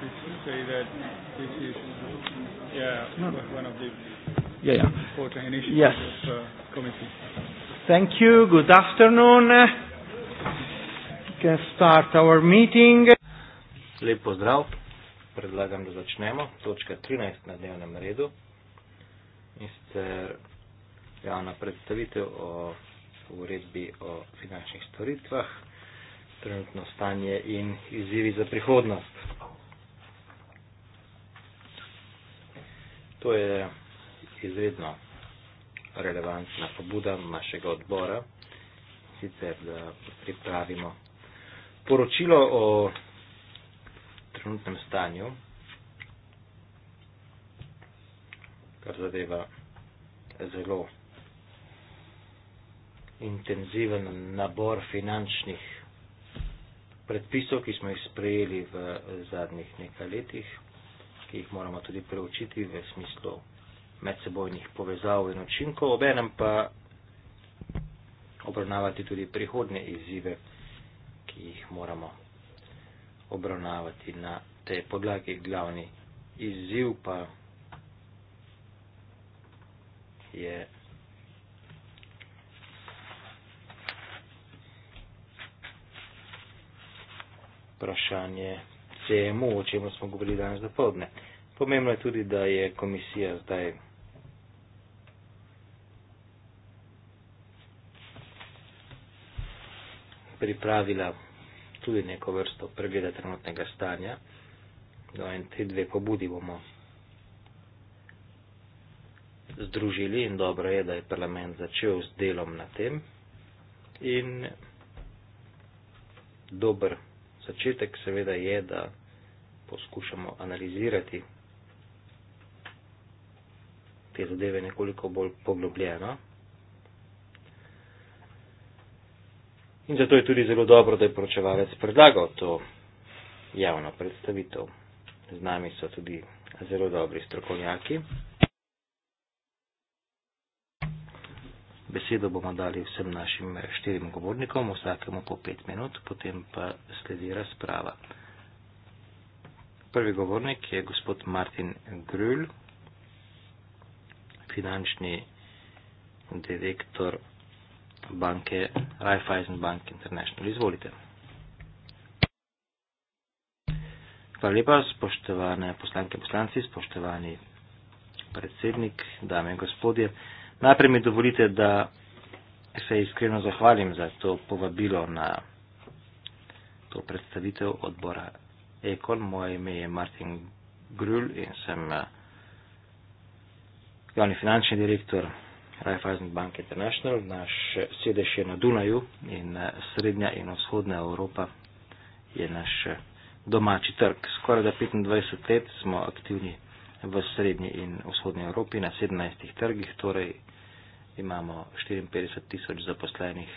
No. Yeah, yeah. Important yes. Of, uh, committee. Thank you. Good afternoon. We can start our meeting. Lep pozdrav. Predlagam, da začnemo. Točka 13 na dnevnem redu. In sicer javna predstavitev o uredbi o finančnih storitvah, trenutno stanje in izzivi za prihodnost. To je izredno relevantna pobuda našega odbora, sicer da pripravimo poročilo o trenutnem stanju, kar zadeva zelo intenziven nabor finančnih predpisov, ki smo jih sprejeli v zadnjih nekaj letih, ki jih moramo tudi preučiti v smislu medsebojnih povezav in učinkov, obenem pa obravnavati tudi prihodne izzive, ki jih moramo obravnavati na tej podlagi. Glavni izziv pa je vprašanje CMU, o čem smo govorili danes dopoledne. Pomembno je tudi, da je komisija zdaj pripravila tudi neko vrsto pregleda trenutnega stanja. No in te dve pobudi bomo združili in dobro je, da je parlament začel z delom na tem. In dober začetek seveda je, da poskušamo analizirati te zadeve nekoliko bolj poglobljeno. In zato je tudi zelo dobro, da je poročevalec predlagal to javno predstavitev. Z nami so tudi zelo dobri strokovnjaki. Besedo bomo dali vsem našim štirim govornikom, vsakemu po pet minut, potem pa sledi razprava. Prvi govornik je gospod Martin Grül, finančni direktor banke Raiffeisen Bank International. Izvolite. Hvala lepa, spoštovane poslanke poslanci, spoštovani predsednik, dame in gospodje. Najprej mi dovolite, da se iskreno zahvalim za to povabilo na to predstavitev odbora ekol mojimi Martin Grul in sem eh, glavni finančni direktor Raiffeisen Bank International. Naš eh, sedež je na Dunaju in eh, srednja in vzhodna Evropa je naš domači trg. Skoraj da 25 let smo aktivni v srednji in vzhodni Evropi na 17 trgih, torej imamo 54 tisoč zaposlenih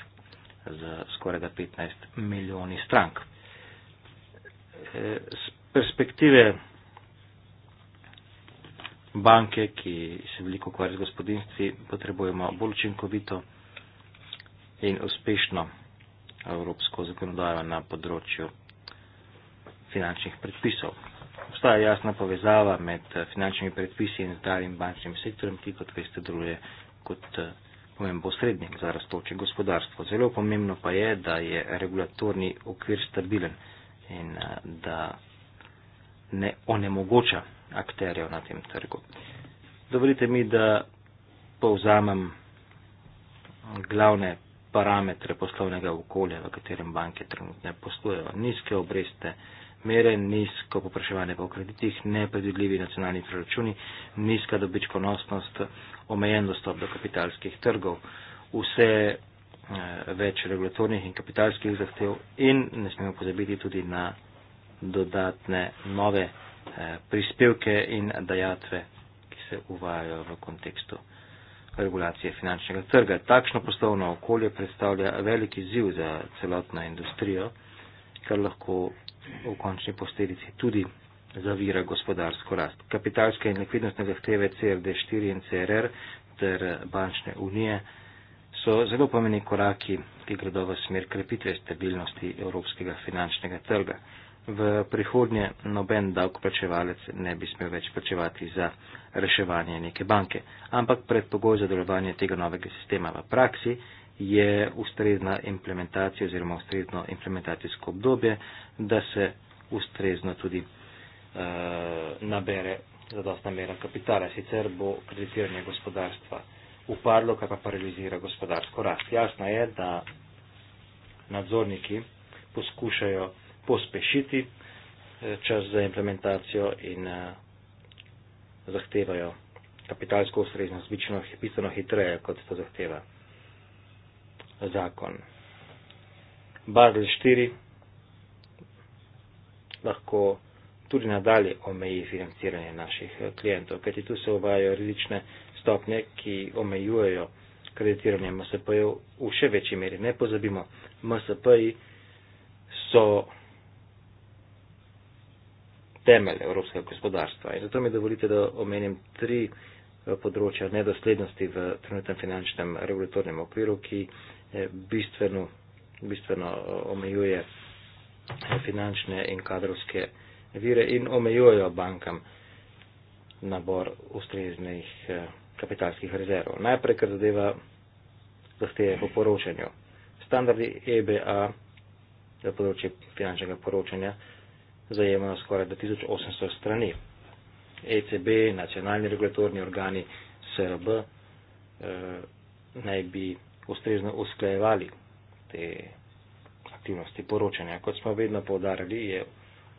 z skoraj da 15 milijoni strank z eh, perspektive banke, ki se veliko ukvarja z gospodinstvi, potrebujemo bolj učinkovito in uspešno evropsko zakonodajo na področju finančnih predpisov. Obstaja jasna povezava med eh, finančnimi predpisi in zdravim bančnim sektorjem, ki kot veste deluje kot eh, pomemben posrednik za rastoče gospodarstvo. Zelo pomembno pa je, da je regulatorni okvir stabilen in eh, da ne onemogoča akterjev na tem trgu. Dovolite mi, da povzamem glavne parametre poslovnega okolja, v katerem banke trenutno poslujejo. Nizke obrestne mere, nizko popraševanje po kreditih, nepredvidljivi nacionalni proračuni, nizka dobičkonosnost, omejen dostop do kapitalskih trgov. Vse Eh, več regulatornih in kapitalskih zahtev in ne smemo pozabiti tudi na dodatne nove eh, prispevke in dajatve, ki se uvajajo v kontekstu regulacije finančnega trga. Takšno poslovno okolje predstavlja veliki ziv za celotno industrijo, kar lahko v končni posledici tudi zavira gospodarsko rast. Kapitalske in likvidnostne zahteve CRD4 in CRR ter bančne unije so zelo pomeni koraki, ki gredo v smer krepitve stabilnosti evropskega finančnega trga. V prihodnje noben davkoplačevalec ne bi smel več plačevati za reševanje neke banke, ampak predpogoj za delovanje tega novega sistema v praksi je ustrezna implementacija oziroma ustrezno implementacijsko obdobje, da se ustrezno tudi uh, nabere zadostna mera kapitala, sicer bo kreditiranje gospodarstva uh, upadlo, kar pa paralizira gospodarsko rast. Jasno je, da nadzorniki poskušajo pospešiti eh, čas za implementacijo in eh, zahtevajo kapitalsko ustreznost, bično pisano hitreje, kot to zahteva zakon. Bazel 4 lahko tudi nadalje omeji financiranje naših eh, klientov, kajti tu se uvajajo različne stopnje, ki omejujejo kreditiranje MSP-jev v še večji meri. Ne pozabimo, MSP-ji so temelj evropskega gospodarstva. In zato mi dovolite, da omenim tri eh, področja nedoslednosti v trenutnem finančnem regulatornem okviru, ki eh, bistveno, bistveno eh, omejuje finančne in kadrovske vire in omejujejo bankam nabor ustreznih kapitalskih rezerv. Najprej, ker zadeva zahteve po poročanju. Standardi EBA za področje finančnega poročanja zajemajo skoraj 2800 strani. ECB, nacionalni regulatorni organi SRB eh, naj bi ustrezno usklajevali te aktivnosti poročanja. Kot smo vedno povdarjali, je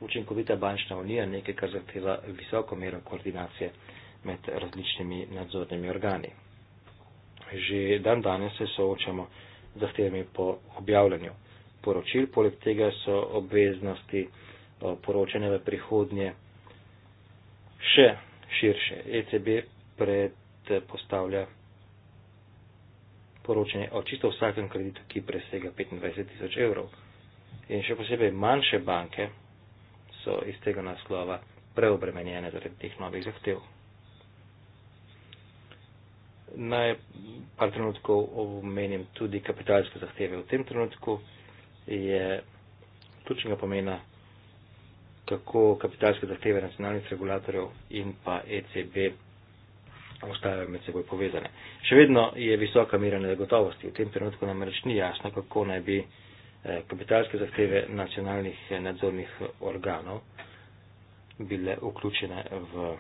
učinkovita bančna unija nekaj, kar zahteva visoko mero koordinacije med različnimi nadzornimi organi. Že dan danes se soočamo z zahtevami po objavljanju poročil, poleg tega so obveznosti poročanja v prihodnje še širše. ECB predpostavlja poročanje o čisto vsakem kreditu, ki presega 25 tisoč evrov. In še posebej manjše banke so iz tega naslova preobremenjene zaradi teh novih zahtev naj par trenutkov omenim tudi kapitalske zahteve. V tem trenutku je ključnega pomena, kako kapitalske zahteve nacionalnih regulatorjev in pa ECB ostajajo med seboj povezane. Še vedno je visoka mera negotovosti. V tem trenutku nam reč ni jasno, kako naj bi eh, kapitalske zahteve nacionalnih eh, nadzornih organov bile vključene v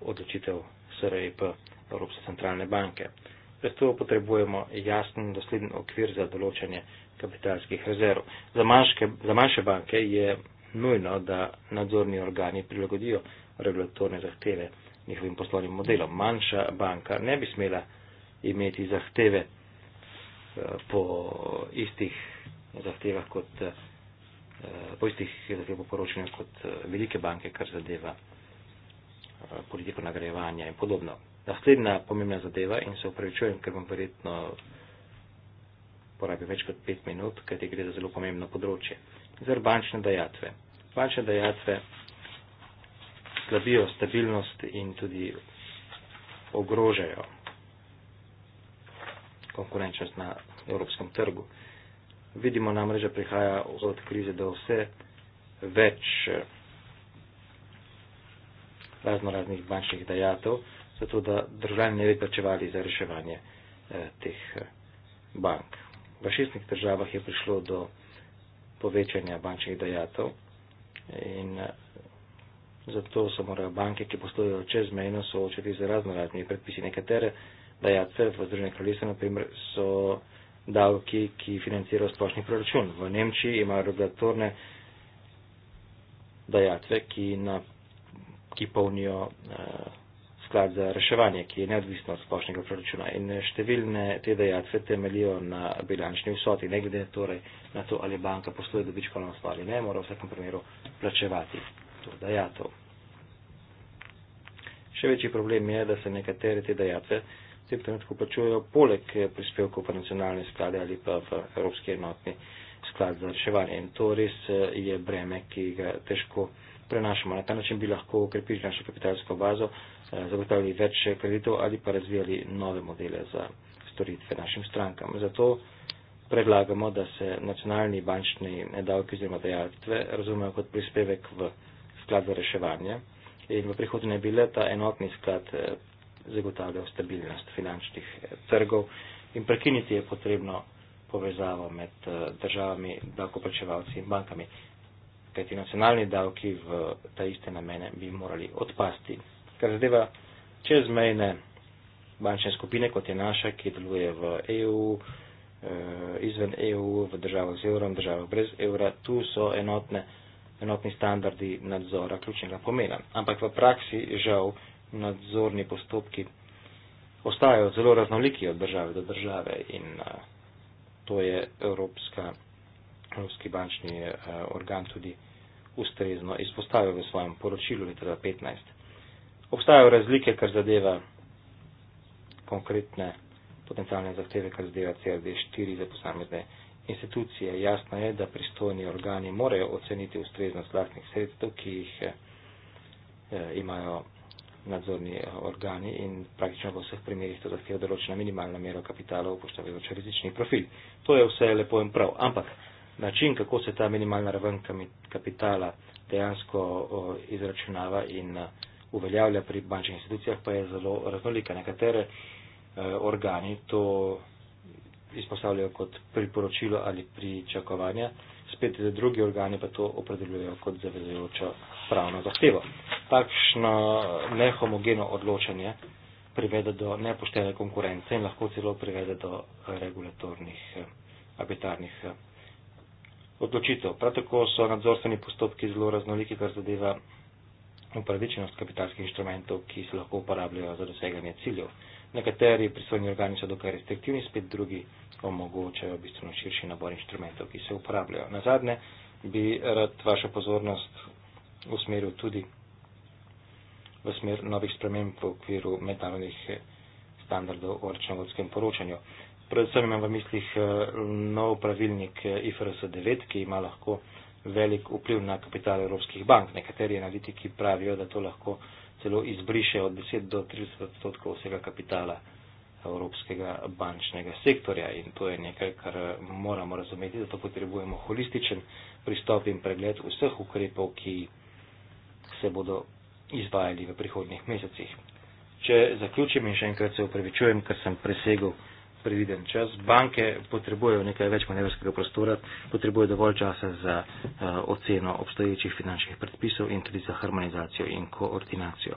odločitev SREP. Evropske centralne banke. Zato potrebujemo jasen in dosleden okvir za določanje kapitalskih rezerv. Za, manjške, za manjše banke je nujno, da nadzorni organi prilagodijo regulatorne zahteve njihovim poslovnim modelom. Manjša banka ne bi smela imeti zahteve eh, po istih zahtevah kot eh, po istih zahtevah poročanja kot eh, velike banke, kar zadeva politiko nagrajevanja in podobno. Naslednja pomembna zadeva in se upravičujem, ker bom verjetno porabil več kot pet minut, ker ti gre za zelo pomembno področje. Zar bančne dajatve. Bančne dajatve slabijo stabilnost in tudi ogrožajo konkurenčnost na evropskem trgu. Vidimo namreč, da prihaja od krize do vse več razno raznih bančnih dajatev zato da državljani ne bi plačevali za reševanje eh, teh eh, bank. V šestnih državah je prišlo do povečanja bančnih dajatov in eh, zato so morajo banke, ki poslujejo čezmejno, soočati z razno raznimi predpisi. Nekatere dajatve v Združenem kraljestvu, na primer, so davki, ki financirajo splošni proračun. V Nemčiji imajo regulatorne dajatve, ki, na, ki polnijo uh, sklad za reševanje, ki je neodvisno od splošnega proračuna in eh, številne te dejatve temeljijo na bilančni vsoti, ne glede torej na to, ali banka posluje dobičko na osnovi ali ne, mora v vsakem primeru plačevati to dejatov. Še večji problem je, da se nekatere te dejatve v tem trenutku plačujejo poleg eh, prispevkov pa nacionalne sklade ali pa v Evropski enotni sklad za reševanje in to res eh, je breme, ki ga težko prenašamo. Na ta način bi lahko ukrepili našo kapitalsko bazo, Eh, zagotavljali več kreditov ali pa razvijali nove modele za storitve našim strankam. Zato predlagamo, da se nacionalni bančni davki oziroma dejatve razumejo kot prispevek v sklad za reševanje in v prihodnje bi le ta enotni sklad eh, zagotavljal stabilnost finančnih eh, trgov in prekiniti je potrebno povezavo med državami, davkoplačevalci in bankami, kajti nacionalni davki v ta iste namene bi morali odpasti kar zadeva čezmejne bančne skupine, kot je naša, ki deluje v EU, eh, izven EU, v državah z evrom, državah brez evra, tu so enotne, enotni standardi nadzora ključnega pomena. Ampak v praksi žal nadzorni postopki ostajajo zelo raznoliki od države do države in eh, to je Evropska, Evropski bančni eh, organ tudi ustrezno izpostavil v svojem poročilu leta 2015 obstajajo razlike, kar zadeva konkretne potencijalne zahteve, kar zadeva CRD4 za posamezne institucije. Jasno je, da pristojni organi morajo oceniti ustreznost vlastnih sredstev, ki jih eh, imajo nadzorni eh, organi in praktično v vseh primerjih to zahteva določena minimalna mera kapitala upoštevajoč rizični profil. To je vse lepo in prav, ampak način, kako se ta minimalna raven kapitala dejansko izračunava in uh, uveljavlja pri bančnih institucijah, pa je zelo raznolika. Nekatere eh, organi to izpostavljajo kot priporočilo ali pričakovanja, spet drugi organi pa to opredeljujejo kot zavezujočo pravno zahtevo. Takšno eh, nehomogeno odločanje privede do nepoštene konkurence in lahko celo privede do regulatornih eh, arbitarnih eh, odločitev. Prav tako so nadzorstveni postopki zelo raznoliki, kar zadeva upravičenost kapitalskih inštrumentov, ki se lahko uporabljajo za doseganje ciljev. Nekateri pristojni organi so dokaj restriktivni, spet drugi omogočajo bistveno širši nabor inštrumentov, ki se uporabljajo. Na zadnje bi rad vašo pozornost usmeril tudi v smer novih sprememb v okviru mednarodnih standardov o računovodskem poročanju. Predvsem imam v mislih eh, nov pravilnik eh, IFRS 9, ki ima lahko velik vpliv na kapital evropskih bank. Nekateri analitiki pravijo, da to lahko celo izbriše od 10 do 30 odstotkov vsega kapitala evropskega bančnega sektorja in to je nekaj, kar moramo razumeti, zato potrebujemo holističen pristop in pregled vseh ukrepov, ki se bodo izvajali v prihodnih mesecih. Če zaključim in še enkrat se upravičujem, ker sem presegel previden čas. Banke potrebujejo nekaj več manevrskega prostora, potrebujejo dovolj časa za uh, oceno obstoječih finančnih predpisov in tudi za harmonizacijo in koordinacijo.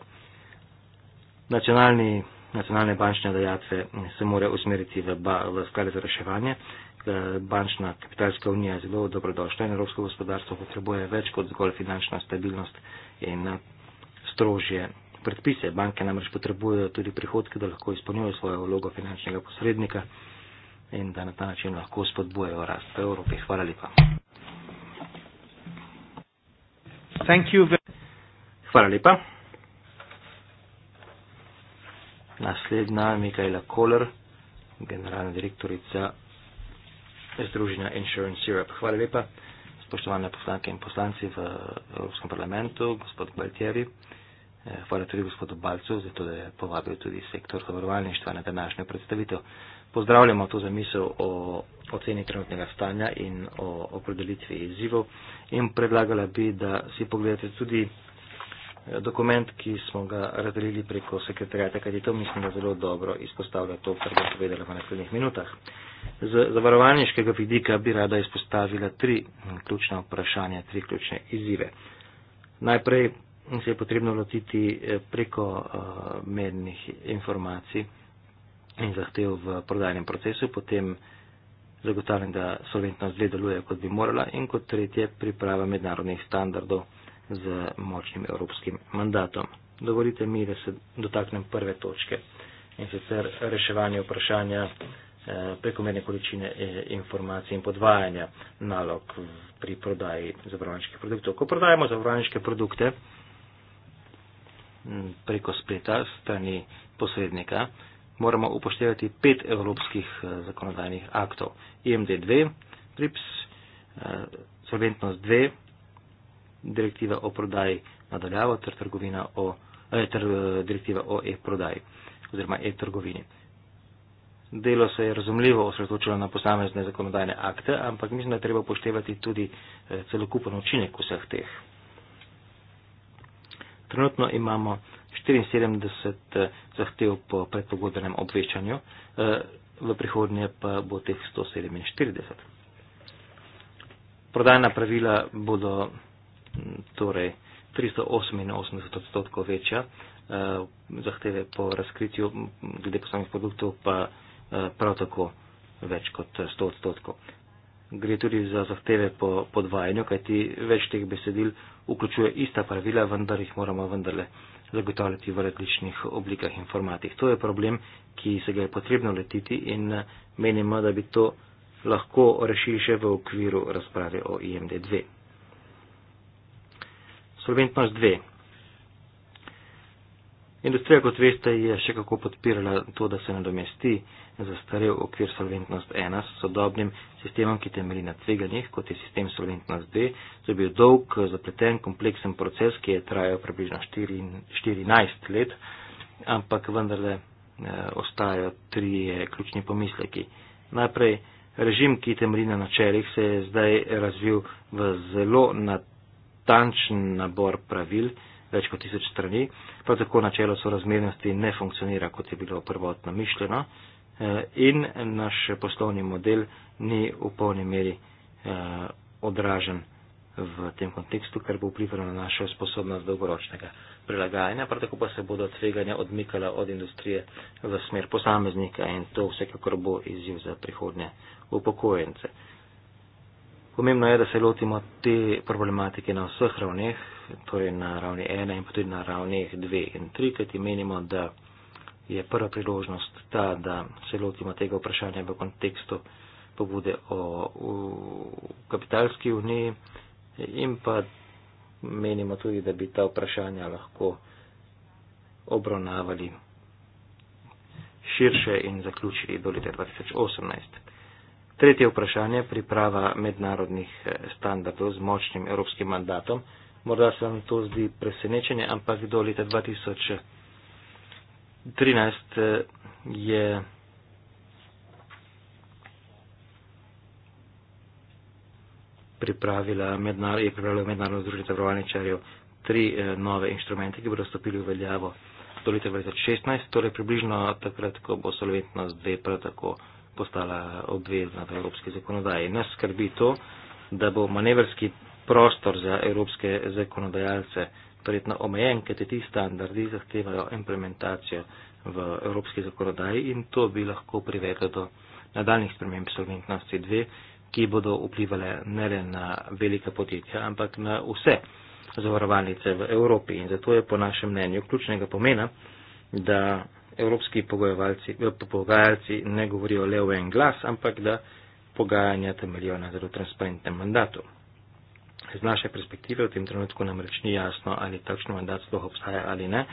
Nacionalni, nacionalne bančne dajatve se morajo usmeriti v, ba, v sklade za reševanje. Eh, bančna kapitalska unija je zelo dobrodošla in evropsko gospodarstvo potrebuje več kot zgolj finančna stabilnost in eh, strožje predpise. Banke namreč potrebujejo tudi prihodke, da lahko izpolnjujejo svojo vlogo finančnega posrednika in da na ta način lahko spodbujejo rast v Evropi. Hvala lepa. Hvala lepa. Naslednja je Mikaela Kohler, generalna direktorica Združenja Insurance Europe. Hvala lepa, spoštovane poslanke in poslanci v Evropskem parlamentu, gospod Baltjevi. Eh, hvala tudi gospodu Balcu, zato da je povabil tudi sektor zavarovalništva na današnjo predstavitev. Pozdravljamo to zamisel o oceni trenutnega stanja in o opredelitvi izzivov in predlagala bi, da si pogledate tudi eh, dokument, ki smo ga razdelili preko sekretarjata, kajti to mislim, da zelo dobro izpostavlja to, kar bom povedala v naslednjih minutah. Z zavarovalniškega vidika bi rada izpostavila tri ključna vprašanja, tri ključne izzive. Najprej se je potrebno lotiti eh, preko eh, mednih informacij in zahtev v prodajnem procesu, potem zagotavljam, da solventnost zdaj deluje, kot bi morala in kot tretje priprava mednarodnih standardov z močnim evropskim mandatom. Dovolite mi, da se dotaknem prve točke in sicer reševanje vprašanja eh, prekomerne količine informacij in podvajanja nalog pri prodaji zavarovanjskih produktov. Ko prodajamo zavarovanjske produkte, preko spleta strani posrednika, moramo upoštevati pet evropskih eh, zakonodajnih aktov. IMD2, TRIPS, eh, Solventnost 2, direktiva o prodaji nadaljavo ter, o, eh, ter eh, direktiva o e-prodaji oziroma e-trgovini. Delo se je razumljivo osredotočilo na posamezne zakonodajne akte, ampak mislim, da treba upoštevati tudi celokupen učinek vseh teh trenutno imamo 74 eh, zahtev po predpogodbenem obveščanju, eh, v prihodnje pa bo teh 147. Prodajna pravila bodo mm, torej 388 odstotkov večja, eh, zahteve po razkritju mm, glede posameznih produktov pa prav tako več kot 100 odstotkov gre tudi za zahteve po podvajanju, kajti več teh besedil vključuje ista pravila, vendar jih moramo vendarle zagotavljati v različnih oblikah in formatih. To je problem, ki se ga je potrebno letiti in eh, menimo, da bi to lahko rešili še v okviru razprave o IMD2. Solventnost 2. Industrija, kot veste, je še kako podpirala to, da se nadomesti uh, zastarel okvir solventnost 1 s sodobnim sistemom, ki temelji na tveganjih, kot je sistem solventnost 2, to je bil dolg, zapleten, kompleksen proces, ki je trajal približno 14 let, ampak vendarle eh, ostajajo tri ključni pomisleki. Najprej, režim, ki temelji na načelih, se je zdaj razvil v zelo natančen nabor pravil, več kot tisoč strani, prav tako načelo sorazmernosti ne funkcionira, kot je bilo prvotno mišljeno. Eh, in naš poslovni model ni v polni meri eh, odražen v tem kontekstu, kar bo vplivalo na našo sposobnost dolgoročnega prilagajanja, prav tako pa se bodo tveganja odmikala od industrije v smer posameznika in to vsekakor bo izziv za prihodnje upokojence. Pomembno je, da se lotimo te problematike na vseh ravneh, torej na ravni 1 in potem na ravni 2 in 3, kajti menimo, da je prva priložnost ta, da se lotimo tega vprašanja v kontekstu pobude o kapitalski uniji in pa menimo tudi, da bi ta vprašanja lahko obravnavali širše in zaključili do leta 2018. Tretje vprašanje, priprava mednarodnih eh, standardov z močnim evropskim mandatom. Morda se vam to zdi presenečenje, ampak do leta 2018. 13 eh, je pripravila mednarodno, je pripravila mednarodno združenje zavarovalničarjev tri eh, nove inštrumente, ki bodo stopili v veljavo do leta 2016, torej približno takrat, ko bo solventnost dve prav tako postala obvezna v evropski zakonodaji. Nas skrbi to, da bo manevrski prostor za evropske zakonodajalce verjetno omejen, ker te ti standardi zahtevajo implementacijo v evropski zakonodaji in to bi lahko privedlo do nadaljnih sprememb solventnosti 2, ki bodo vplivali ne le na velike podjetja, ampak na vse zavarovalnice v Evropi. In zato je po našem mnenju ključnega pomena, da evropski eh, pogajalci ne govorijo le v en glas, ampak da pogajanja temeljijo na zelo transparentnem mandatu. Z naše perspektive v tem trenutku namreč ni jasno, ali takšen mandat sploh obstaja ali ne,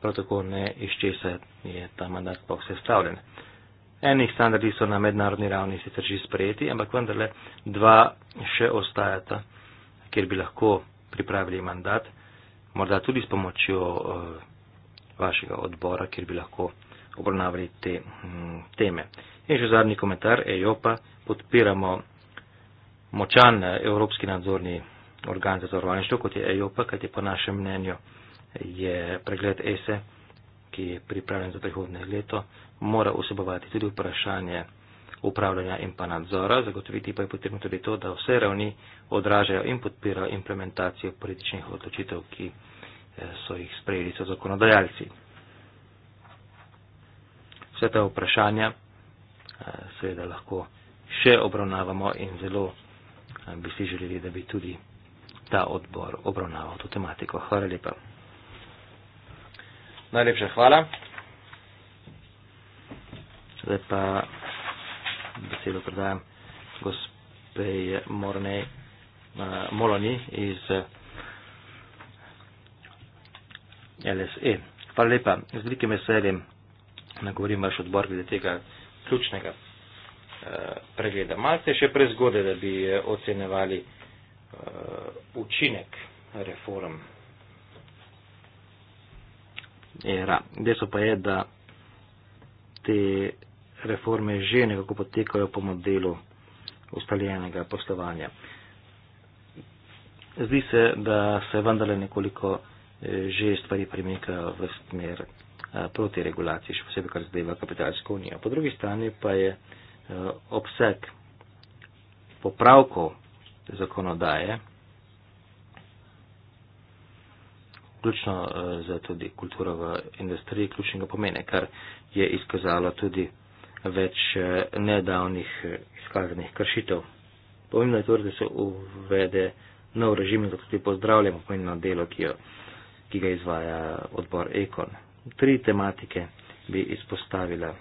prav tako ne iz česa je ta mandat sploh sestavljen. Enih standardi so na mednarodni ravni sicer že sprejeti, ampak vendarle dva še ostajata, kjer bi lahko pripravili mandat, morda tudi s pomočjo uh, vašega odbora, kjer bi lahko obravnavali te m, mm, teme. In že zadnji komentar, EJOPA, podpiramo močan eh, evropski nadzorni organ za zavarovanje štev, kot je EJOP, kaj je po našem mnenju je pregled ESE, e, ki je pripravljen za prihodne leto, mora vsebovati tudi vprašanje upravljanja in pa nadzora, zagotoviti pa je potrebno tudi to, da vse ravni odražajo in podpirajo implementacijo političnih odločitev, ki eh, so jih sprejeli so zakonodajalci. Vse ta vprašanja eh, seveda lahko še obravnavamo in zelo eh, bi si želeli, da bi tudi ta odbor obravnaval to tematiko. Hvala lepa. Najlepša hvala. Zdaj pa besedo predajam gospe Morne, uh, Moloni iz eh, LSE. Hvala lepa. Z velikim veseljem nagovorim vaš odbor glede tega ključnega uh, pregleda. Malce še prezgode, da bi ocenevali uh, učinek reform. Era. Deso pa je, da te reforme že nekako potekajo po modelu ustaljenega poslovanja. Zdi se, da se vendarle nekoliko eh, že stvari premikajo v smer eh, proti regulaciji, še posebej kar zdaj v kapitalsko unijo. Po drugi strani pa je obseg popravkov zakonodaje, vključno eh, za tudi kulturo v industriji, ključnega pomene, kar je izkazalo tudi več eh, nedavnih eh, izkazanih kršitev. Pomembno je torej, da se uvede nov režim in zato tudi pozdravljamo pomembno delo, ki, jo, ki ga izvaja odbor Ekon. Tri tematike bi izpostavila.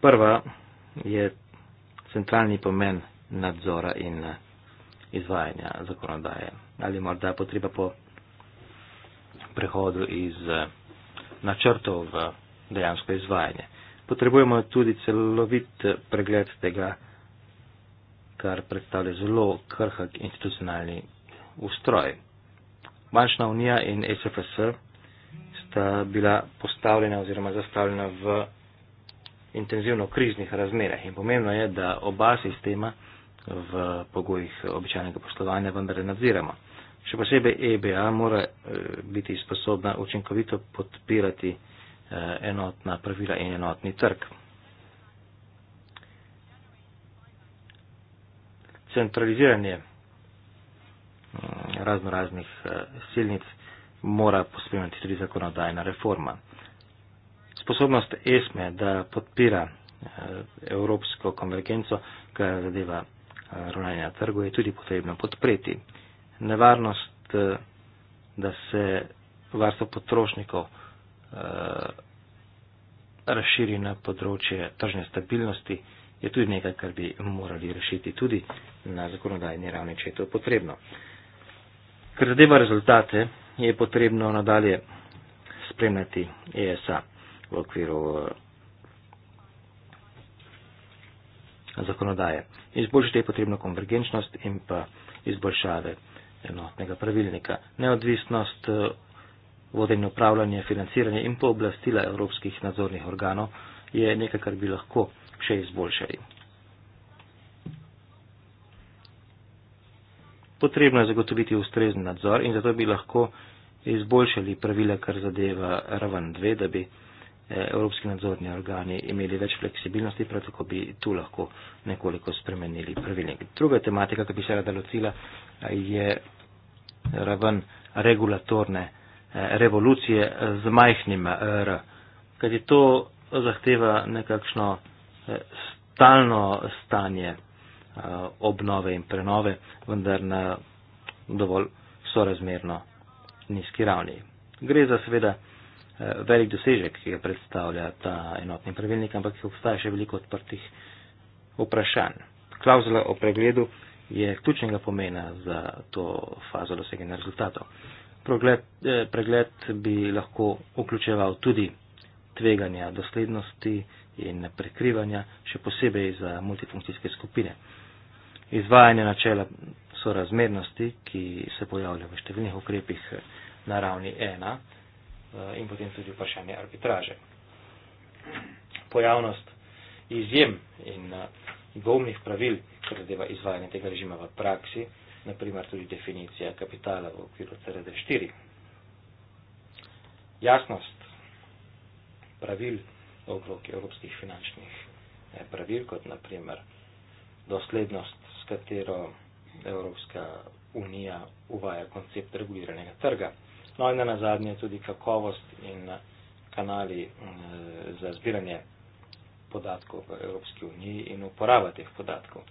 Prva je centralni pomen nadzora in eh, izvajanja zakonodaje. Ali morda je potreba po prehodu iz eh, načrtov v dejansko izvajanje. Potrebujemo tudi celovit eh, pregled tega, kar predstavlja zelo krhak institucionalni ustroj. Bančna unija in SFS sta bila postavljena oziroma zastavljena v intenzivno kriznih razmerah in pomembno je, da oba sistema v pogojih običajnega poslovanja vendar ne nadziramo. Še posebej EBA mora eh, biti sposobna učinkovito podpirati eh, enotna pravila in enotni trg. Centraliziranje mm, razno raznih eh, silnic mora pospremljati tudi zakonodajna reforma. Sposobnost ESME, e, da podpira evropsko konvergenco, kar zadeva ravnanje na trgu je tudi potrebno podpreti. Nevarnost, eh, da se varstvo potrošnikov eh, razširi na področje tržne stabilnosti, je tudi nekaj, kar bi morali rešiti tudi na zakonodajni ravni, če je to potrebno. Ker zadeva rezultate, je potrebno nadalje spremljati ESA v okviru eh, zakonodaje. Izboljšati je potrebno konvergenčnost in pa izboljšave enotnega pravilnika. Neodvisnost, eh, vodenje upravljanje, financiranje in pooblastila evropskih nadzornih organov je nekaj, kar bi lahko še izboljšali. Potrebno je zagotoviti ustrezni nadzor in zato bi lahko izboljšali pravila, kar zadeva raven 2, da bi Eh, evropski nadzorni organi imeli več fleksibilnosti, prav tako bi tu lahko nekoliko spremenili pravilnik. Druga tematika, ki bi se rada locila, je raven regulatorne eh, revolucije z majhnim eh, R, kajti to zahteva nekakšno stalno stanje obnove in prenove, vendar na dovolj sorazmerno nizki ravni. Gre za seveda Eh, velik dosežek, ki ga predstavlja ta enotni pravilnik, ampak obstaja še veliko odprtih vprašanj. Klauzula o pregledu je ključnega pomena za to fazo doseganja rezultatov. Pregled, eh, pregled bi lahko vključeval tudi tveganja doslednosti in prekrivanja, še posebej za multifunkcijske skupine. Izvajanje načela sorazmernosti, ki se pojavlja v številnih ukrepih eh, na ravni 1, Eh, in potem tudi vprašanje arbitraže. Pojavnost izjem in eh, dvomnih pravil, kar zadeva izvajanje tega režima v praksi, naprimer tudi definicija kapitala v okviru CRD4. Jasnost pravil okrog evropskih finančnih eh, pravil, kot naprimer doslednost, s katero Evropska unija uvaja koncept reguliranega trga no in na zadnje tudi kakovost in eh, kanali mm, za zbiranje podatkov v Evropski uniji in uporaba teh podatkov.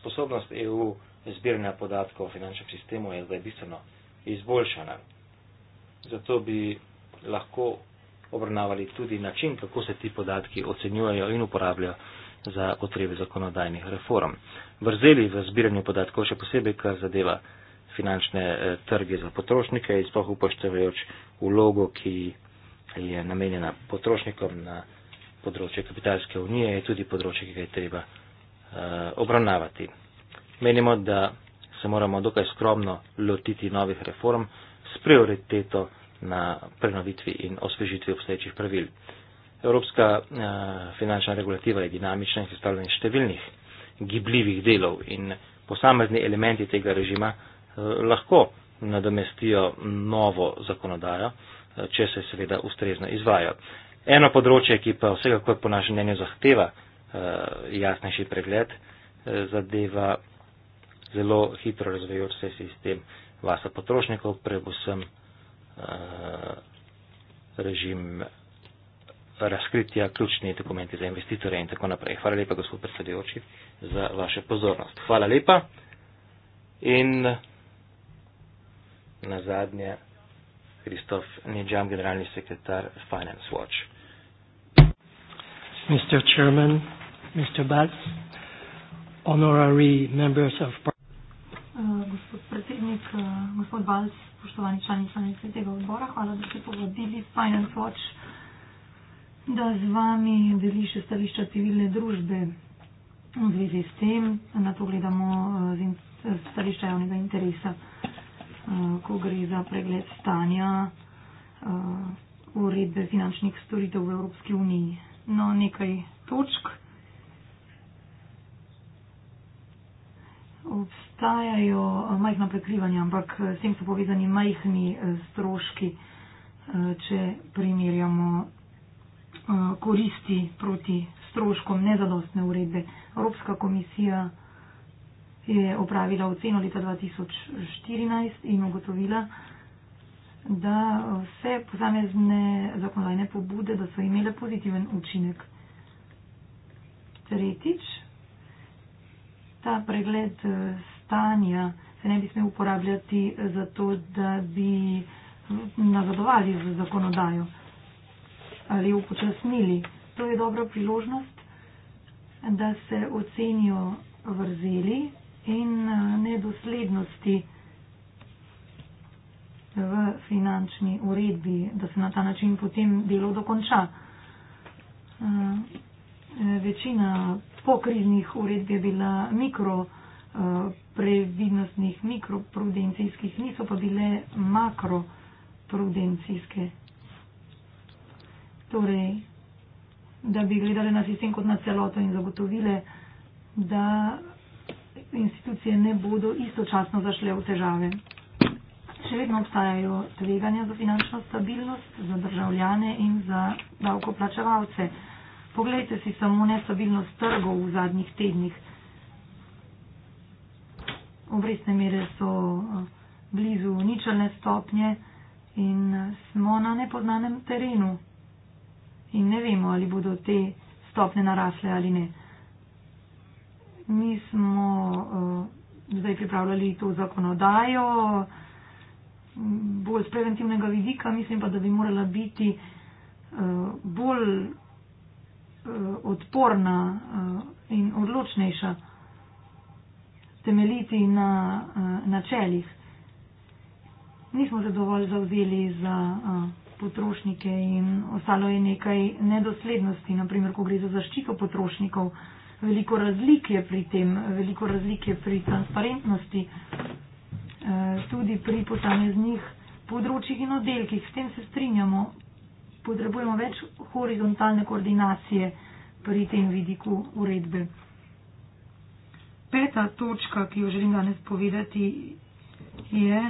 Sposobnost EU zbiranja podatkov v finančnem sistemu je zdaj bistveno izboljšana. Zato bi lahko obravnavali tudi način, kako se ti podatki ocenjujejo in uporabljajo za potrebe zakonodajnih reform. Vrzeli v zbiranju podatkov, še posebej, kar zadeva finančne eh, trge za potrošnike in sploh upoštevajoč vlogo, ki je namenjena potrošnikom na področje kapitalske unije, je tudi področje, ki ga je treba eh, obravnavati. Menimo, da se moramo dokaj skromno lotiti novih reform s prioriteto na prenovitvi in osvežitvi obstoječih pravil. Evropska eh, finančna regulativa je dinamična in sestavljena iz številnih gibljivih delov in posamezni elementi tega režima lahko nadomestijo novo zakonodajo, če se seveda ustrezno izvajo. Eno področje, ki pa vsekakor po našem mnenju zahteva eh, jasnejši pregled, eh, zadeva zelo hitro razvijajoč se sistem vasa potrošnikov, predvsem eh, režim razkritja ključni dokumenti za investitore in tako naprej. Hvala lepa, gospod predsedujoči, za vašo pozornost. Hvala lepa in na zadnje Kristof Nijam, generalni sekretar Finance Watch. Mr. Chairman, Mr. Batz, honorary members of parliament. Uh, gospod predsednik, uh, gospod Batz, spoštovani člani članice tega odbora, hvala, da ste povabili Finance Watch, da z vami deli še stališča civilne družbe v zvezi s tem, na to gledamo uh, z in, stališča javnega interesa. Eh, ko gre za pregled stanja eh, uredbe finančnih storitev v Evropski uniji. No, nekaj točk. Obstajajo eh, majhna prekrivanja, ampak s tem so povezani majhni stroški, če primerjamo koristi proti stroškom nezadostne uredbe. Evropska komisija je opravila oceno leta 2014 in ugotovila, da vse posamezne zakonodajne pobude, da so imele pozitiven učinek. Tretjič, ta pregled eh, stanja se ne bi smel uporabljati za to, da bi nazadovali z zakonodajo ali upočasnili. To je dobra priložnost, da se ocenijo vrzeli, in eh, nedoslednosti v finančni uredbi, da se na ta način potem delo dokonča. Eh, eh, večina pokriznih uredb je bila mikro previdnostnih mikroprudencijskih, niso pa bile makroprudencijske. Torej, da bi gledali na sistem kot na celoto in zagotovile, da institucije ne bodo istočasno zašle v težave. Še vedno obstajajo tveganja za finančno stabilnost, za državljane in za davkoplačevalce. Poglejte si samo nestabilnost trgov v zadnjih tednih. Obrestne mere so eh, blizu ničelne stopnje in smo na nepoznanem terenu. In ne vemo, ali bodo te stopne narasle ali ne mi smo uh, zdaj pripravljali to zakonodajo bolj z preventivnega vidika, mislim pa, da bi morala biti uh, bolj uh, odporna uh, in odločnejša temeljiti na uh, načelih. Nismo se dovolj zavzeli za uh, potrošnike in ostalo je nekaj nedoslednosti, naprimer, ko gre za zaščito potrošnikov. Uh, veliko razlik je pri tem, veliko razlik je pri transparentnosti, eh, tudi pri posameznih področjih in oddelkih. S tem se strinjamo. Potrebujemo več horizontalne koordinacije pri tem vidiku uredbe. Peta točka, ki jo želim danes povedati, je,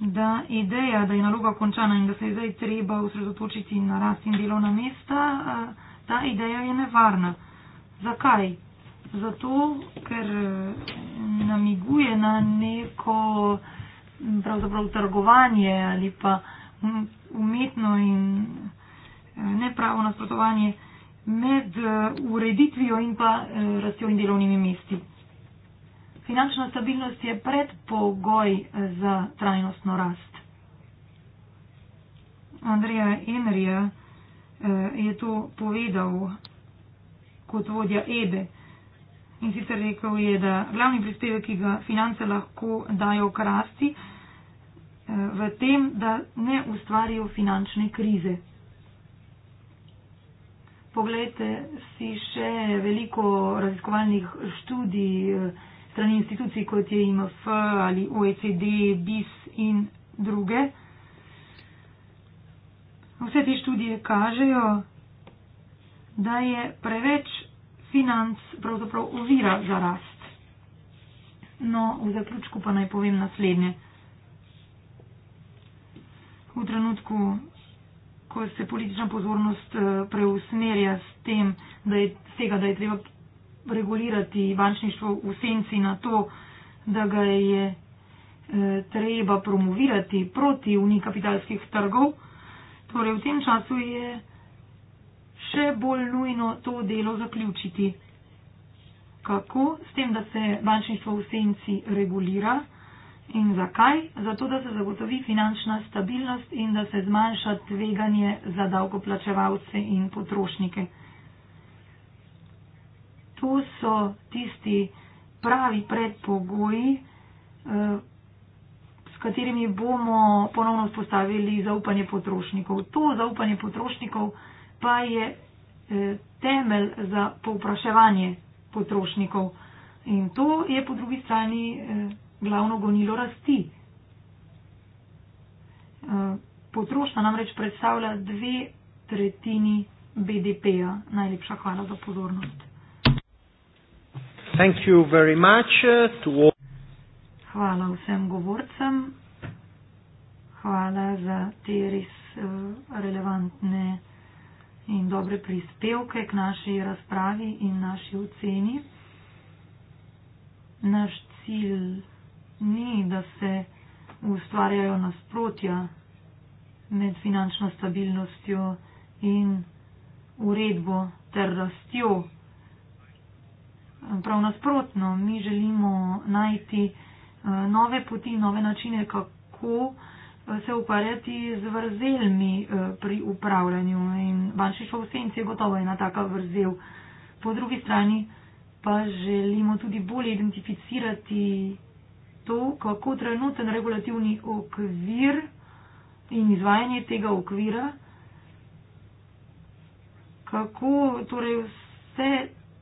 da ideja, da je naloga končana in da se je zdaj treba osredotočiti na rast in delovna mesta, eh, ta ideja je nevarna. Zakaj? Zato, ker namiguje na neko pravzaprav trgovanje ali pa umetno in eh, nepravo nasprotovanje med eh, ureditvijo in pa eh, rastjo in delovnimi mesti. Finančna stabilnost je predpogoj za trajnostno rast. Andreja Enrija je to povedal kot vodja Ede. In sicer rekel je, da glavni prispevek, ki ga finance lahko dajo k rasti, eh, v tem, da ne ustvarijo finančne krize. Poglejte si še veliko raziskovalnih študij eh, strani institucij, kot je IMF ali OECD, BIS in druge. Vse te študije kažejo, da je preveč financ pravzaprav ovira za rast. No, v zaključku pa naj povem naslednje. V trenutku, ko se politična pozornost eh, preusmerja s tem, da je tega, da je treba regulirati bančništvo v senci na to, da ga je eh, treba promovirati proti unikapitalskih trgov, torej v tem času je še bolj nujno to delo zaključiti. Kako? S tem, da se bančništvo v senci regulira. In zakaj? Zato, da se zagotovi finančna stabilnost in da se zmanjša tveganje za davkoplačevalce in potrošnike. To so tisti pravi predpogoji, eh, s katerimi bomo ponovno vzpostavili zaupanje potrošnikov. To zaupanje potrošnikov pa je eh, temelj za povpraševanje potrošnikov. In to je po drugi strani eh, glavno gonilo rasti. Eh, potrošnja namreč predstavlja dve tretjini BDP-ja. Najlepša hvala za pozornost. Hvala vsem govorcem. Hvala za te res relevantne in dobre prispevke k naši razpravi in naši oceni. Naš cilj ni, da se ustvarjajo nasprotja med finančno stabilnostjo in uredbo ter rastjo. Prav nasprotno, mi želimo najti eh, nove poti, nove načine, kako se ukvarjati z vrzelmi eh, pri upravljanju in bančništvo v senci je gotovo ena taka vrzel. Po drugi strani pa želimo tudi bolje identificirati to, kako trenuten regulativni okvir in izvajanje tega okvira, kako torej vse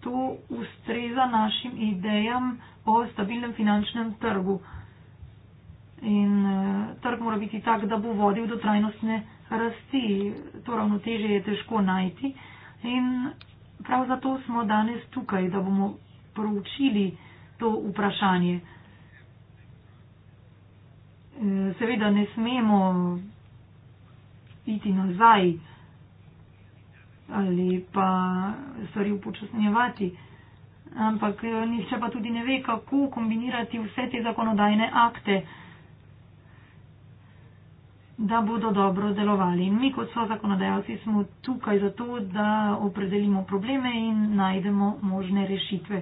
to ustreza našim idejam o stabilnem finančnem trgu. In uh, trg mora biti tak, da bo vodil do trajnostne rasti. To ravnotežje je težko najti. In prav zato smo danes tukaj, da bomo proučili to vprašanje. Eh, seveda ne smemo iti nazaj ali pa stvari upočasnjevati, ampak eh, nihče pa tudi ne ve, kako kombinirati vse te zakonodajne akte da bodo dobro delovali. In mi, kot so zakonodajalci, smo tukaj zato, da opredelimo probleme in najdemo možne rešitve.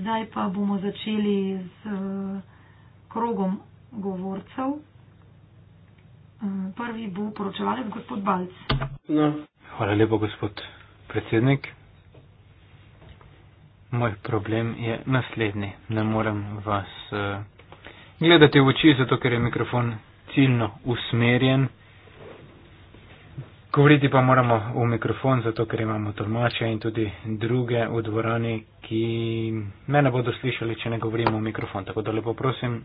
Zdaj pa bomo začeli z eh, krogom govorcev. Eh, prvi bo poročevalec gospod Balc. No. Hvala lepo, gospod predsednik. Moj problem je naslednji. Ne morem vas eh, gledati v oči, zato ker je mikrofon ciljno usmerjen. Govoriti pa moramo v mikrofon, zato ker imamo tolmače in tudi druge v dvorani, ki me ne bodo slišali, če ne govorimo v mikrofon. Tako da lepo prosim,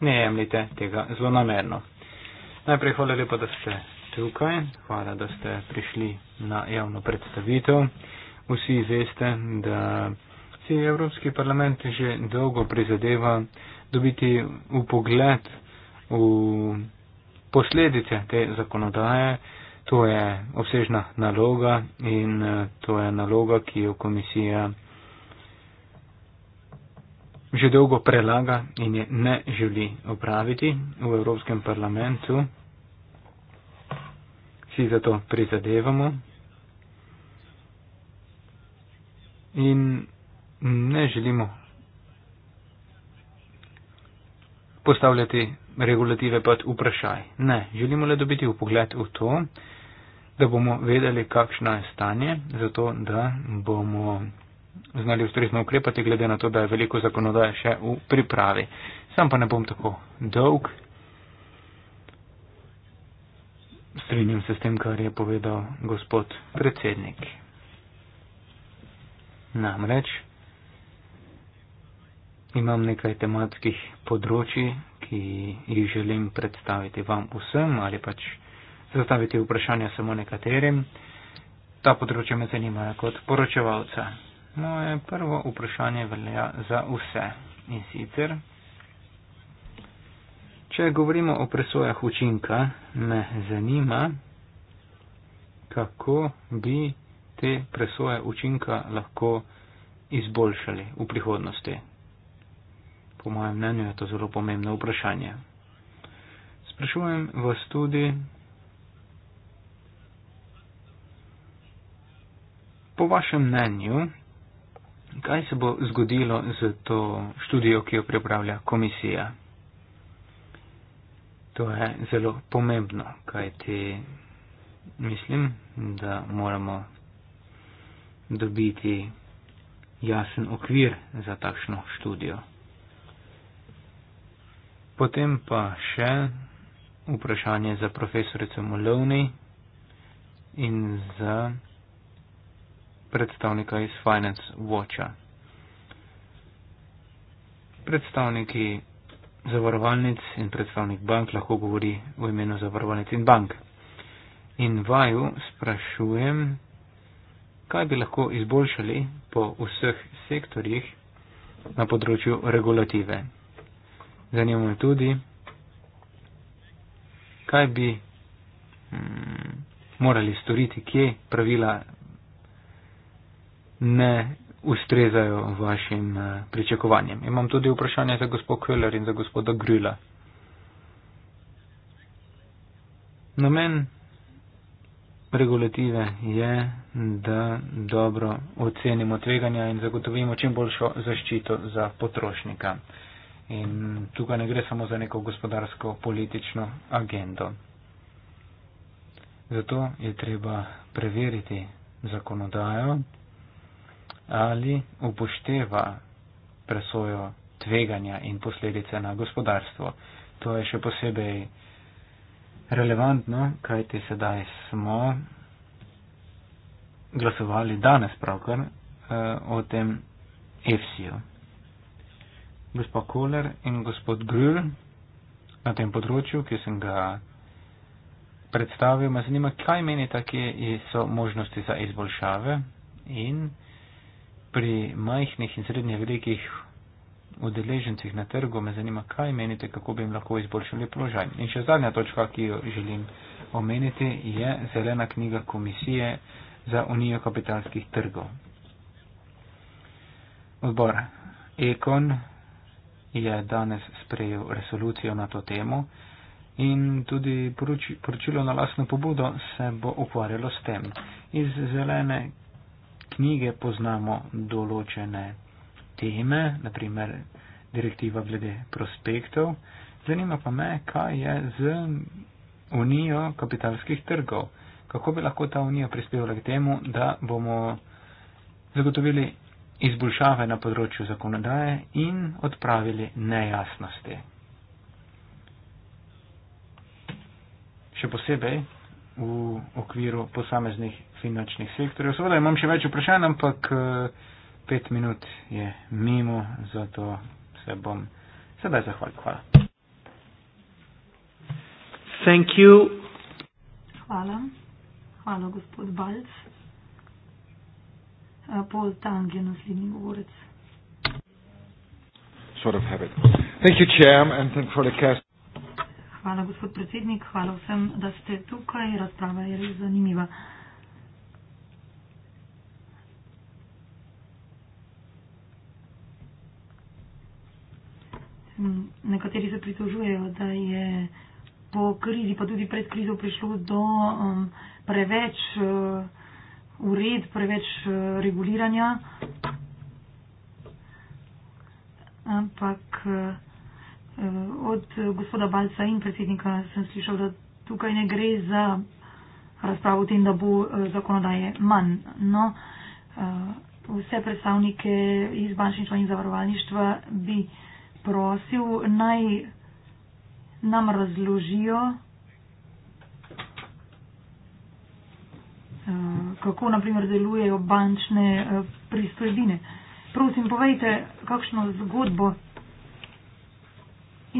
ne jemljite tega zelo namerno. Najprej hvala lepa, da ste tukaj. Hvala, da ste prišli na javno predstavitev. Vsi veste, da si Evropski parlament že dolgo prizadeva dobiti v pogled v posledice te zakonodaje. To je obsežna naloga in eh, to je naloga, ki jo komisija že dolgo prelaga in je ne želi opraviti v Evropskem parlamentu. Vsi za to prizadevamo in ne želimo postavljati regulative pod vprašaj. Ne, želimo le dobiti upogled v to, da bomo vedeli, kakšno je stanje, zato da bomo znali ustrezno ukrepati, glede na to, da je veliko zakonodaje še v pripravi. Sam pa ne bom tako dolg. Strinjam se s tem, kar je povedal gospod predsednik. Namreč imam nekaj tematskih področji, ki jih želim predstaviti vam vsem ali pač zastaviti vprašanja samo nekaterim. Ta področja me zanimajo kot poročevalca. Moje prvo vprašanje velja za vse. In sicer, če govorimo o presojah učinka, me zanima, kako bi te presoje učinka lahko izboljšali v prihodnosti. Po mojem mnenju je to zelo pomembno vprašanje. Sprašujem vas tudi, po vašem mnenju, kaj se bo zgodilo z to študijo, ki jo pripravlja komisija. To je zelo pomembno, kajti mislim, da moramo dobiti jasen okvir za takšno študijo. Potem pa še vprašanje za profesorico Molovni in za predstavnika iz Finance Watcha. Predstavniki zavarovalnic in predstavnik bank lahko govori v imenu zavarovalnic in bank. In vaju sprašujem, kaj bi lahko izboljšali po vseh sektorjih na področju regulative. Zanima me tudi, kaj bi mm, morali storiti, kje pravila ne ustrezajo vašim eh, pričakovanjem. Imam tudi vprašanje za gospod Köhler in za gospoda Grila. Namen regulative je, da dobro ocenimo tveganja in zagotovimo čim boljšo zaščito za potrošnika. In tukaj ne gre samo za neko gospodarsko politično agendo. Zato je treba preveriti zakonodajo, ali upošteva presojo tveganja in posledice na gospodarstvo. To je še posebej relevantno, kajti sedaj smo glasovali danes pravkar eh, o tem EFSI-ju gospa Kohler in gospod Grür na tem področju, ki sem ga predstavil. Me zanima, kaj menite, kje so možnosti za izboljšave in pri majhnih in srednjih velikih udeležencih na trgu, me zanima, kaj menite, kako bi jim lahko izboljšali položaj. In še zadnja točka, ki jo želim omeniti, je zelena knjiga Komisije za Unijo kapitalskih trgov. Odbor Ekon je danes sprejel resolucijo na to temo in tudi poročilo na lasno pobudo se bo ukvarjalo s tem. Iz zelene knjige poznamo določene teme, naprimer direktiva glede prospektov. Zanima pa me, kaj je z unijo kapitalskih trgov. Kako bi lahko ta unija prispevala k temu, da bomo zagotovili izboljšave na področju zakonodaje in odpravili nejasnosti. Še posebej v okviru posameznih finančnih sektorjev. Seveda imam še več vprašanj, ampak eh, pet minut je mimo, zato se bom sedaj zahvalil. Hvala. Thank you. Hvala. Hvala, gospod Balc. Eh, Paul Tangen of Living Words. Sort of habit. Thank you, Chair, and thank for the cast. Hvala, gospod predsednik. Hvala vsem, da ste tukaj. Razprava je res zanimiva. Nekateri se pritožujejo, da je po krizi, pa tudi pred krizo, prišlo do um, preveč. Uh, ured, preveč uh, reguliranja. Ampak uh, od gospoda Balca in predsednika sem slišal, da tukaj ne gre za razpravo o tem, da bo uh, zakonodaje manj. No, uh, vse predstavnike iz bančništva in zavarovalništva bi prosil naj nam razložijo, kako naprimer delujejo bančne eh, pristojbine. Prosim, povejte, kakšno zgodbo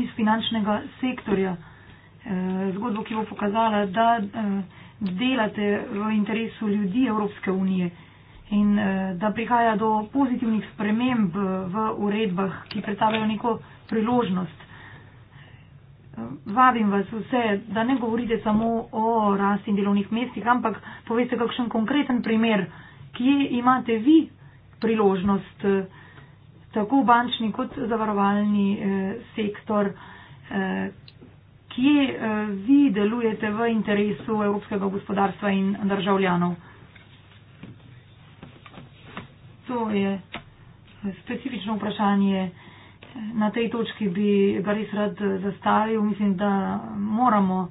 iz finančnega sektorja, eh, zgodbo, ki bo pokazala, da eh, delate v interesu ljudi Evropske unije in da prihaja do pozitivnih sprememb v uredbah, ki predstavljajo neko priložnost. Vabim vas vse, da ne govorite samo o rasti in delovnih mestih, ampak poveste kakšen konkreten primer, kje imate vi priložnost, eh, tako bančni kot zavarovalni eh, sektor, eh, kje eh, vi delujete v interesu evropskega gospodarstva in državljanov. To je eh, specifično vprašanje na tej točki bi ga res rad zastavil. Mislim, da moramo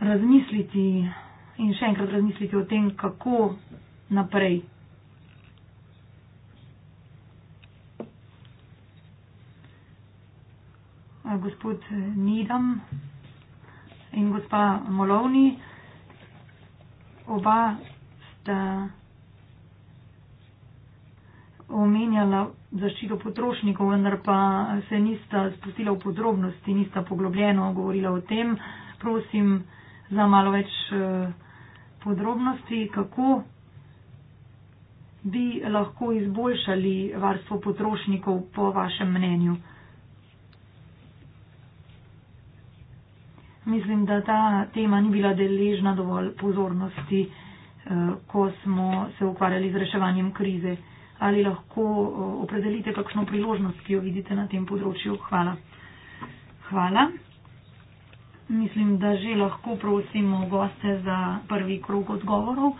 razmisliti in še enkrat razmisliti o tem, kako naprej. Gospod Nidam in gospa Molovni, oba sta omenjala zaščito potrošnikov, vendar pa se nista spustila v podrobnosti, nista poglobljeno govorila o tem. Prosim za malo več eh, podrobnosti, kako bi lahko izboljšali varstvo potrošnikov po vašem mnenju. Mislim, da ta tema ni bila deležna dovolj pozornosti, eh, ko smo se ukvarjali z reševanjem krize ali lahko opredelite kakšno priložnost, ki jo vidite na tem področju. Hvala. Hvala. Mislim, da že lahko prosimo goste za prvi krog odgovorov.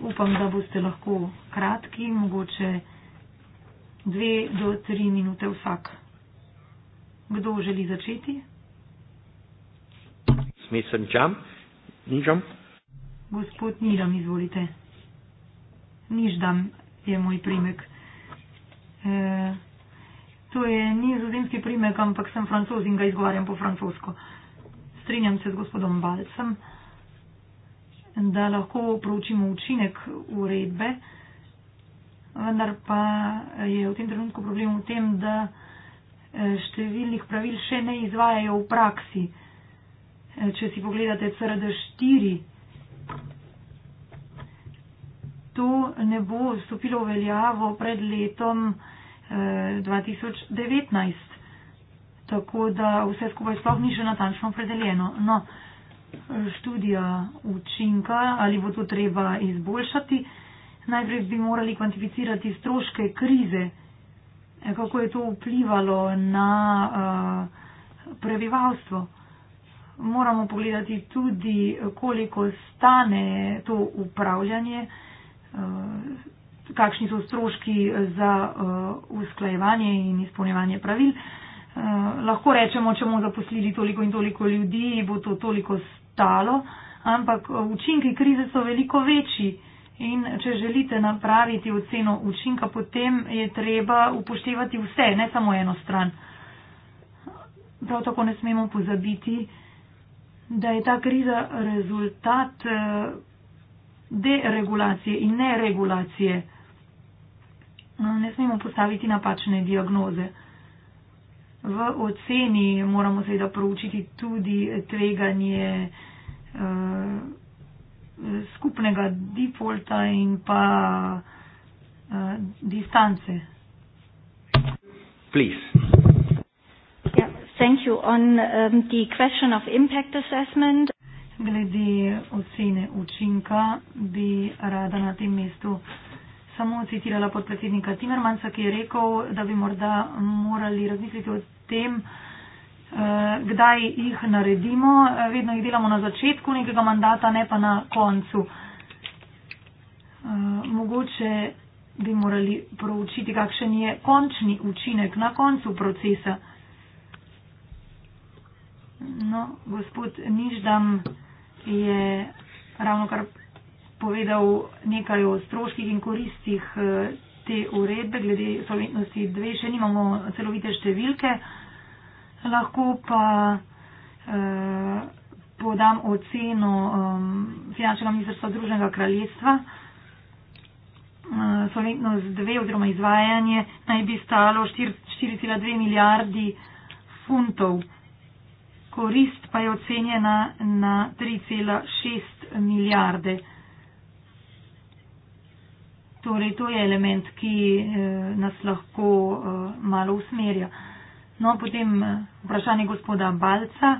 Upam, da boste lahko kratki, mogoče dve do tri minute vsak. Kdo želi začeti? Smisel Džam, Nižam. Gospod Nižam, izvolite. Nižam, je moj primek. E, to je nizozemski primek, ampak sem francoz in ga izgovarjam po francosko. Strinjam se z gospodom Balcem, da lahko proučimo učinek uredbe, vendar pa je v tem trenutku problem v tem, da e, številnih pravil še ne izvajajo v praksi. E, če si pogledate CRD 4, to ne bo stopilo v veljavo pred letom eh, 2019. Tako da vse skupaj sploh ni še natančno opredeljeno. No, študija učinka, ali bo to treba izboljšati. Najprej bi morali kvantificirati stroške krize, eh, kako je to vplivalo na uh, prebivalstvo. Moramo pogledati tudi, koliko stane to upravljanje uh, Eh, kakšni so stroški eh, za eh, usklajevanje in izpolnjevanje pravil. Lahko rečemo, če bomo zaposlili toliko in toliko ljudi, bo to toliko stalo, ampak učinki krize so veliko večji. In če želite napraviti oceno učinka, potem je treba upoštevati vse, ne samo eno stran. Prav tako ne smemo pozabiti, da je ta kriza rezultat deregulacije in neregulacije. No, ne smemo postaviti napačne diagnoze. V oceni moramo seveda proučiti tudi tveganje eh, skupnega defaulta in pa eh, distance. Please. Thank you. On um, the question of impact assessment, Glede ocene učinka bi rada na tem mestu samo citirala podpredsednika Timermansa, ki je rekel, da bi morda morali razmisliti o tem, eh, kdaj jih naredimo. Eh, vedno jih delamo na začetku nekega mandata, ne pa na koncu. Eh, mogoče bi morali proučiti, kakšen je končni učinek na koncu procesa. No, gospod Niždam je ravno kar povedal nekaj o stroških in koristih eh, te uredbe glede solventnosti dve, še nimamo celovite številke, lahko pa eh, podam oceno ehm, finančnega ministrstva Druženega kraljestva. Eh, solventnost 2 oziroma izvajanje naj bi stalo 4,2 milijardi funtov korist pa je ocenjena na 3,6 milijarde. Torej, to je element, ki eh, nas lahko eh, malo usmerja. No, potem eh, vprašanje gospoda Balca.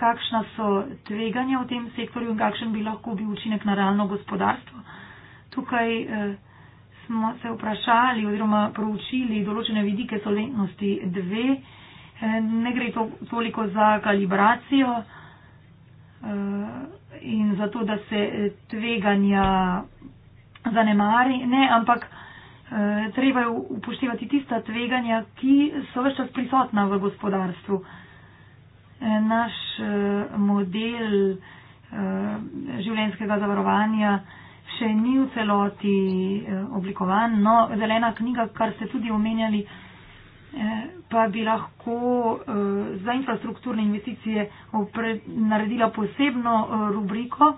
Kakšna so tveganja v tem sektorju in kakšen bi lahko bil učinek na realno gospodarstvo? Tukaj eh, smo se vprašali oziroma proučili določene vidike solventnosti dve. E, ne gre to, toliko za kalibracijo e, in za to, da se tveganja zanemari, ne, ampak e, treba je upoštevati tista tveganja, ki so več čas prisotna v gospodarstvu. Naš model življenskega zavarovanja še ni v celoti eh, oblikovan. No, zelena knjiga, kar ste tudi omenjali, eh, pa bi lahko eh, za infrastrukturne investicije naredila posebno rubriko.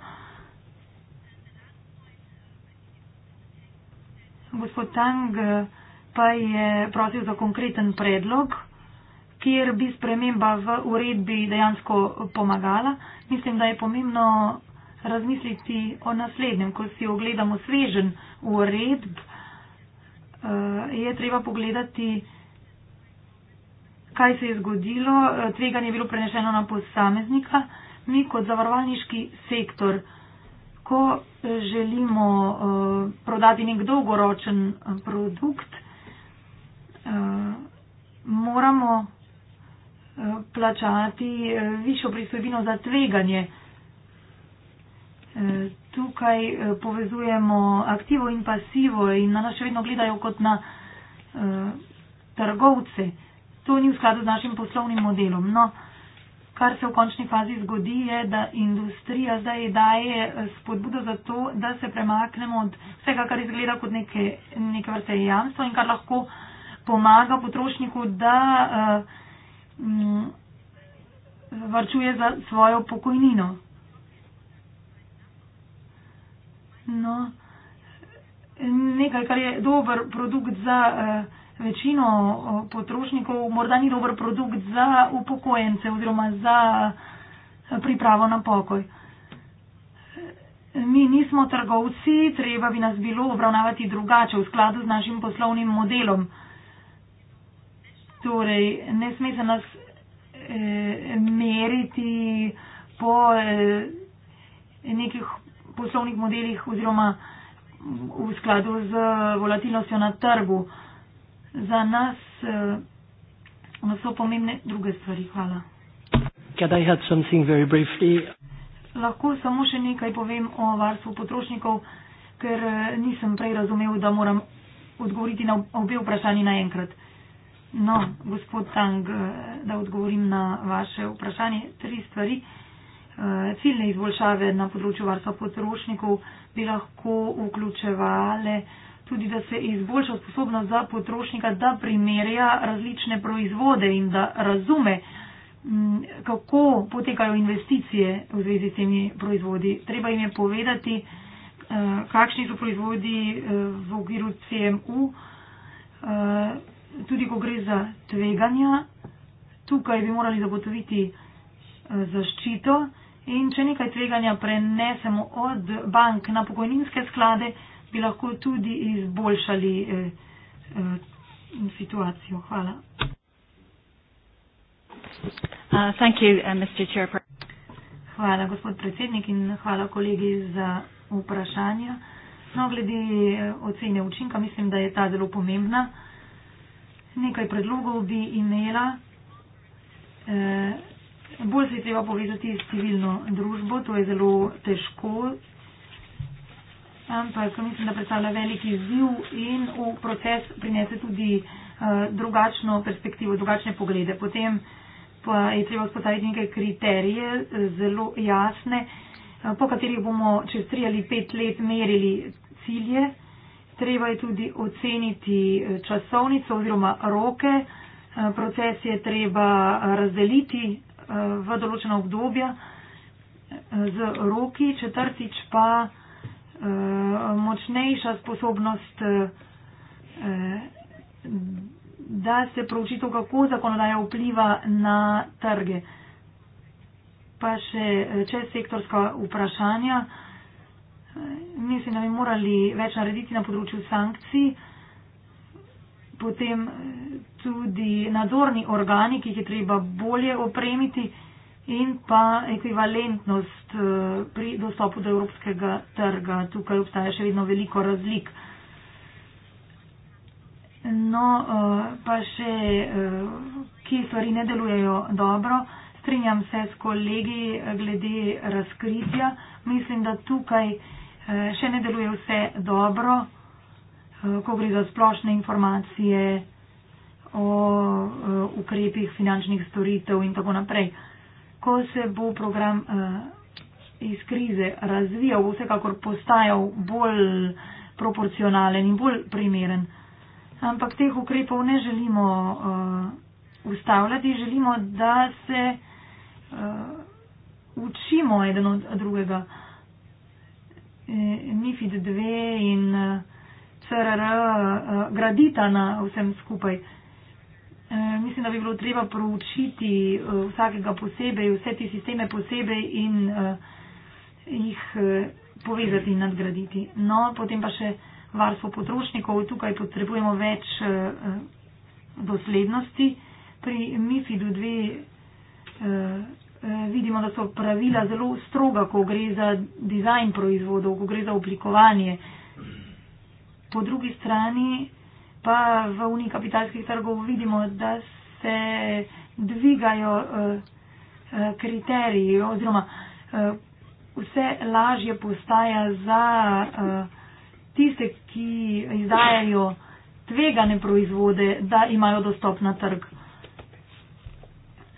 Gospod Tang pa je prosil za konkreten predlog, kjer bi sprememba v uredbi dejansko pomagala. Mislim, da je pomembno razmisliti o naslednjem. Ko si ogledamo svežen uredb, eh, je treba pogledati, kaj se je zgodilo. Eh, tveganje je bilo prenešeno na posameznika. Mi kot zavarovalniški sektor, ko želimo eh, prodati nek dolgoročen produkt, moramo plačati višjo pristojbino za tveganje. Eh, tukaj eh, povezujemo aktivo in pasivo in na nas še vedno gledajo kot na eh, trgovce. To ni v skladu z našim poslovnim modelom. No, kar se v končni fazi zgodi, je, da industrija zdaj daje spodbudo za to, da se premaknemo od vsega, kar izgleda kot neke, neke vrste jamstvo in kar lahko pomaga potrošniku, da uh, m, varčuje za svojo pokojnino. no, nekaj, kar je dober produkt za uh, večino eh, potrošnikov, morda ni dober produkt za upokojence oziroma za eh, pripravo na pokoj. Mi nismo trgovci, treba bi nas bilo obravnavati drugače v skladu z našim poslovnim modelom. Torej, ne sme se nas eh, meriti po eh, nekih poslovnih modelih oziroma v skladu z eh, volatilnostjo na trgu. Za eh, nas so pomembne druge stvari. Hvala. Lahko samo še nekaj povem o varstvu potrošnikov, ker eh, nisem prej razumel, da moram odgovoriti na obe vprašanji naenkrat. No, gospod Tang, da odgovorim na vaše vprašanje. Tri stvari. Eh, ciljne izboljšave na področju varstva potrošnikov bi lahko vključevale tudi, da se izboljša sposobnost za potrošnika, da primerja različne proizvode in da razume, mm, kako potekajo investicije v zvezi s temi proizvodi. Treba jim je povedati, eh, kakšni so proizvodi eh, v okviru CMU, tudi ko gre za tveganja. Tukaj bi morali zagotoviti zaščito in če nekaj tveganja prenesemo od bank na pokojninske sklade, bi lahko tudi izboljšali eh, eh, situacijo. Hvala. Uh, you, uh, hvala, gospod predsednik, in hvala kolegi za vprašanja. No, glede eh, ocene učinka, mislim, da je ta zelo pomembna. Nekaj predlogov bi imela. Eh, Bolj se je treba povezati s civilno družbo, to je zelo težko, ampak mislim, da predstavlja veliki izziv in v proces prinese tudi uh, drugačno perspektivo, drugačne poglede. Potem pa je treba vzpostaviti neke kriterije, eh, zelo jasne, eh, po katerih bomo čez tri ali pet let merili cilje. Treba je tudi oceniti časovnico oziroma roke. Proces je treba razdeliti v določena obdobja z roki, četrtič pa eh, močnejša sposobnost, eh, da se prouči to, kako zakonodaja vpliva na trge. Pa še eh, čez sektorska vprašanja. Mislim, da bi morali več narediti na področju sankcij potem eh, tudi nadzorni organi, ki jih je treba bolje opremiti in pa ekvivalentnost eh, pri dostopu do evropskega trga. Tukaj obstaja še vedno veliko razlik. No, eh, pa še, ki stvari ne delujejo dobro. Strinjam se s kolegi glede razkritja. Mislim, da tukaj še ne deluje vse dobro. Eh, ko gre za splošne informacije o uh, ukrepih finančnih storitev in tako naprej. Ko se bo program uh, iz krize razvijal, bo vsekakor postajal bolj proporcionalen in bolj primeren. Ampak teh ukrepov ne želimo uh, ustavljati, želimo, da se uh, učimo eden od drugega. E, MIFID 2 in uh, SRR eh, gradita na vsem skupaj. Eh, mislim, da bi bilo treba proučiti eh, vsakega posebej, vse te sisteme posebej in jih povezati in nadgraditi. No, potem pa še varstvo potrošnikov. Tukaj potrebujemo več doslednosti. Pri MIFID-u 2 vidimo, da so pravila zelo stroga, ko gre za dizajn proizvodov, ko gre za oblikovanje. Po drugi strani pa v Uniji kapitalskih trgov vidimo, da se dvigajo uh, kriteriji oziroma uh, vse lažje postaja za uh, tiste, ki izdajajo tvegane proizvode, da imajo dostop na trg.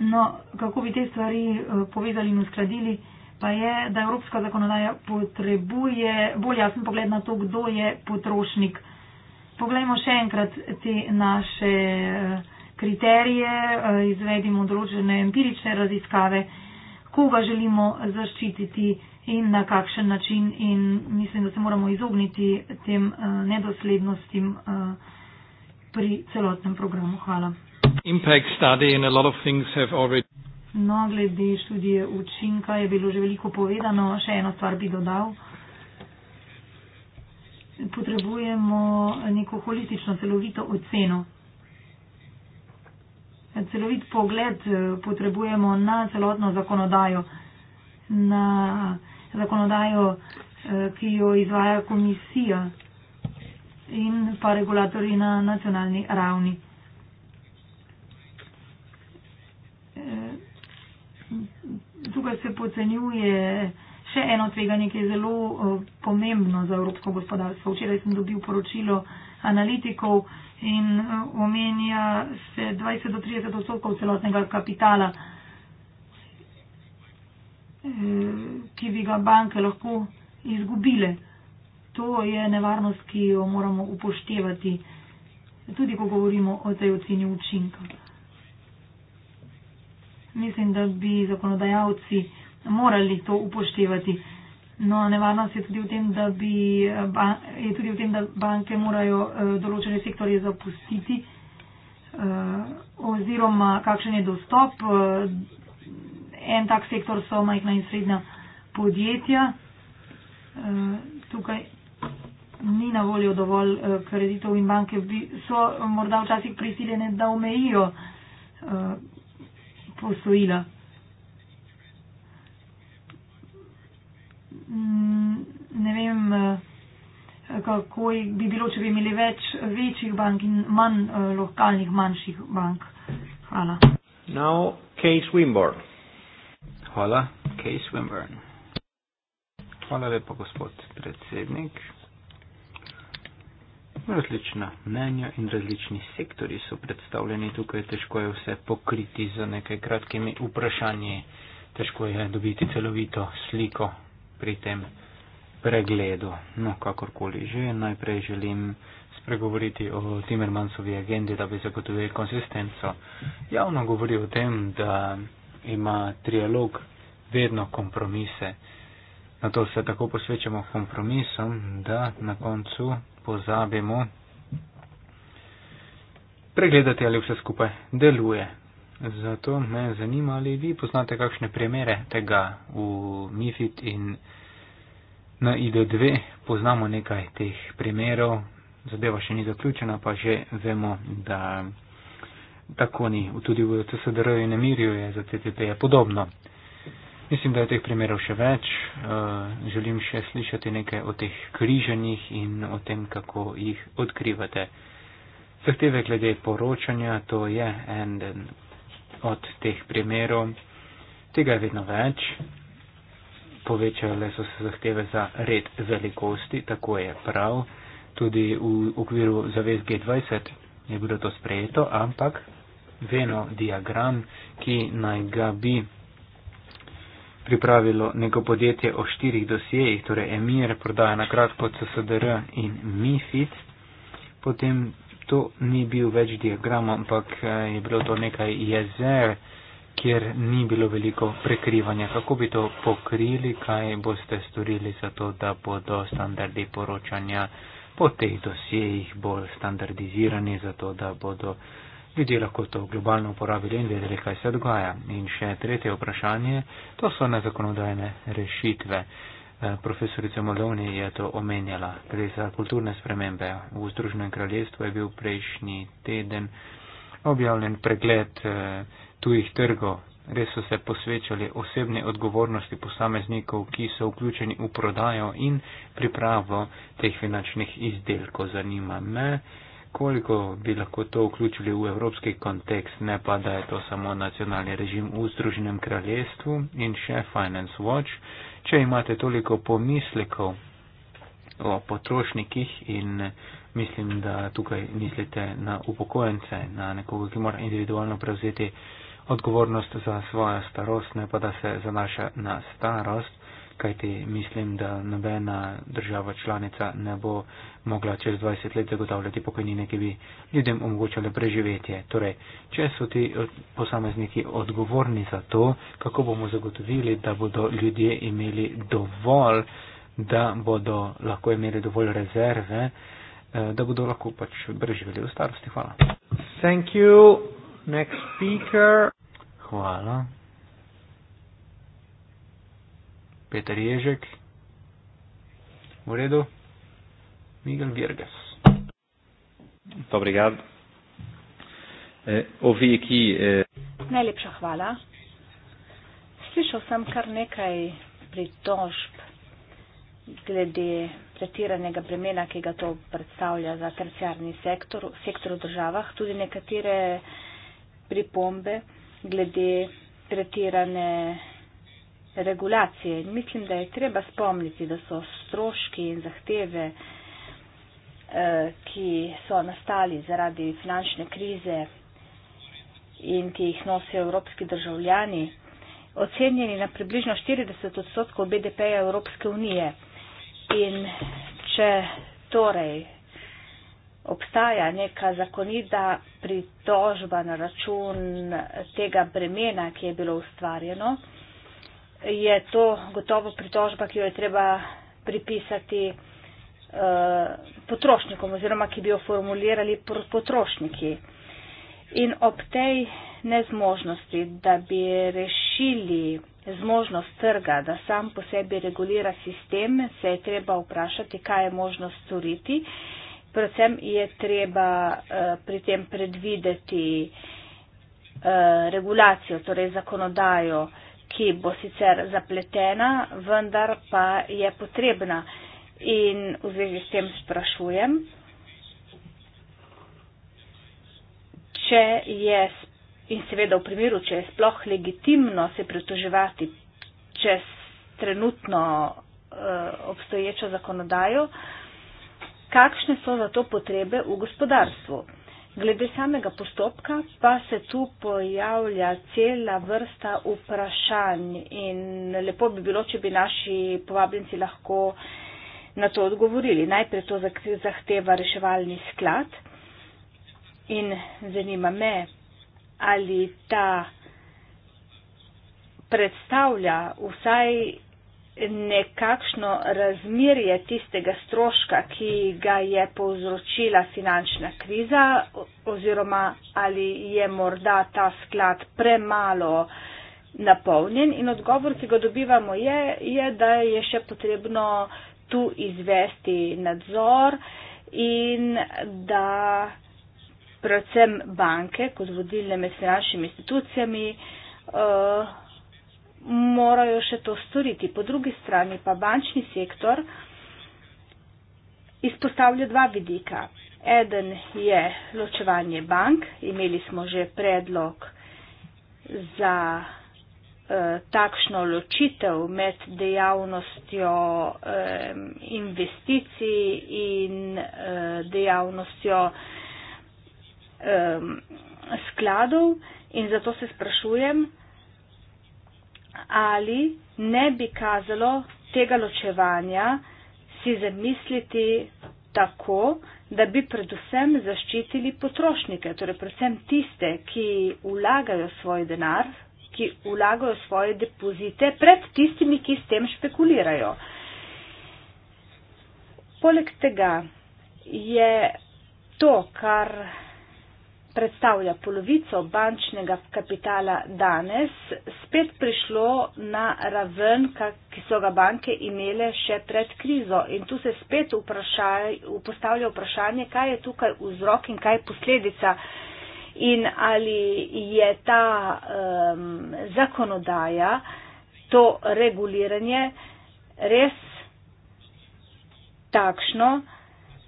No, kako bi te stvari uh, povezali in uskladili? Uh, pa je, da evropska zakonodaja potrebuje bolj jasen pogled na to, kdo je potrošnik. Poglejmo še enkrat te naše eh, kriterije, eh, izvedimo določene empirične raziskave, koga želimo zaščititi in na kakšen način in mislim, da se moramo izogniti tem eh, nedoslednostim pri celotnem programu. Hvala. Impact study and a lot of things have already. No, glede študije učinka je bilo že veliko povedano. Še eno stvar bi dodal. Potrebujemo neko holistično, celovito oceno. Celovit pogled eh, potrebujemo na celotno zakonodajo, na zakonodajo, eh, ki jo izvaja komisija in pa regulatori na nacionalni ravni. Eh, tukaj se pocenjuje še eno tveganje, ki je zelo eh, pomembno za evropsko gospodarstvo. Včeraj sem dobil poročilo analitikov in eh, omenja se 20 do 30 odstotkov celotnega kapitala, eh, ki bi ga banke lahko izgubile. To je nevarnost, ki jo moramo upoštevati, tudi ko govorimo o tej oceni učinka mislim, da bi zakonodajalci morali to upoštevati. No, nevarnost je tudi v tem, da, bi, je tudi v tem, da banke morajo eh, določene sektorje zapustiti eh, oziroma kakšen je dostop. Eh, en tak sektor so majhna in srednja podjetja. Tukaj ni na voljo dovolj kreditov in banke so morda včasih prisiljene, da omejijo posojila. Mm, ne vem, eh, kako bi bilo, če bi imeli več večjih bank in manj eh, lokalnih manjših bank. Hvala. Now, Case Wimborne. Hvala, Case Wimborne. Hvala lepa, gospod predsednik različna mnenja in različni sektori so predstavljeni tukaj, težko je vse pokriti z nekaj kratkimi vprašanji, težko je dobiti celovito sliko pri tem pregledu. No, kakorkoli že, najprej želim spregovoriti o Timermansovi agendi, da bi zagotovili konsistenco. Javno govori o tem, da ima trialog vedno kompromise. Na to se tako posvečamo kompromisom, da na koncu pozabimo pregledati, ali vse skupaj deluje. Zato me zanima, ali vi poznate kakšne primere tega v MIFID in na ID2. Poznamo nekaj teh primerov, zadeva še ni zaključena, pa že vemo, da tako ni. Tudi v CSDR-ju in Emirju je za TTP podobno. Mislim, da je teh primerov še več. Eh, želim še slišati nekaj o teh križanjih in o tem, kako jih odkrivate. Zahteve glede poročanja, to je en od teh primerov. Tega je vedno več. Povečale so se zahteve za red velikosti, tako je prav. Tudi v okviru zavez G20 je bilo to sprejeto, ampak veno diagram, ki naj ga bi pripravilo neko podjetje o štirih dosjejih, torej Emir, prodaja na kratko CSDR in MIFID, potem to ni bil več diagram, ampak eh, je bilo to nekaj jezer, kjer ni bilo veliko prekrivanja. Kako bi to pokrili, kaj boste storili za to, da bodo standardi poročanja po teh dosjejih bolj standardizirani, zato da bodo Ljudje lahko to globalno uporabili in vedeli, kaj se dogaja. In še tretje vprašanje, to so nezakonodajne rešitve. Eh, profesorica Moloni je to omenjala. Gre za kulturne spremembe. V Združenem kraljestvu je bil prejšnji teden objavljen pregled eh, tujih trgov. Res so se posvečali osebne odgovornosti posameznikov, ki so vključeni v prodajo in pripravo teh finančnih izdelkov. Zanima me koliko bi lahko to vključili v evropski kontekst, ne pa da je to samo nacionalni režim v Združenem kraljestvu in še Finance Watch, če imate toliko pomislekov o potrošnikih in mislim, da tukaj mislite na upokojence, na nekoga, ki mora individualno prevzeti odgovornost za svojo starost, ne pa da se zanaša na starost, kajti mislim, da nobena država članica ne bo mogla čez 20 let zagotavljati pokojnine, ki bi ljudem omogočale preživetje. Torej, če so ti posamezniki odgovorni za to, kako bomo zagotovili, da bodo ljudje imeli dovolj, da bodo lahko imeli dovolj rezerve, eh, da bodo lahko pač preživeli v starosti. Hvala. Thank you. Next speaker. Hvala. Peter Ježek, v redu, Miguel Virges. Dobrega. Eh, ovi, ki, eh... Najlepša hvala. Slišal sem kar nekaj pritožb glede pretiranega bremena, ki ga to predstavlja za terciarni sektor, sektor v državah, tudi nekatere pripombe glede pretirane regulacije. In mislim, da je treba spomniti, da so stroški in zahteve, eh, ki so nastali zaradi finančne krize in ki jih nosijo evropski državljani, ocenjeni na približno 40 odstotkov BDP-ja Evropske unije. In če torej obstaja neka zakonita pritožba na račun tega bremena, ki je bilo ustvarjeno, je to gotovo pritožba, ki jo je treba pripisati eh, potrošnikom oziroma ki bi jo formulirali potrošniki. In ob tej nezmožnosti, da bi rešili zmožnost trga, da sam po sebi regulira sistem, se je treba vprašati, kaj je možnost storiti. Predvsem je treba eh, pri tem predvideti eh, regulacijo, torej zakonodajo, ki bo sicer zapletena, vendar pa je potrebna. In v zvezi s tem sprašujem, če je in seveda v primeru, če je sploh legitimno se pretoževati čez trenutno uh, obstoječo zakonodajo, kakšne so zato potrebe v gospodarstvu. Glede samega postopka pa se tu pojavlja cela vrsta vprašanj in lepo bi bilo, če bi naši povabljenci lahko na to odgovorili. Najprej to zahteva reševalni sklad in zanima me, ali ta predstavlja vsaj nekakšno razmerje tistega stroška, ki ga je povzročila finančna kriza oziroma ali je morda ta sklad premalo napolnjen in odgovor, ki ga dobivamo, je, je da je še potrebno tu izvesti nadzor in da predvsem banke kot vodilne med finančnimi institucijami uh, morajo še to storiti. Po drugi strani pa bančni sektor izpostavlja dva vidika. Eden je ločevanje bank. Imeli smo že predlog za eh, takšno ločitev med dejavnostjo eh, investicij in eh, dejavnostjo eh, skladov. In zato se sprašujem, ali ne bi kazalo tega ločevanja si zamisliti tako, da bi predvsem zaščitili potrošnike, torej predvsem tiste, ki vlagajo svoj denar, ki vlagajo svoje depozite pred tistimi, ki s tem špekulirajo. Poleg tega je to, kar predstavlja polovico bančnega kapitala danes, spet prišlo na raven, ki so ga banke imele še pred krizo. In tu se spet vprašaj, postavlja vprašanje, kaj je tukaj vzrok in kaj je posledica. In ali je ta um, zakonodaja, to reguliranje res takšno,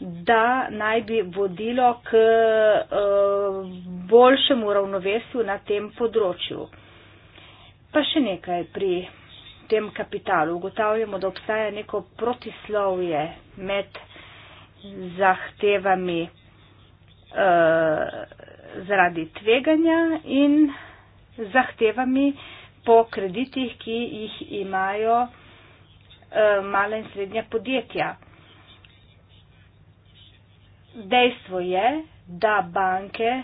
da naj bi vodilo k uh, boljšemu ravnovesju na tem področju. Pa še nekaj pri tem kapitalu. Ugotavljamo, da obstaja neko protislovje med zahtevami uh, zaradi tveganja in zahtevami po kreditih, ki jih imajo uh, mala in srednja podjetja dejstvo je, da banke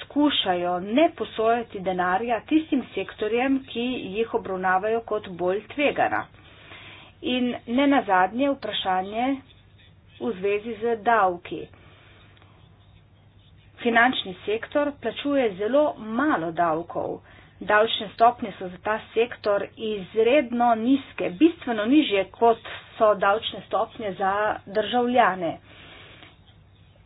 skušajo ne posojati denarja tistim sektorjem, ki jih obravnavajo kot bolj tvegana. In ne nazadnje vprašanje v zvezi z davki. Finančni sektor plačuje zelo malo davkov. Davčne stopnje so za ta sektor izredno nizke, bistveno nižje kot so davčne stopnje za državljane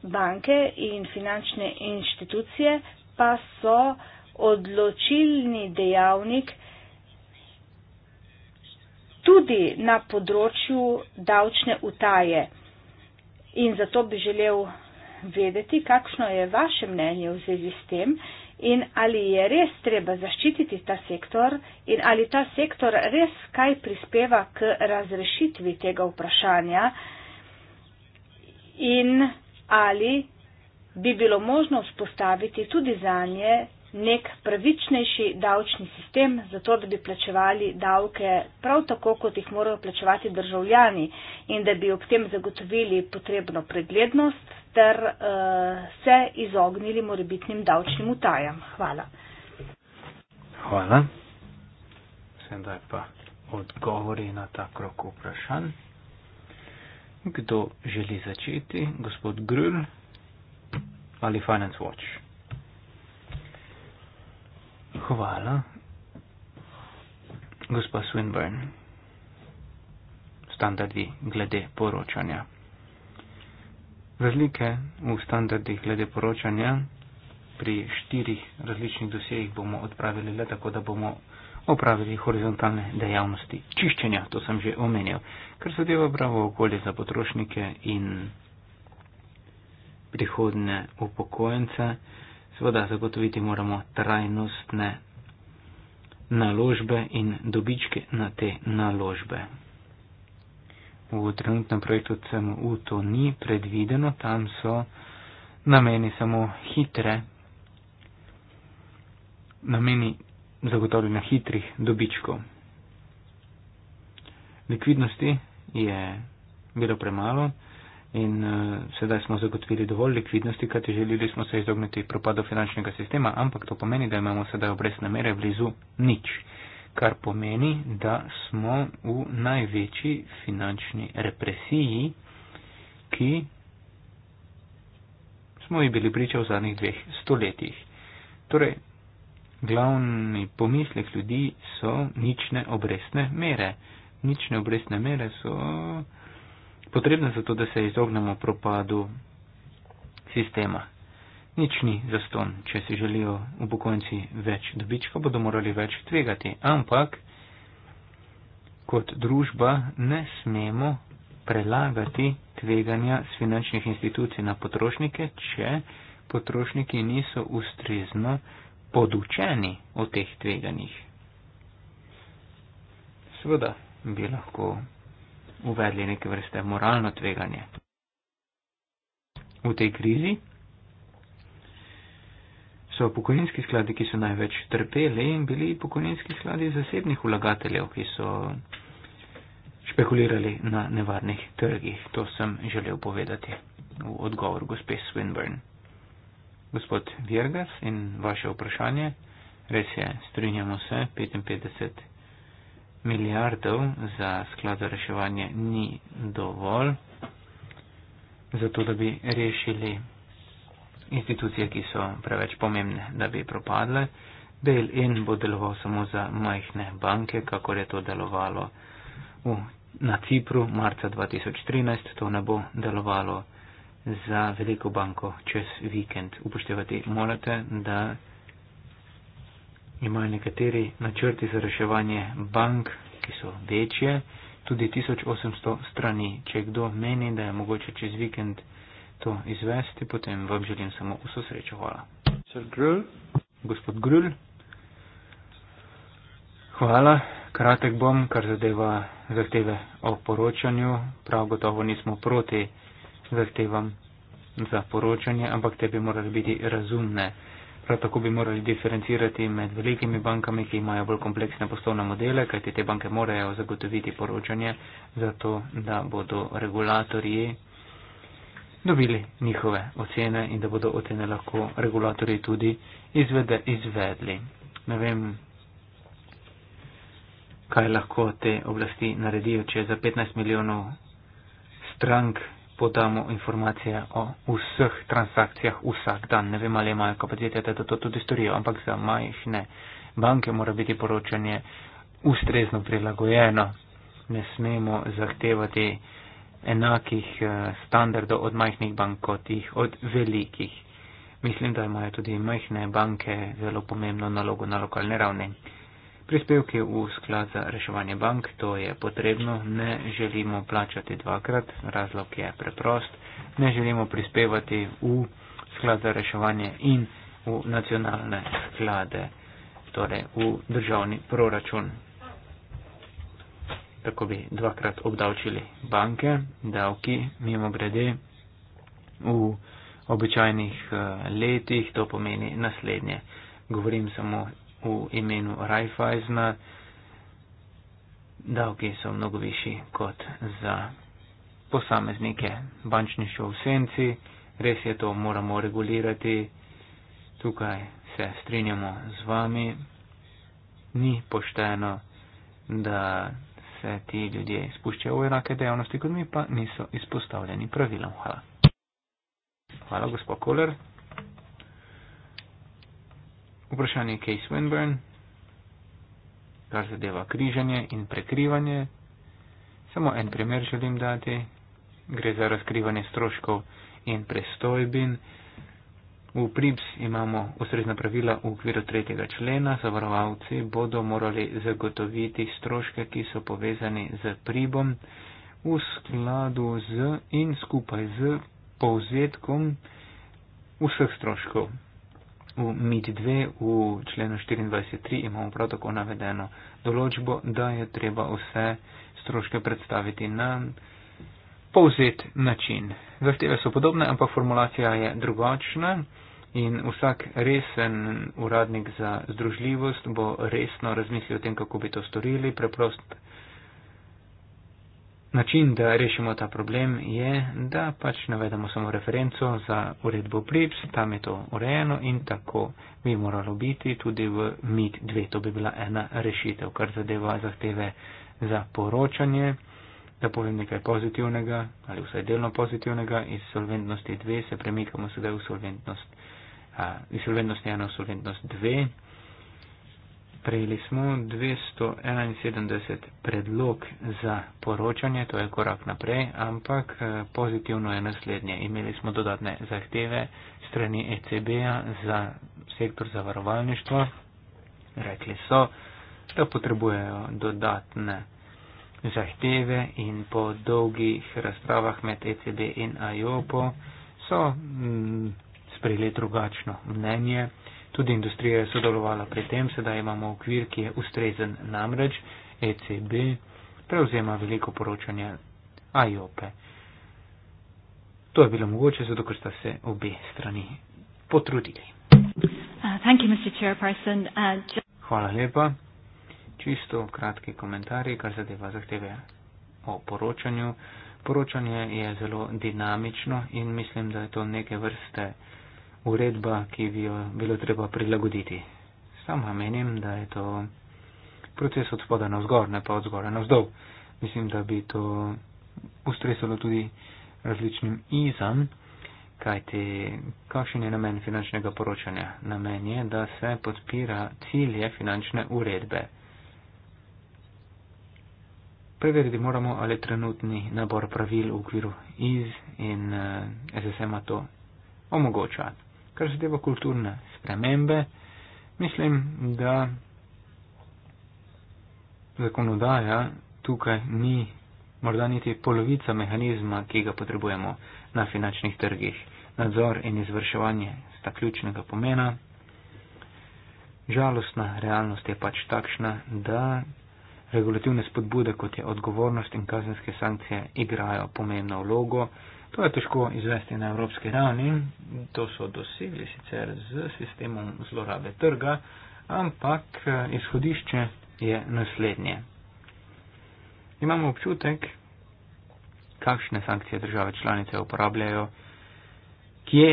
banke in finančne inštitucije pa so odločilni dejavnik tudi na področju davčne utaje. In zato bi želel vedeti, kakšno je vaše mnenje v zvezi s tem in ali je res treba zaščititi ta sektor in ali ta sektor res kaj prispeva k razrešitvi tega vprašanja. In ali bi bilo možno vzpostaviti tudi za nje nek pravičnejši davčni sistem, zato da bi plačevali davke prav tako, kot jih morajo plačevati državljani in da bi ob tem zagotovili potrebno preglednost ter uh, se izognili morebitnim davčnim utajam. Hvala. Hvala. Sedaj pa odgovori na ta krok vprašanj. Kdo želi začeti? Gospod Grl ali Finance Watch? Hvala. Gospa Swinburne, standardi glede poročanja. Razlike v standardih glede poročanja pri štirih različnih dosjejih bomo odpravili le tako, da bomo opravili horizontalne dejavnosti čiščenja, to sem že omenil, kar zadeva pravo okolje za potrošnike in prihodne upokojence. Seveda zagotoviti moramo trajnostne naložbe in dobičke na te naložbe. V trenutnem projektu CMU to ni predvideno, tam so nameni samo hitre, nameni zagotavljanja hitrih dobičkov. Likvidnosti je bilo premalo in uh, sedaj smo zagotovili dovolj likvidnosti, kajti želeli smo se izogniti propadu finančnega sistema, ampak to pomeni, da imamo sedaj obrestne mere blizu nič, kar pomeni, da smo v največji finančni represiji, ki smo ji bili priča v zadnjih dveh stoletjih. Torej, glavni pomislek ljudi so nične obrestne mere. Nične obrestne mere so potrebne zato, da se izognemo propadu sistema. Nič ni zaston, če si želijo upokojenci več dobička, bodo morali več tvegati. Ampak kot družba ne smemo prelagati tveganja s finančnih institucij na potrošnike, če potrošniki niso ustrezno podučeni o teh tveganjih. Sveda bi lahko uvedli neke vrste moralno tveganje v tej krizi. So pokojninski skladi, ki so največ trpeli, in bili pokojninski skladi zasebnih vlagateljev, ki so špekulirali na nevarnih trgih. To sem želel povedati v odgovor gospe Swinburne gospod Virgas in vaše vprašanje. Res je, strinjamo se, 55 milijardov za sklad za reševanje ni dovolj, zato da bi rešili institucije, ki so preveč pomembne, da bi propadle. Bail-in bo deloval samo za majhne banke, kakor je to delovalo v, na Cipru marca 2013, to ne bo delovalo za veliko banko čez vikend upoštevati. Morate, da imajo nekateri načrti za reševanje bank, ki so večje, tudi 1800 strani. Če kdo meni, da je mogoče čez vikend to izvesti, potem vam želim samo vso srečo. Hvala. Grl. Gospod Grul. Hvala. Kratek bom, kar zadeva zahteve o poročanju. Prav gotovo nismo proti zahtevam za poročanje, ampak te bi morali biti razumne. Prav tako bi morali diferencirati med velikimi bankami, ki imajo bolj kompleksne poslovne modele, kajti te banke morajo zagotoviti poročanje, zato da bodo regulatorji dobili njihove ocene in da bodo ocene lahko regulatorji tudi izvede, izvedli. Ne vem, kaj lahko te oblasti naredijo, če za 15 milijonov strank podamo informacije o vseh transakcijah vsak dan. Ne vem, ali imajo kapacitete, da to tudi storijo, ampak za majhne banke mora biti poročanje ustrezno prilagojeno. Ne smemo zahtevati enakih eh, standardov od majhnih bank kot jih od velikih. Mislim, da imajo tudi majhne banke zelo pomembno nalogo na lokalni ravni. Prispevki v sklad za reševanje bank, to je potrebno, ne želimo plačati dvakrat, razlog je preprost, ne želimo prispevati v sklad za reševanje in v nacionalne sklade, torej v državni proračun. Tako bi dvakrat obdavčili banke, davki, mimo grede, v običajnih eh, letih, to pomeni naslednje. Govorim samo u imenu Raiffeisena davke so mnogo više kot za posameznike bančništvo u senci. Res je to, moramo regulirati. Tukaj se strinjamo z vami. Ni pošteno, da se ti ljudje spuščajo v enake dejavnosti kot mi, pa niso izpostavljeni pravilom. Hvala. Hvala, gospod Koler vprašanje Case Winburn, kar zadeva križanje in prekrivanje. Samo en primer želim dati. Gre za razkrivanje stroškov in prestojbin. V PRIPS imamo ustrezna pravila v okviru tretjega člena. Zavarovalci bodo morali zagotoviti stroške, ki so povezani z PRIBom v skladu z in skupaj z povzetkom vseh stroškov, V MID-2 v členu 24.3 imamo prav tako navedeno določbo, da je treba vse stroške predstaviti na povzet način. Zahteve so podobne, ampak formulacija je drugačna in vsak resen uradnik za združljivost bo resno razmislil o tem, kako bi to storili. Preprosto Način, da rešimo ta problem, je, da pač navedemo samo referenco za uredbo PRIPS, tam je to urejeno in tako bi moralo biti tudi v MIG-2. To bi bila ena rešitev, kar zadeva zahteve za poročanje, da povem nekaj pozitivnega ali vsaj delno pozitivnega, iz solventnosti 2 se premikamo sedaj v solventnost 1 v solventnost 2. Prejeli smo 271 predlog za poročanje, to je korak naprej, ampak eh, pozitivno je naslednje. Imeli smo dodatne zahteve strani ECB-a za sektor zavarovalništva. Rekli so, da potrebujejo dodatne zahteve in po dolgih razpravah med ECB in IOPO so mm, sprejeli drugačno mnenje. Tudi industrija je sodelovala pri tem, sedaj imamo okvir, ki je ustrezen namreč ECB, prevzema veliko poročanje AIOPE. To je bilo mogoče, zato ker sta se obe strani potrudili. Uh, uh, Hvala lepa. Čisto kratki komentarji, kar zadeva zahteve o poročanju. Poročanje je zelo dinamično in mislim, da je to neke vrste uredba, ki bi jo bilo treba prilagoditi. Sama menim, da je to proces od spoda navzgor, ne pa od zgora navzdol. Mislim, da bi to ustresalo tudi različnim izam, kajti kakšen je namen finančnega poročanja? Namen je, da se podpira cilje finančne uredbe. Preveriti moramo, ali trenutni nabor pravil v okviru iz in eh, SSM-a to omogočati kar zadeva kulturne spremembe, mislim, da zakonodaja tukaj ni morda niti polovica mehanizma, ki ga potrebujemo na finančnih trgih. Nadzor in izvrševanje sta ključnega pomena. Žalostna realnost je pač takšna, da regulativne spodbude, kot je odgovornost in kazenske sankcije, igrajo pomembno vlogo. To je težko izvesti na evropski ravni, to so dosegli sicer z sistemom zlorabe trga, ampak eh, izhodišče je naslednje. Imamo občutek, kakšne sankcije države članice uporabljajo, kje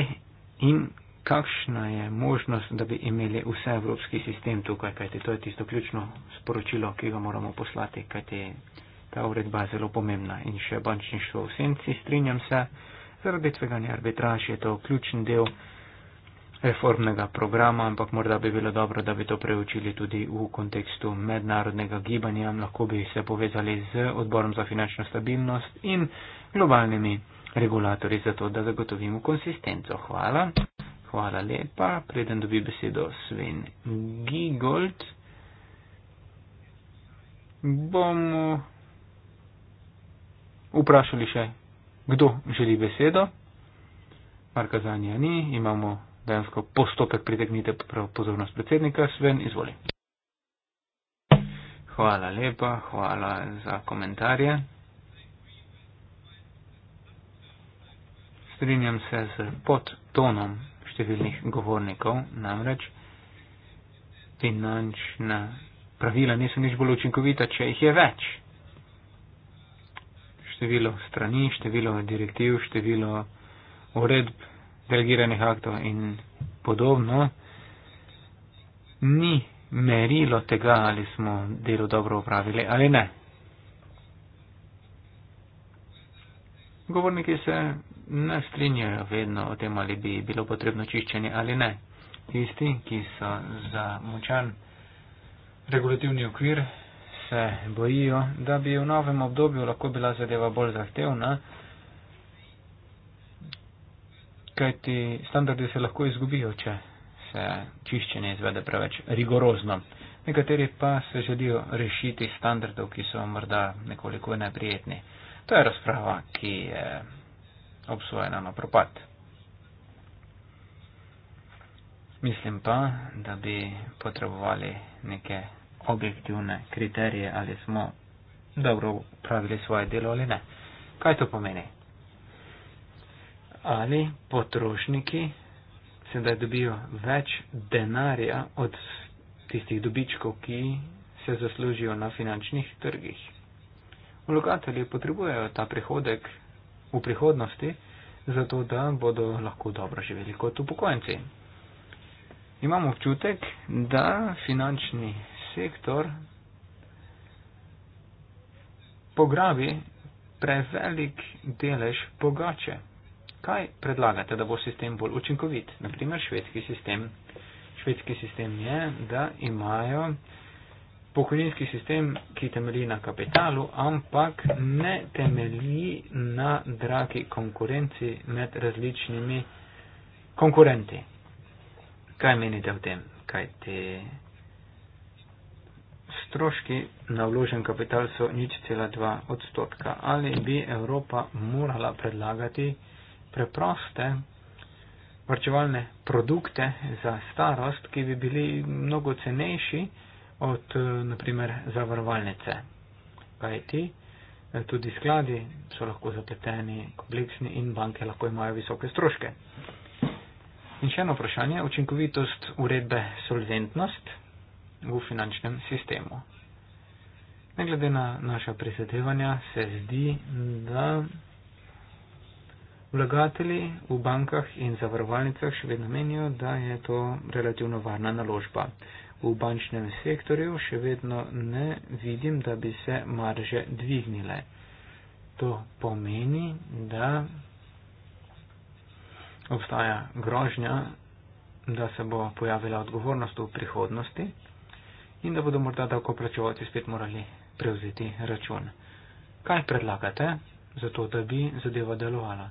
in kakšna je možnost, da bi imeli vse evropski sistem tukaj, kajti to je tisto ključno sporočilo, ki ga moramo poslati, kajti ta uredba je zelo pomembna in še bančništvo v senci, strinjam se, zaradi tveganja arbitraž je to ključni del reformnega programa, ampak morda bi bilo dobro, da bi to preučili tudi v kontekstu mednarodnega gibanja, lahko bi se povezali z odborom za finančno stabilnost in globalnimi regulatorji za to, da zagotovimo konsistenco. Hvala. Hvala lepa. Preden dobi besedo Sven Gigold, bomo vprašali še, kdo želi besedo. Marka Zanja ni, imamo dejansko postopek pritegnite pozornost predsednika. Sven, izvoli. Hvala lepa, hvala za komentarje. Strinjam se z podtonom številnih govornikov, namreč finančna pravila niso nič bolj učinkovita, če jih je več število strani, število direktiv, število uredb, delegiranih aktov in podobno, ni merilo tega, ali smo delo dobro upravili ali ne. Govorniki se ne strinjajo vedno o tem, ali bi bilo potrebno čiščenje ali ne. Tisti, ki so za močan regulativni okvir, se bojijo, da bi v novem obdobju lahko bila zadeva bolj zahtevna, kajti standardi se lahko izgubijo, če se čiščenje izvede preveč rigorozno. Nekateri pa se želijo rešiti standardov, ki so morda nekoliko neprijetni. To je razprava, ki je obsojena na propad. Mislim pa, da bi potrebovali neke objektivne kriterije, ali smo dobro upravili svoje delo ali ne. Kaj to pomeni? Ali potrošniki sedaj dobijo več denarja od tistih dobičkov, ki se zaslužijo na finančnih trgih? Vlogatelji potrebujejo ta prihodek v prihodnosti, zato da bodo lahko dobro živeli kot upokojenci. Imamo občutek, da finančni sektor pograbi prevelik delež pogače. Kaj predlagate, da bo sistem bolj učinkovit? Naprimer, švedski sistem. Švedski sistem je, da imajo pokojninski sistem, ki temelji na kapitalu, ampak ne temelji na dragi konkurenci med različnimi konkurenti. Kaj menite o tem? Kaj te. Ti stroški na vložen kapital so nič cela dva odstotka. Ali bi Evropa morala predlagati preproste varčevalne produkte za starost, ki bi bili mnogo cenejši od naprimer zavarovalnice? Kaj ti? Tudi skladi so lahko zapleteni, kompleksni in banke lahko imajo visoke stroške. In še eno vprašanje, učinkovitost uredbe solventnost v finančnem sistemu. Ne glede na naša prizadevanja, se zdi, da vlagatelji v bankah in zavarovalnicah še vedno menijo, da je to relativno varna naložba. V bančnem sektorju še vedno ne vidim, da bi se marže dvignile. To pomeni, da obstaja grožnja, da se bo pojavila odgovornost v prihodnosti in da bodo morda davkoplačevalci spet morali prevzeti račun. Kaj predlagate, zato da bi zadeva delovala?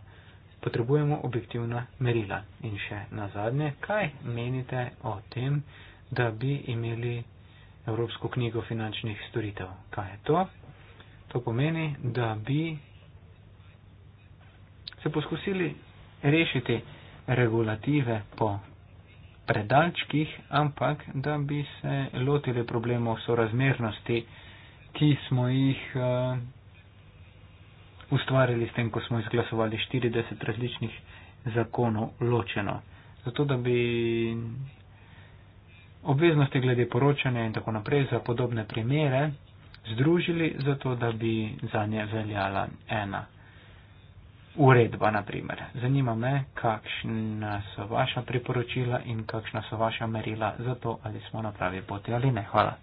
Potrebujemo objektivna merila. In še na zadnje, kaj menite o tem, da bi imeli Evropsko knjigo finančnih storitev? Kaj je to? To pomeni, da bi se poskusili rešiti regulative po predalčkih, ampak da bi se lotili problemov sorazmernosti, ki smo jih uh, ustvarili s tem, ko smo izglasovali 40 različnih zakonov ločeno. Zato, da bi obveznosti glede poročanja in tako naprej za podobne primere združili, zato da bi za nje veljala ena uredba, naprimer. Zanima me, kakšna so vaša priporočila in kakšna so vaša merila za to, ali smo na pravi poti ali ne. Hvala.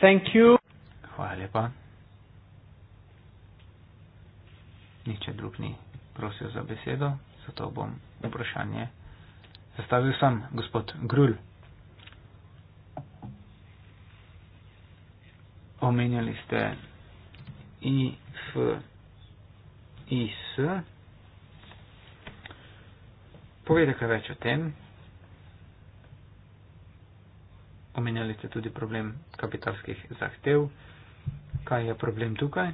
Thank you. Hvala lepa. Nihče drug ni prosil za besedo, zato bom vprašanje zastavil sam, gospod Grul. Omenjali ste IFO. IS. Povejte kaj več o tem. Omenjali ste tudi problem kapitalskih zahtev. Kaj je problem tukaj?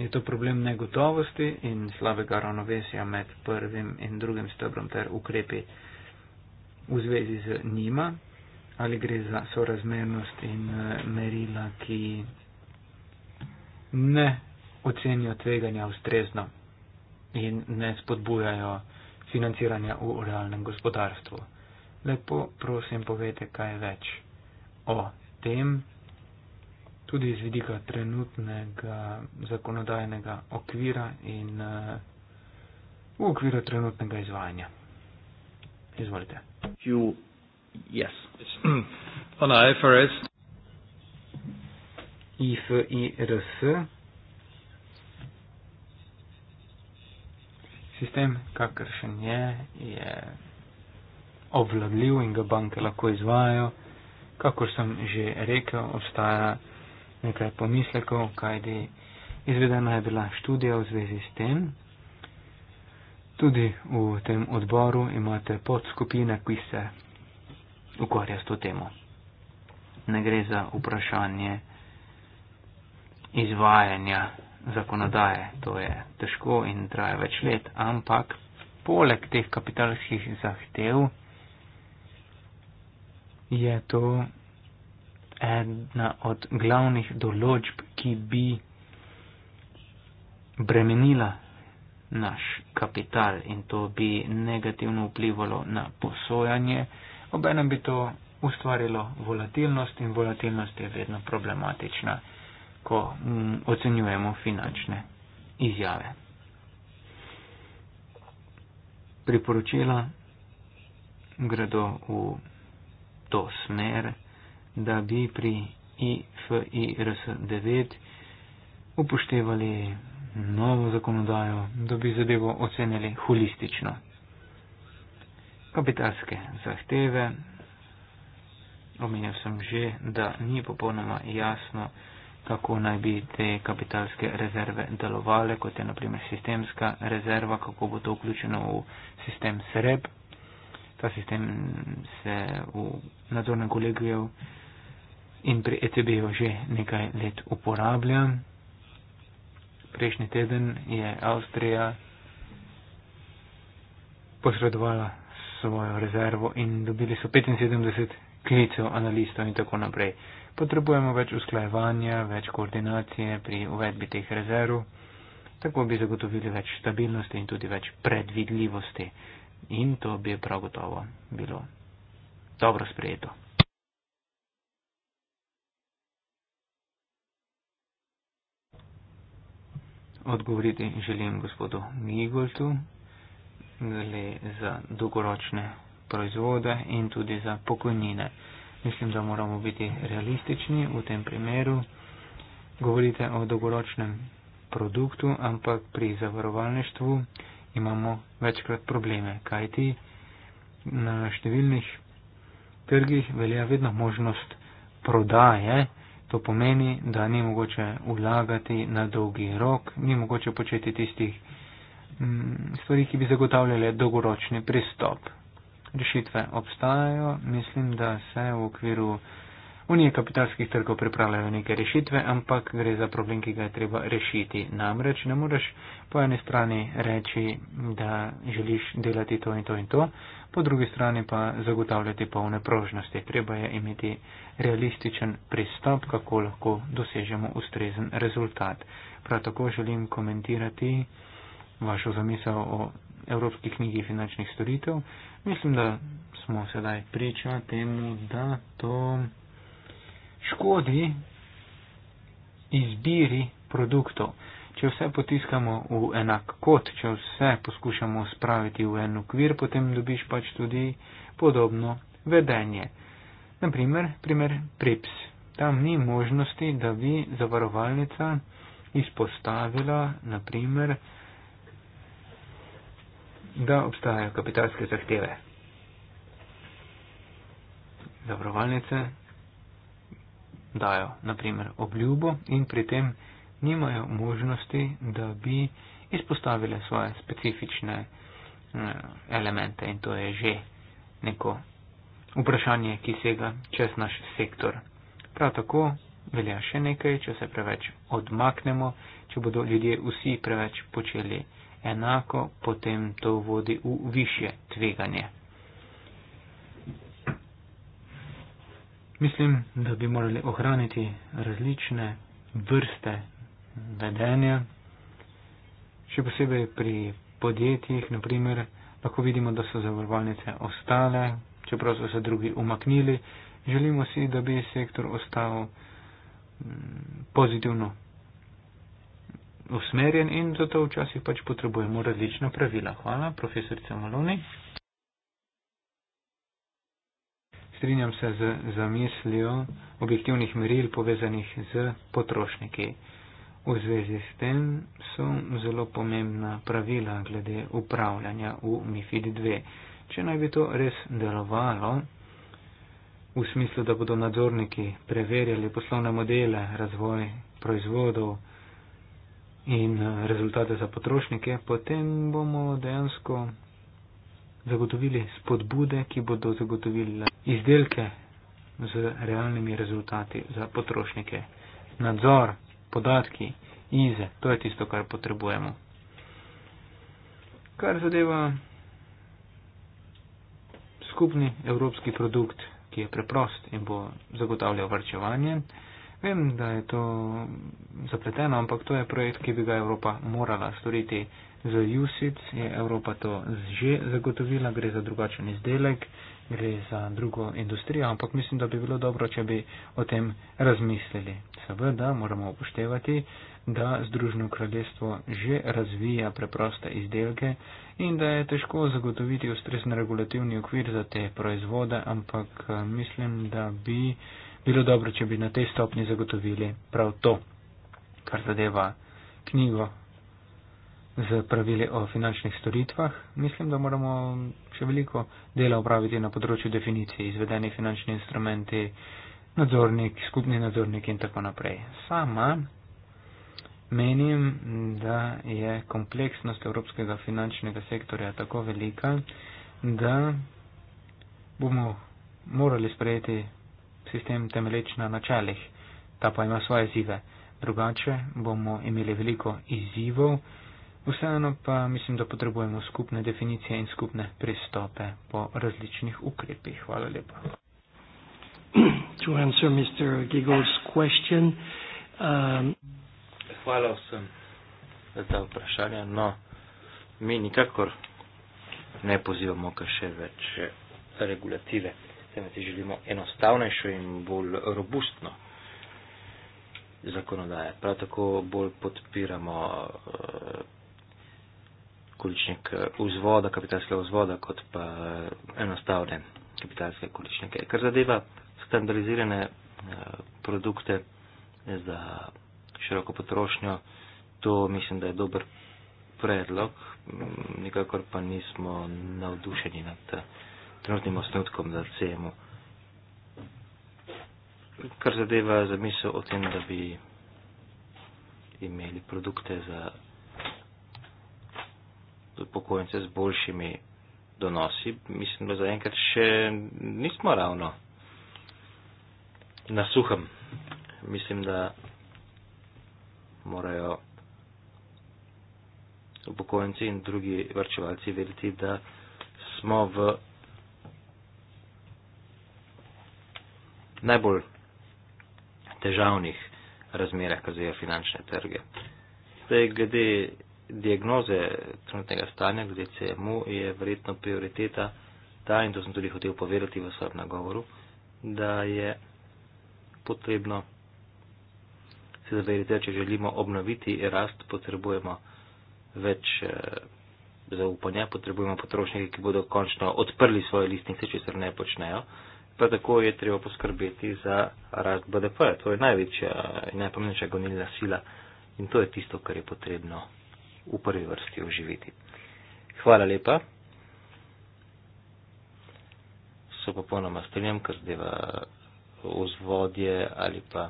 Je to problem negotovosti in slabega ravnovesja med prvim in drugim stebrom ter ukrepi v zvezi z njima? Ali gre za sorazmernost in eh, merila, ki ne ocenijo tveganja ustrezno in ne spodbujajo financiranja v realnem gospodarstvu. Lepo prosim povete, kaj več o tem, tudi iz vidika trenutnega zakonodajnega okvira in uh, v okviru trenutnega izvajanja. Izvolite. You, yes. On IFRS. IFRS. sistem, kakršen je, je obvladljiv in ga banke lahko izvajo. Kakor sem že rekel, obstaja nekaj pomislekov, kajdi izvedena je bila študija v zvezi s tem. Tudi v tem odboru imate podskupine, ki se ukvarja s to temo. Ne gre za vprašanje izvajanja zakonodaje. To je težko in traja več let, ampak poleg teh kapitalskih zahtev je to ena od glavnih določb, ki bi bremenila naš kapital in to bi negativno vplivalo na posojanje, obenem bi to ustvarilo volatilnost in volatilnost je vedno problematična ko mm, ocenjujemo finančne izjave. Priporočila gredo v to smer, da bi pri IFIRS 9 upoštevali novo zakonodajo, da bi zadevo ocenili holistično. Kapitalske zahteve, omenjal sem že, da ni popolnoma jasno, kako naj bi te kapitalske rezerve delovale, kot je naprimer sistemska rezerva, kako bo to vključeno v sistem SREP. Ta sistem se v nadzornem kolegiju in pri ECB-ju že nekaj let uporablja. Prejšnji teden je Avstrija posredovala svojo rezervo in dobili so 75 klicev analistov in tako naprej potrebujemo več usklajevanja, več koordinacije pri uvedbi teh rezerv, tako bi zagotovili več stabilnosti in tudi več predvidljivosti. In to bi prav gotovo bilo dobro sprejeto. Odgovoriti želim gospodu Migoltu za dolgoročne proizvode in tudi za pokojnine. Mislim, da moramo biti realistični v tem primeru. Govorite o dolgoročnem produktu, ampak pri zavarovalništvu imamo večkrat probleme, kajti na številnih trgih velja vedno možnost prodaje. To pomeni, da ni mogoče vlagati na dolgi rok, ni mogoče početi tistih m, mm, stvari, ki bi zagotavljale dolgoročni pristop rešitve obstajajo, mislim, da se v okviru Unije kapitalskih trgov pripravljajo neke rešitve, ampak gre za problem, ki ga je treba rešiti. Namreč ne moreš po eni strani reči, da želiš delati to in to in to, po drugi strani pa zagotavljati polne prožnosti. Treba je imeti realističen pristop, kako lahko dosežemo ustrezen rezultat. Prav tako želim komentirati vašo zamisel o Evropski knjigi finančnih storitev. Mislim, da smo sedaj priča temu, da to škodi izbiri produktov. Če vse potiskamo v enak kot, če vse poskušamo spraviti v en okvir, potem dobiš pač tudi podobno vedenje. Naprimer, primer PRIPS. Tam ni možnosti, da bi zavarovalnica izpostavila, naprimer, da obstajajo kapitalske zahteve. Zavarovalnice dajo naprimer obljubo in pri tem nimajo možnosti, da bi izpostavile svoje specifične eh, elemente in to je že neko vprašanje, ki sega čez naš sektor. Prav tako velja še nekaj, če se preveč odmaknemo, če bodo ljudje vsi preveč počeli enako, potem to vodi v više tveganje. Mislim, da bi morali ohraniti različne vrste vedenja, še posebej pri podjetjih, naprimer, lahko vidimo, da so zavarovalnice ostale, čeprav so se drugi umaknili, želimo si, da bi sektor ostal mm, pozitivno usmerjen in zato včasih pač potrebujemo različna pravila. Hvala, profesorica Maloni. Strinjam se z zamislijo objektivnih meril povezanih z potrošniki. V zvezi s tem so zelo pomembna pravila glede upravljanja v MIFID 2. Če naj bi to res delovalo, v smislu, da bodo nadzorniki preverjali poslovne modele, razvoj proizvodov, in eh, rezultate za potrošnike, potem bomo dejansko zagotovili spodbude, ki bodo zagotovili izdelke z realnimi rezultati za potrošnike. Nadzor, podatki, ize, to je tisto, kar potrebujemo. Kar zadeva skupni evropski produkt, ki je preprost in bo zagotavljal varčevanje, Vem, da je to zapleteno, ampak to je projekt, ki bi ga Evropa morala storiti. Za USIC je Evropa to že zagotovila, gre za drugačen izdelek, gre za drugo industrijo, ampak mislim, da bi bilo dobro, če bi o tem razmislili. Seveda moramo upoštevati, da Združeno kraljestvo že razvija preproste izdelke in da je težko zagotoviti ustrezen regulativni okvir za te proizvode, ampak eh, mislim, da bi bilo dobro, če bi na tej stopni zagotovili prav to, kar zadeva knjigo z pravili o finančnih storitvah. Mislim, da moramo še veliko dela upraviti na področju definicije izvedeni finančni instrumenti, nadzornik, skupni nadzornik in tako naprej. Sama menim, da je kompleksnost evropskega finančnega sektorja tako velika, da bomo morali sprejeti sistem temeleč na načelih, ta pa ima svoje zive. Drugače bomo imeli veliko izzivov, vseeno pa mislim, da potrebujemo skupne definicije in skupne pristope po različnih ukrepih. Hvala lepa. Question, um... Hvala vsem za ta vprašanja. No, mi nikakor ne pozivamo, ker še več regulative temveč si želimo enostavnejšo in bolj robustno zakonodaje. Prav tako bolj podpiramo eh, količnik eh, vzvoda, kapitalskega vzvoda, kot pa eh, enostavne kapitalske količnike. Kar zadeva standardizirane produkte za široko potrošnjo, to mislim, da je dober predlog, mm, nikakor pa nismo navdušeni nad. Te trdnim osnutkom, da cijemo. Kar zadeva za misel o tem, da bi imeli produkte za upokojence z boljšimi donosi, mislim, da zaenkrat še nismo ravno na suhem. Mislim, da morajo upokojenci in drugi varčevalci vedeti, da smo v najbolj težavnih razmerah, kar zajeva finančne trge. Zdaj, glede diagnoze trenutnega stanja, glede CMU, je verjetno prioriteta ta, in to sem tudi hotel povedati v svojem nagovoru, da je potrebno se zavedati, da če želimo obnoviti rast, potrebujemo več eh, zaupanja, potrebujemo potrošnike, ki bodo končno odprli svoje listnice, če se ne počnejo pa tako je treba poskrbeti za rast BDP. -ja. To je največja in najpomembnejša gonilna sila in to je tisto, kar je potrebno v prvi vrsti oživiti. Hvala lepa. Se popolnoma strinjam, kar zdeva vzvodje ali pa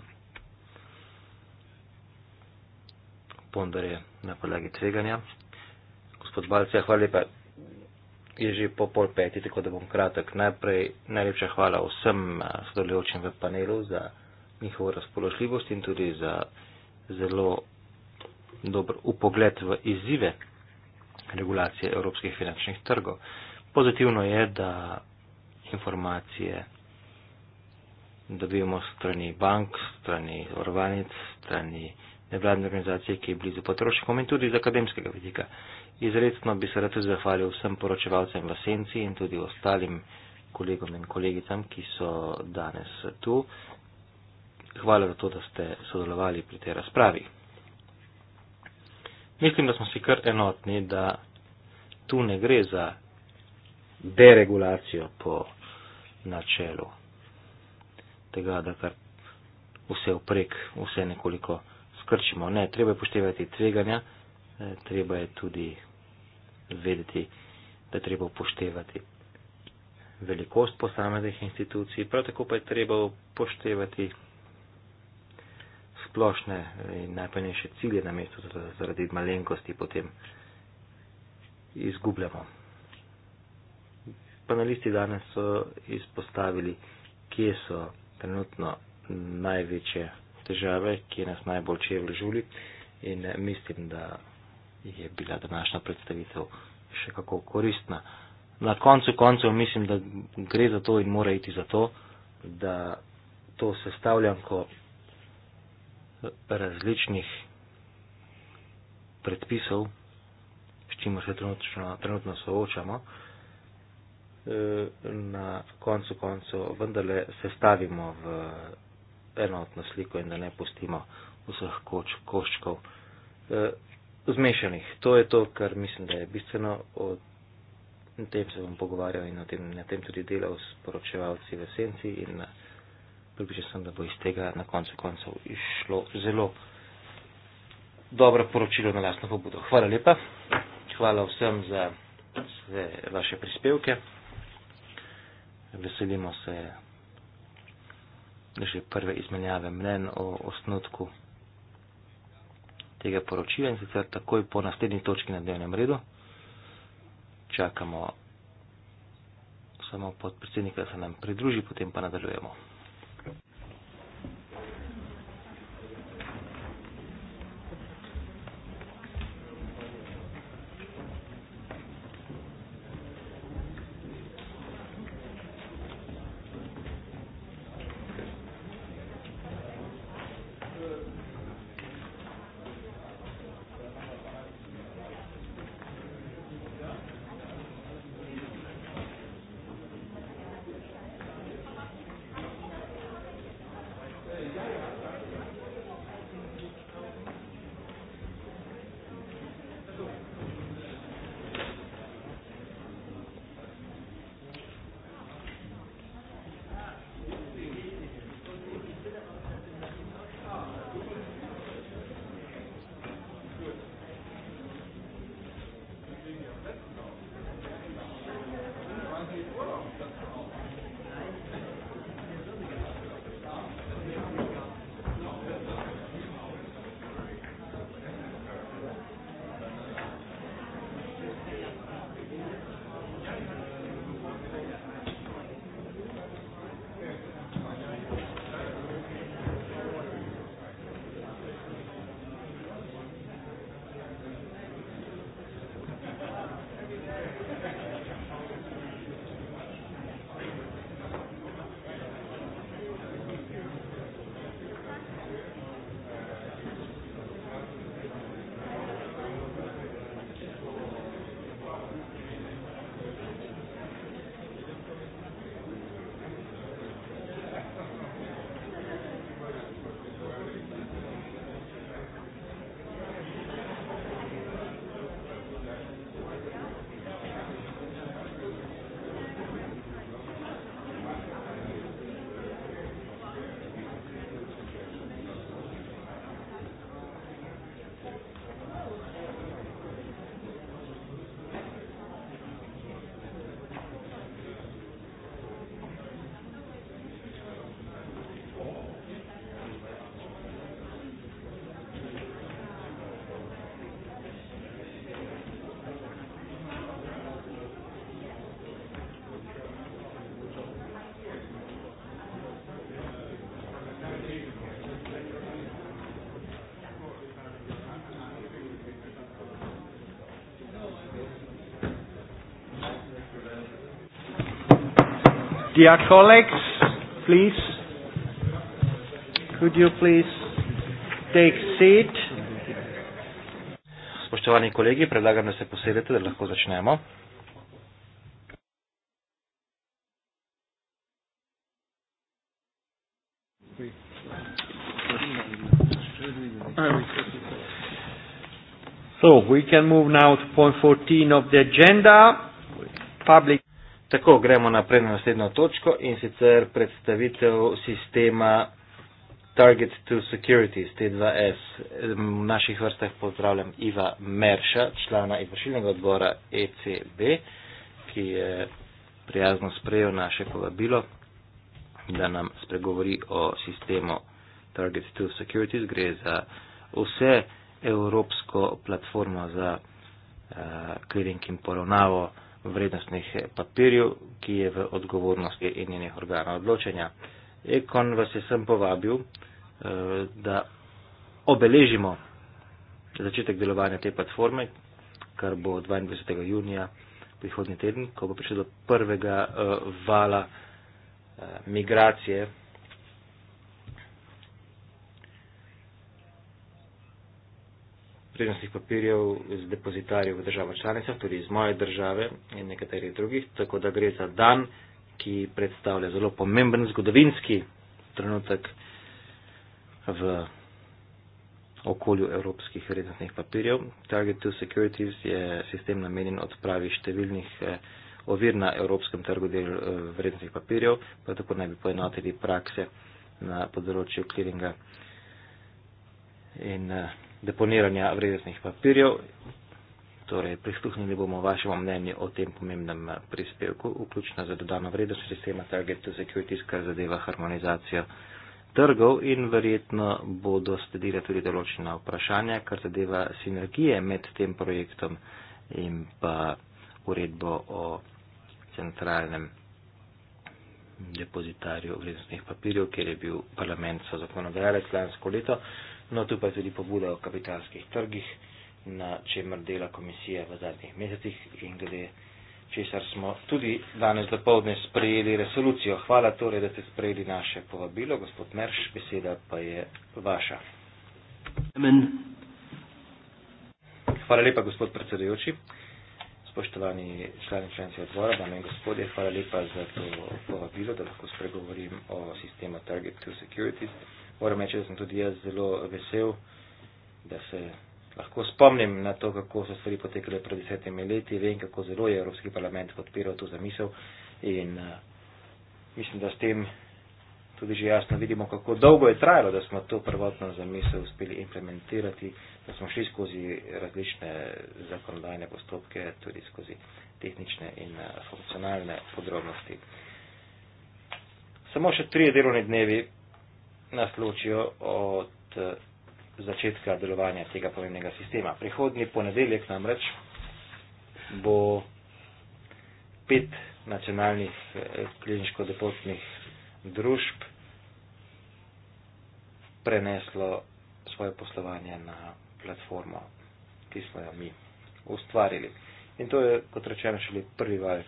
pondare na podlagi tveganja. Gospod Balce, hvala lepa je že po pol peti, tako da bom kratek. Najprej najlepša hvala vsem eh, sodelujočim v panelu za njihovo razpoložljivost in tudi za zelo dober upogled v izzive regulacije evropskih finančnih trgov. Pozitivno je, da informacije dobivamo strani bank, strani orvanic, strani nevladne organizacije, ki je blizu potrošnikom in tudi z akademskega vidika. Izredno bi se rad tudi zahvalil vsem poročevalcem v Senci in tudi ostalim kolegom in kolegicam, ki so danes tu. Hvala za to, da ste sodelovali pri tej razpravi. Mislim, da smo si kar enotni, da tu ne gre za deregulacijo po načelu tega, da kar vse vprek, vse nekoliko skrčimo. Ne, treba je poštevati tveganja, eh, treba je tudi vedeti, da je treba upoštevati velikost posameznih institucij, prav tako pa je treba upoštevati splošne in najpomembnejše cilje na mestu, zaradi malenkosti potem izgubljamo. Panelisti danes so izpostavili, kje so trenutno največje težave, kje nas najbolj čevl žuli in mislim, da je bila današnja predstavitev še kako koristna. Na koncu koncev mislim, da gre za to in mora iti za to, da to sestavljam ko različnih predpisov, s čimer se trenutno, trenutno soočamo, eh, na koncu koncu vendarle sestavimo v enotno sliko in da ne pustimo vseh koč, koščkov. Eh, zmešanih. To je to, kar mislim, da je bistveno. O tem se bom pogovarjal in tem, na tem tudi delal s poročevalci v senci in eh, pripričal sem, da bo iz tega na koncu koncev išlo zelo dobro poročilo na lastno pobudo. Hvala lepa. Hvala vsem za vse vaše prispevke. Veselimo se že prve izmenjave mnen o osnutku tega poročila in sicer takoj po naslednji točki na dnevnem redu. Čakamo samo podpredsednika, da se nam pridruži, potem pa nadaljujemo. Dear colleagues, please, could you please take seat? Spoštovani kolegi, predlagam, da se posedete, da lahko začnemo. So, we can move now to point 14 of the agenda, public Tako, gremo naprej na naslednjo točko in sicer predstavitev sistema Target to Security z T2S. V naših vrstah pozdravljam Iva Merša, člana izvršilnega odbora ECB, ki je prijazno sprejel naše povabilo, da nam spregovori o sistemu Target to Security. Gre za vse evropsko platformo za uh, clearing in poravnavo vrednostnih papirjev, ki je v odgovornosti in njenih organov odločanja. Ekon vas je sem povabil, eh, da obeležimo začetek delovanja te platforme, kar bo 22. junija prihodnji teden, ko bo prišlo do prvega eh, vala eh, migracije. vrednostnih papirjev z depozitarjev v državah članicah, tudi iz moje države in nekaterih drugih, tako da gre za dan, ki predstavlja zelo pomemben zgodovinski trenutek v okolju evropskih vrednostnih papirjev. Target to Securities je sistem namenjen odpravi številnih eh, ovir na evropskem trgu del eh, vrednostnih papirjev, prav tako naj bi poenotili prakse na področju clearinga in uh, deponiranja vrednostnih papirjev. Torej, prisluhnili bomo vašemu mnenju o tem pomembnem eh, prispevku, vključno za dodano vrednost sistema Target to Securities, kar zadeva harmonizacijo trgov in verjetno bodo sledila tudi določena vprašanja, kar zadeva sinergije med tem projektom in pa uredbo o centralnem depozitarju vrednostnih papirjev, kjer je bil parlament so zakonodajalec lansko leto. No, tu pa je tudi pobuda o kapitalskih trgih, na čemer dela komisija v zadnjih mesecih in glede česar smo tudi danes dopoledne sprejeli resolucijo. Hvala torej, da ste sprejeli naše povabilo. Gospod Merš, beseda pa je vaša. Hvala lepa, gospod predsedujoči. Spoštovani člani članice odbora, dame in gospodje, hvala lepa za to povabilo, da lahko spregovorim o sistemu Target to Securities moram reči, da sem tudi jaz zelo vesel, da se lahko spomnim na to, kako so stvari potekale pred desetimi leti. Vem, kako zelo je Evropski parlament podpiral to zamisel in uh, mislim, da s tem tudi že jasno vidimo, kako dolgo je trajalo, da smo to prvotno zamisel uspeli implementirati, da smo šli skozi različne zakonodajne postopke, tudi skozi tehnične in eh, funkcionalne podrobnosti. Samo še tri delovne dnevi nas ločijo od eh, začetka delovanja tega pomembnega sistema. Prihodni ponedeljek namreč bo pet nacionalnih eh, kliniško-depotnih družb preneslo svoje poslovanje na platformo, ki smo jo mi ustvarili. In to je, kot rečeno, šele prvi val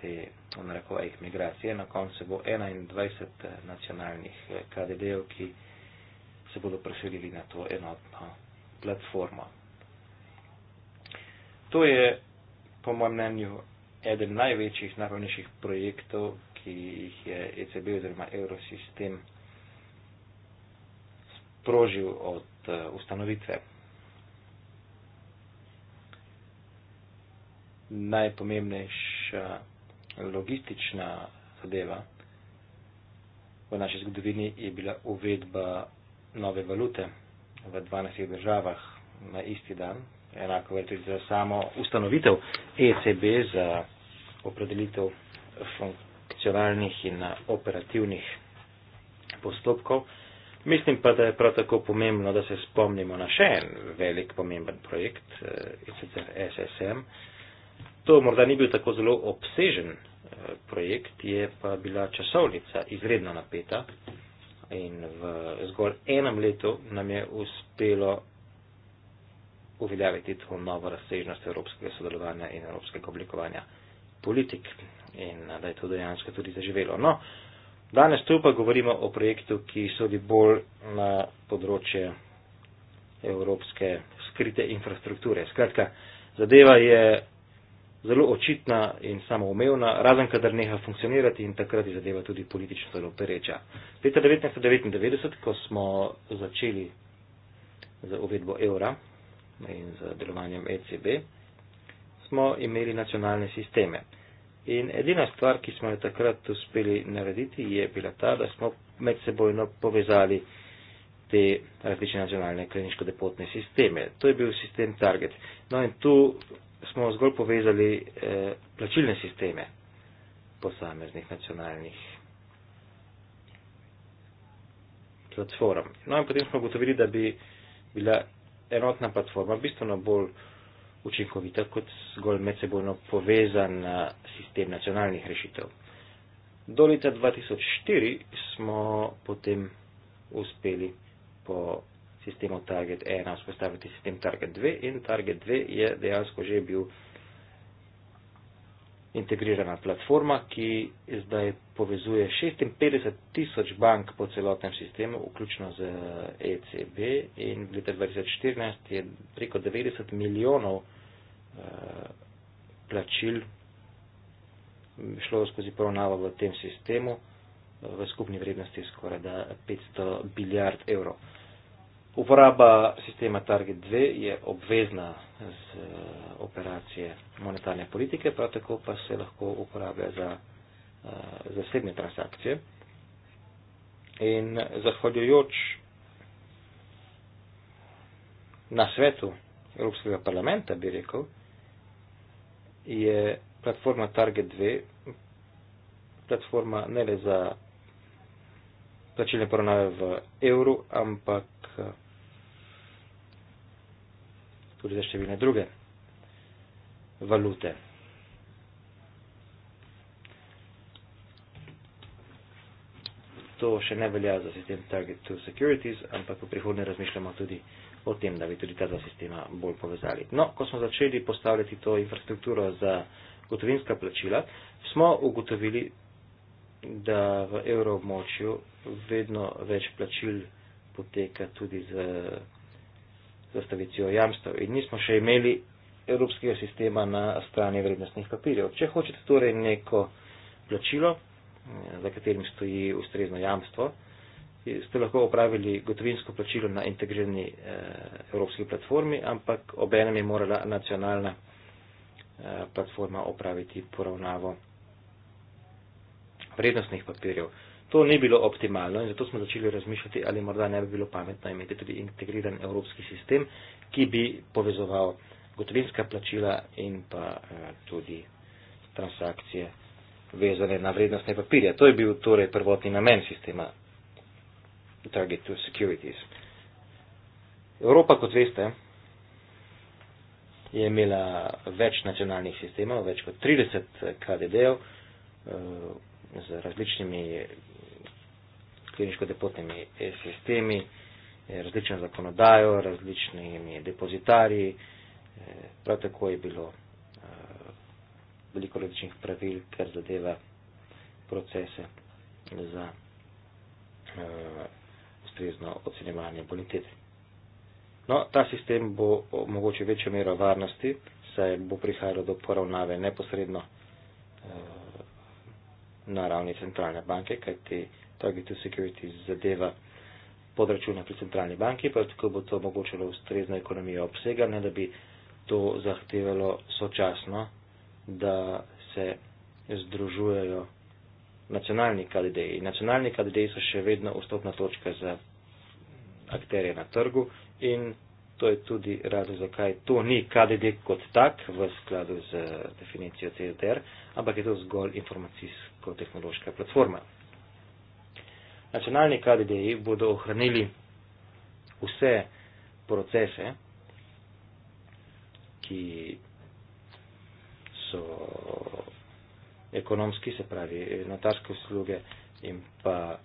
te, v narekovajih, migracije. Na koncu bo 21 eh, nacionalnih eh, KDD-ov, ki se bodo preselili na to enotno platformo. To je, po mojem mnenju, eden največjih, najpomembnejših projektov, ki jih je ECB oziroma Eurosystem sprožil od eh, ustanovitve. Najpomembnejša logistična zadeva v naši zgodovini je bila uvedba nove valute v 12 državah na isti dan, enako je tudi za samo ustanovitev ECB za opredelitev funkcionalnih in operativnih postopkov. Mislim pa, da je prav tako pomembno, da se spomnimo na še en velik pomemben projekt, eh, in sicer SSM. To morda ni bil tako zelo obsežen projekt, je pa bila časovnica izredno napeta in v zgolj enem letu nam je uspelo uveljaviti to novo razsežnost evropskega sodelovanja in evropskega oblikovanja politik in da je to dejansko tudi zaživelo. No, danes tu pa govorimo o projektu, ki sodi bolj na področje evropske skrite infrastrukture. Skratka, zadeva je zelo očitna in samoumevna, razen kadar neha funkcionirati in takrat je zadeva tudi politično zelo pereča. Leta 1999, ko smo začeli z uvedbo evra in z delovanjem ECB, smo imeli nacionalne sisteme. In edina stvar, ki smo jo takrat uspeli narediti, je bila ta, da smo med sebojno povezali te različne nacionalne kliniško-depotne sisteme. To je bil sistem target. No in tu smo zgolj povezali eh, plačilne sisteme posameznih nacionalnih platform. No in potem smo ugotovili, da bi bila enotna platforma bistveno bolj učinkovita kot zgolj medsebojno povezan na sistem nacionalnih rešitev. Do leta 2004 smo potem uspeli po sistemu target 1 vzpostaviti sistem target 2 in target 2 je dejansko že bil integrirana platforma, ki zdaj povezuje 56 tisoč bank po celotnem sistemu, vključno z ECB in v letu 2014 je preko 90 milijonov eh, plačil šlo skozi poravnavo v tem sistemu eh, v skupni vrednosti skoraj da 500 biljard evrov. Uporaba sistema Target 2 je obvezna z eh, operacije monetarne politike, prav tako pa se lahko uporablja za eh, zasebne transakcije. In zahvaljujoč na svetu Evropskega parlamenta, bi rekel, je platforma Target 2 platforma ne le za plačilne poravnave v evru, ampak eh, tudi za številne druge valute. To še ne velja za sistem Target to Securities, ampak v prihodnje razmišljamo tudi o tem, da bi tudi ta dva sistema bolj povezali. No, ko smo začeli postavljati to infrastrukturo za gotovinska plačila, smo ugotovili, da v evroobmočju vedno več plačil poteka tudi z zastavicijo jamstev in nismo še imeli evropskega sistema na strani vrednostnih papirjev. Če hočete torej neko plačilo, eh, za katerim stoji ustrezno jamstvo, eh, ste lahko opravili gotovinsko plačilo na integrirani eh, evropski platformi, ampak obenem je morala nacionalna platforma opraviti poravnavo vrednostnih papirjev. To ni bilo optimalno in zato smo začeli razmišljati, ali morda ne bi bilo pametno imeti tudi integriran evropski sistem, ki bi povezoval gotovinska plačila in pa eh, tudi transakcije vezane na vrednostne papirje. To je bil torej prvotni namen sistema Target to Securities. Evropa, kot veste, je imela več nacionalnih sistemov, več kot 30 KDD-ov eh, z različnimi kliniško-depotnimi eh, sistemi, eh, različno zakonodajo, različnimi depozitarji. Eh, prav tako je bilo veliko različnih pravil, ker zadeva procese za ustrezno ocenjevanje bonitete. No, ta sistem bo omogočil večjo mero varnosti, saj bo prihajalo do poravnave neposredno na ravni centralne banke, kajti Targeted Security zadeva podračuna pri centralni banki, pa tako bo to omogočalo ustrezno ekonomijo obsega, ne da bi to zahtevalo sočasno, da se združujejo nacionalni KDD-ji. Nacionalni KDD-ji so še vedno vstopna točka za akterje na trgu in to je tudi razlog, zakaj to ni KDD kot tak v skladu z definicijo CDR, ampak je to zgolj informacijsko-tehnološka platforma. Nacionalni KDD-ji bodo ohranili vse procese, ki so ekonomski, se pravi notarske usluge in pa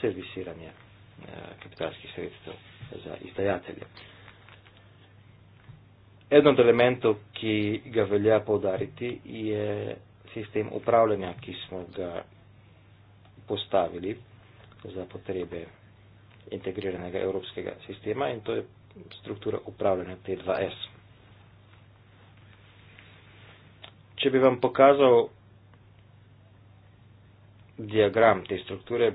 servisiranje eh, kapitalskih sredstev za izdajatelje. Eden od elementov, ki ga velja povdariti, je sistem upravljanja, ki smo ga postavili za potrebe integriranega evropskega sistema in to je struktura upravljanja T2S. Če bi vam pokazal diagram te strukture,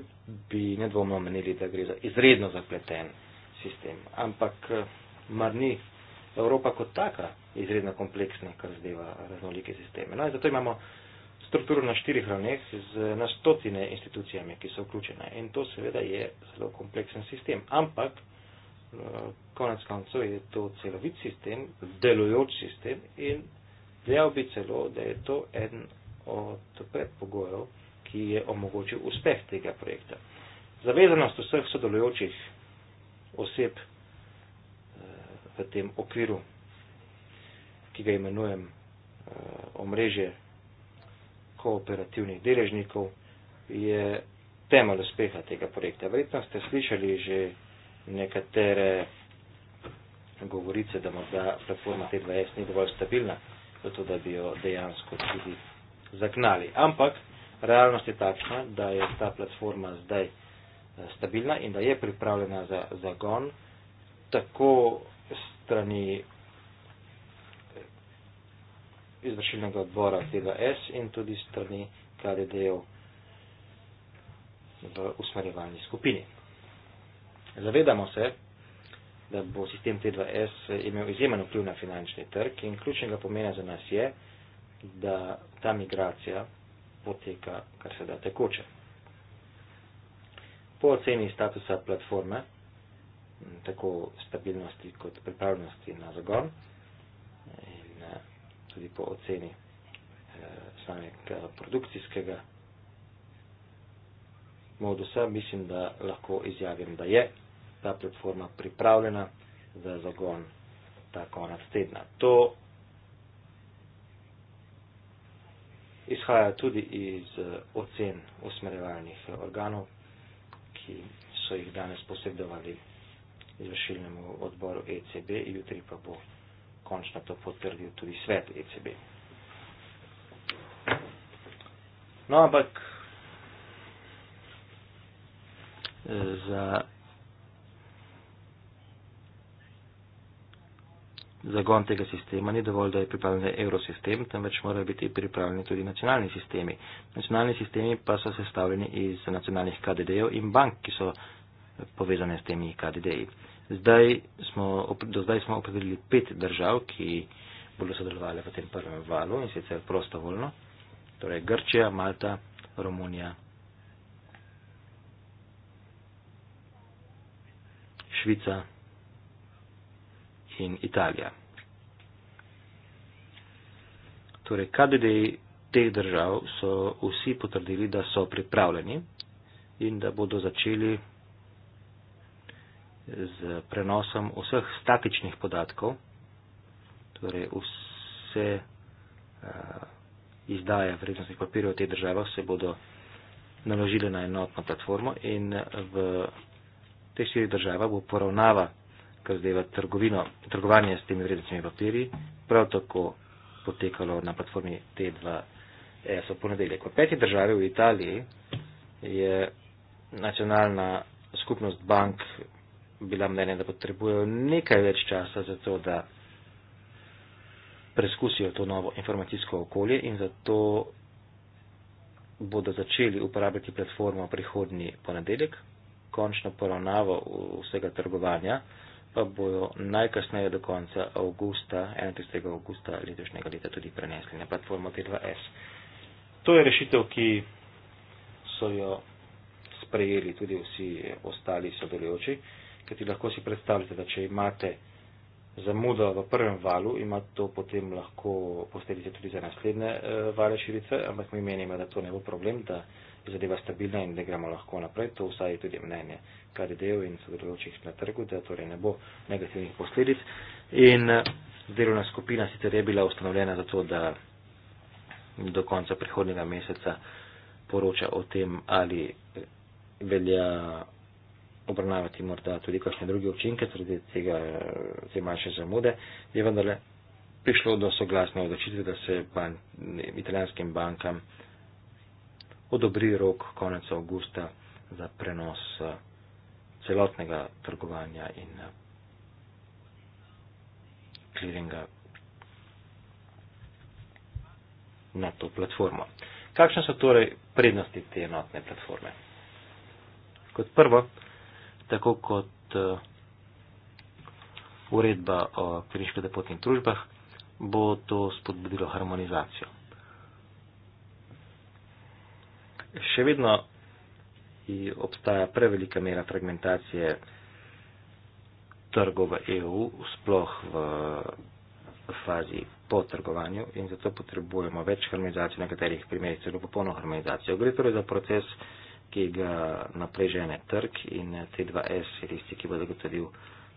bi nedvomno menili, da gre za izredno zapleten sistem. Ampak eh, mar ni Evropa kot taka izredno kompleksna, kar zadeva raznolike sisteme. No, zato imamo strukturo na štirih ravneh z nastotine institucijami, ki so vključene. In to seveda je zelo kompleksen sistem. Ampak eh, konec koncev je to celovit sistem, delujoč sistem in dejal bi celo, da je to en od predpogojev, ki je omogočil uspeh tega projekta. Zavezanost vseh sodelujočih oseb eh, v tem okviru, ki ga imenujem eh, omrežje kooperativnih deležnikov je temelj uspeha tega projekta. Verjetno ste slišali že nekatere govorice, da morda platforma T2S ni dovolj stabilna, zato da bi jo dejansko tudi zaknali. Ampak realnost je takšna, da je ta platforma zdaj eh, stabilna in da je pripravljena za zagon tako strani izvršilnega odbora TGS in tudi strani KDD-ev v usmerjevalni skupini. Zavedamo se, da bo sistem T2S imel izjemen vpliv na finančni trg in ključnega pomena za nas je, da ta migracija poteka kar se da tekoče. Po oceni statusa platforme, tako stabilnosti kot pripravljenosti na zagon, tudi po oceni eh, samega produkcijskega modusa, mislim, da lahko izjavim, da je ta platforma pripravljena za zagon ta konec tedna. To izhaja tudi iz eh, ocen usmerjevalnih organov, ki so jih danes posredovali izvršilnemu odboru ECB, jutri pa bo končno to potrdil tudi svet ECB. No, ampak e, za, za gon tega sistema ni dovolj, da je pripravljen evrosistem, temveč morajo biti pripravljeni tudi nacionalni sistemi. Nacionalni sistemi pa so sestavljeni iz nacionalnih KDD-jev in bank, ki so povezane s temi KDD-ji. Zdaj smo, do zdaj smo opredelili pet držav, ki bodo sodelovali v tem prvem valu in sicer prostovoljno. Torej Grčija, Malta, Romunija, Švica in Italija. Torej KDD teh držav so vsi potrdili, da so pripravljeni in da bodo začeli z prenosom vseh statičnih podatkov, torej vse eh, izdaje vrednostnih papirjev v teh državah se bodo naložile na enotno platformo in v teh štirih državah bo poravnava, kar zdaj v trgovino, trgovanje s temi vrednostnimi papirji, prav tako potekalo na platformi T2S v ponedeljek. V petih državah v Italiji je nacionalna skupnost bank bila mnenja, da potrebujejo nekaj več časa za to, da preskusijo to novo informacijsko okolje in zato bodo začeli uporabljati platformo prihodni ponedeljek, končno poravnavo vsega trgovanja pa bojo najkasneje do konca avgusta, 31. avgusta letošnjega leta tudi prenesli na platformo T2S. To je rešitev, ki so jo sprejeli tudi vsi ostali sodelujoči ker ti lahko si predstavljate, da če imate zamudo v prvem valu, ima to potem lahko posledice tudi za naslednje eh, vale širice, ampak mi menimo, da to ne bo problem, da je zadeva stabilna in da gremo lahko naprej. To vsaj je tudi mnenje KDD-ov in sodelujočih na trgu, da torej ne bo negativnih posledic. In eh, delovna skupina sicer je bila ustanovljena zato, da do konca prihodnega meseca poroča o tem, ali velja obravnavati morda tudi kakšne druge učinke sredi tega, eh, te manjše zamude, je vendarle prišlo do soglasne odločitve, da se ban, italijanskim bankam odobri rok konec avgusta za prenos eh, celotnega trgovanja in kliringa eh, na to platformo. Kakšne so torej prednosti te enotne platforme? Kot prvo, tako kot eh, uredba o kliniško depotnih družbah, bo to spodbudilo harmonizacijo. Še vedno obstaja prevelika mera fragmentacije trgov v EU, sploh v fazi po trgovanju in zato potrebujemo več harmonizacije, na katerih primerih celo popolno harmonizacijo. Gre torej za proces, ki ga naprej žene trg in C2S je tisti, ki bo zagotovil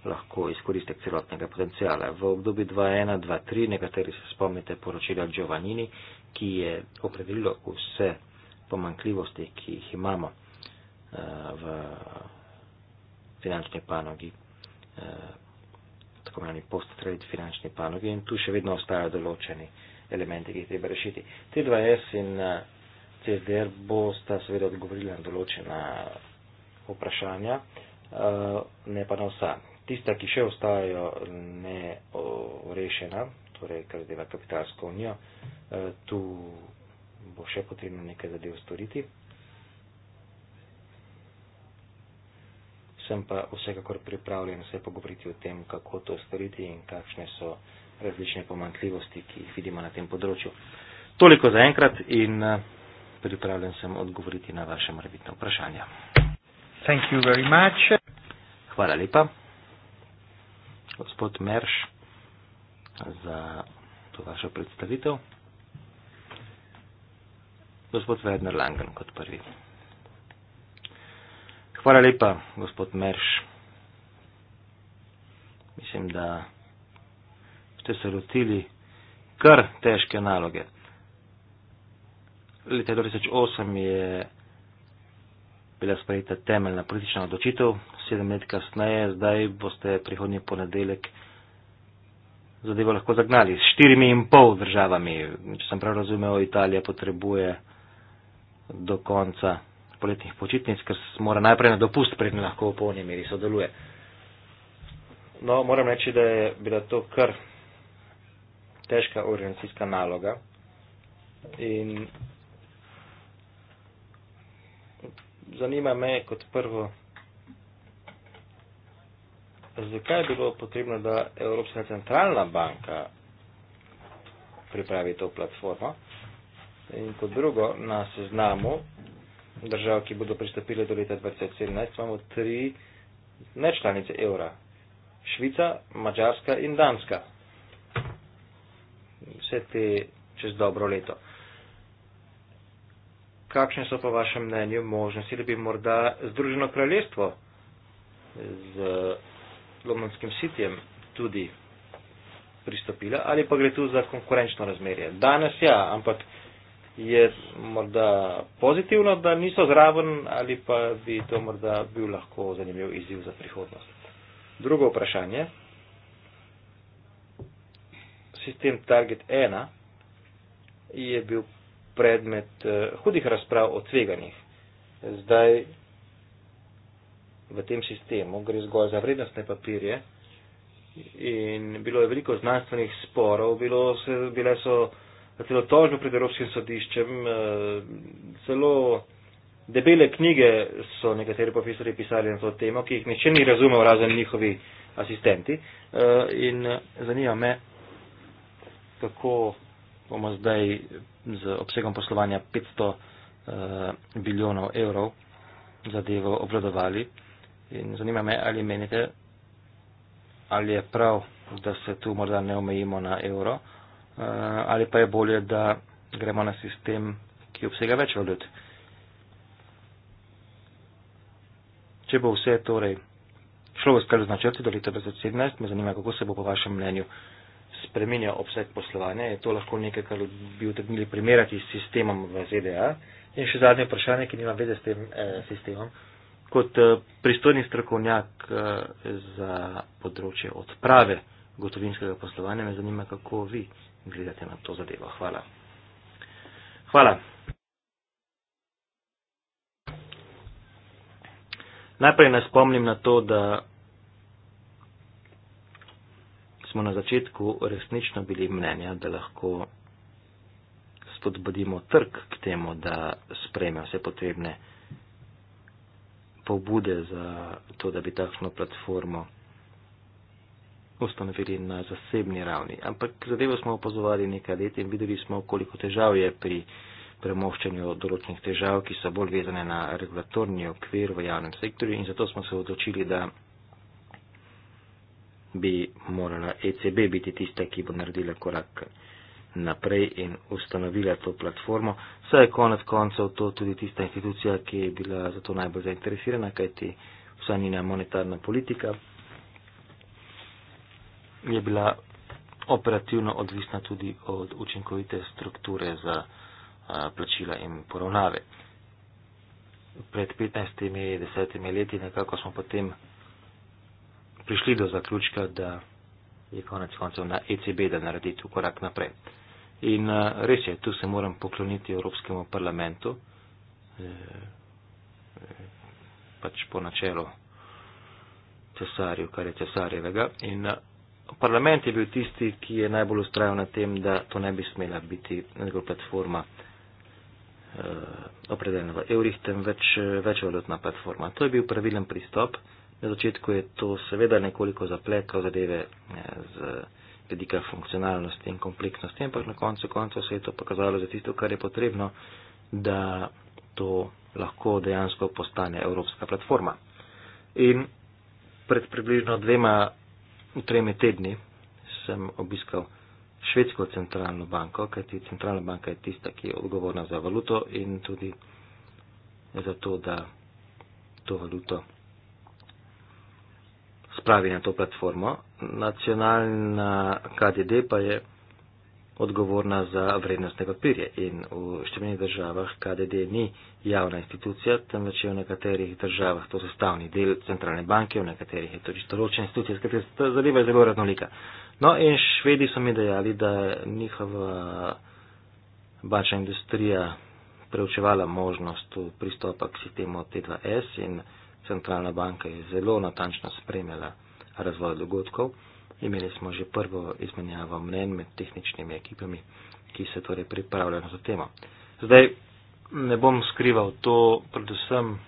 lahko izkoristek celotnega potencijala. V obdobju 2.1.2.3 nekateri se spomnite poročila Giovannini, ki je opredelilo vse pomankljivosti, ki jih imamo eh, v finančni panogi, eh, tako imenovani post-trade finančni panogi in tu še vedno ostajajo določeni elementi, ki jih treba rešiti. T2S in eh, te ver bo sta seveda odgovorila na določena vprašanja, eh, ne pa na vsa. Tista, ki še ostajajo neorešena, torej kar zadeva kapitalsko unijo, eh, tu bo še potrebno nekaj zadev storiti. Sem pa vsekakor pripravljen se pogovoriti o tem, kako to storiti in kakšne so različne pomankljivosti, ki jih vidimo na tem področju. Toliko za enkrat in. Uh, pripravljen sem odgovoriti na vaše morebitne vprašanja. Thank you very much. Hvala lepa, gospod Merš, za to vašo predstavitev. Gospod Werner Langen kot prvi. Hvala lepa, gospod Merš. Mislim, da ste se lotili kar težke naloge leta 2008 je bila sprejeta temeljna politična odločitev, sedem let kasneje, zdaj boste prihodnji ponedeljek zadevo lahko zagnali s štirimi in pol državami. Če sem prav razumel, Italija potrebuje do konca poletnih počitnic, ker se mora najprej na dopust, preden lahko v polni meri sodeluje. No, moram reči, da je bila to kar težka organizacijska naloga. In zanima me kot prvo, zakaj je bilo potrebno, da Evropska centralna banka pripravi to platformo. In kot drugo, na seznamu držav, ki bodo pristopile do leta 2017, imamo tri nečlanice evra. Švica, Mačarska in Danska. Vse te čez dobro leto kakšne so po vašem mnenju možnosti, da bi morda Združeno kraljestvo z Londonskim sitjem tudi pristopila ali pa gre tu za konkurenčno razmerje. Danes ja, ampak je morda pozitivno, da niso zraven ali pa bi to morda bil lahko zanimiv izziv za prihodnost. Drugo vprašanje. Sistem Target 1 je bil predmet eh, hudih razprav o tveganjih. Zdaj v tem sistemu gre zgolj za vrednostne papirje in bilo je veliko znanstvenih sporov, bilo se, bile so celo tožbe pred Evropskim sodiščem, eh, celo debele knjige so nekateri profesori pisali na to temo, ki jih nihče ni razumel, razen njihovi asistenti. Eh, in zanima me, kako bomo zdaj z obsegom poslovanja 500 eh, biljonov evrov zadevo obvladovali. In zanima me, ali menite, ali je prav, da se tu morda ne omejimo na evro, eh, ali pa je bolje, da gremo na sistem, ki obsega več valut. Če bo vse torej šlo v skladu z načrti do leta 2017, me zanima, kako se bo po vašem mnenju spremenja obseg poslovanja, je to lahko nekaj, kar bi utegnili primerjati s sistemom v ZDA. In še zadnje vprašanje, ki nima veze s tem eh, sistemom. Kot eh, pristojni strokovnjak eh, za področje odprave gotovinskega poslovanja me zanima, kako vi gledate na to zadevo. Hvala. Hvala. Najprej nas spomnim na to, da smo na začetku resnično bili mnenja, da lahko spodbudimo trg k temu, da spreme vse potrebne pobude za to, da bi takšno platformo ustanovili na zasebni ravni. Ampak zadevo smo opozovali nekaj let in videli smo, koliko težav je pri premoščanju določenih težav, ki so bolj vezane na regulatorni okvir v javnem sektorju in zato smo se odločili, da bi morala ECB biti tista, ki bo naredila korak naprej in ustanovila to platformo. Saj je konec koncev to tudi tista institucija, ki je bila za to najbolj zainteresirana, kajti vsa njena monetarna politika je bila operativno odvisna tudi od učinkovite strukture za a, plačila in poravnave. Pred 15-10 leti nekako smo potem prišli do zaključka, da je konec koncev na ECB, da naredi tu korak naprej. In eh, res je, tu se moram pokloniti Evropskemu parlamentu, eh, eh, pač po načelu cesarju, kar je cesarjevega. In parlament je bil tisti, ki je najbolj ustrajal na tem, da to ne bi smela biti neka platforma opredeljena v evrih, temveč večvalutna platforma. To je bil pravilen pristop. Na začetku je to seveda nekoliko zapletlo zadeve eh, z vidika funkcionalnosti in kompleksnosti, ampak na koncu koncev se je to pokazalo za tisto, kar je potrebno, da to lahko dejansko postane evropska platforma. In pred približno dvema, tremi tedni sem obiskal švedsko centralno banko, kajti centralna banka je tista, ki je odgovorna za valuto in tudi za to, da to valuto pravi na to platformo. Nacionalna KDD pa je odgovorna za vrednostne papirje in v številnih državah KDD ni javna institucija, temveč je v nekaterih državah to sestavni del centralne banke, v nekaterih je to čisto določena institucija, skratka zadeva je zelo raznolika. No in švedi so mi dejali, da njihova bančna industrija preučevala možnost pristopa k sistemu T2S in centralna banka je zelo natančno spremljala razvoj dogodkov. Imeli smo že prvo izmenjavo mnen med tehničnimi ekipami, ki se torej pripravljajo na to temo. Zdaj ne bom skrival to, predvsem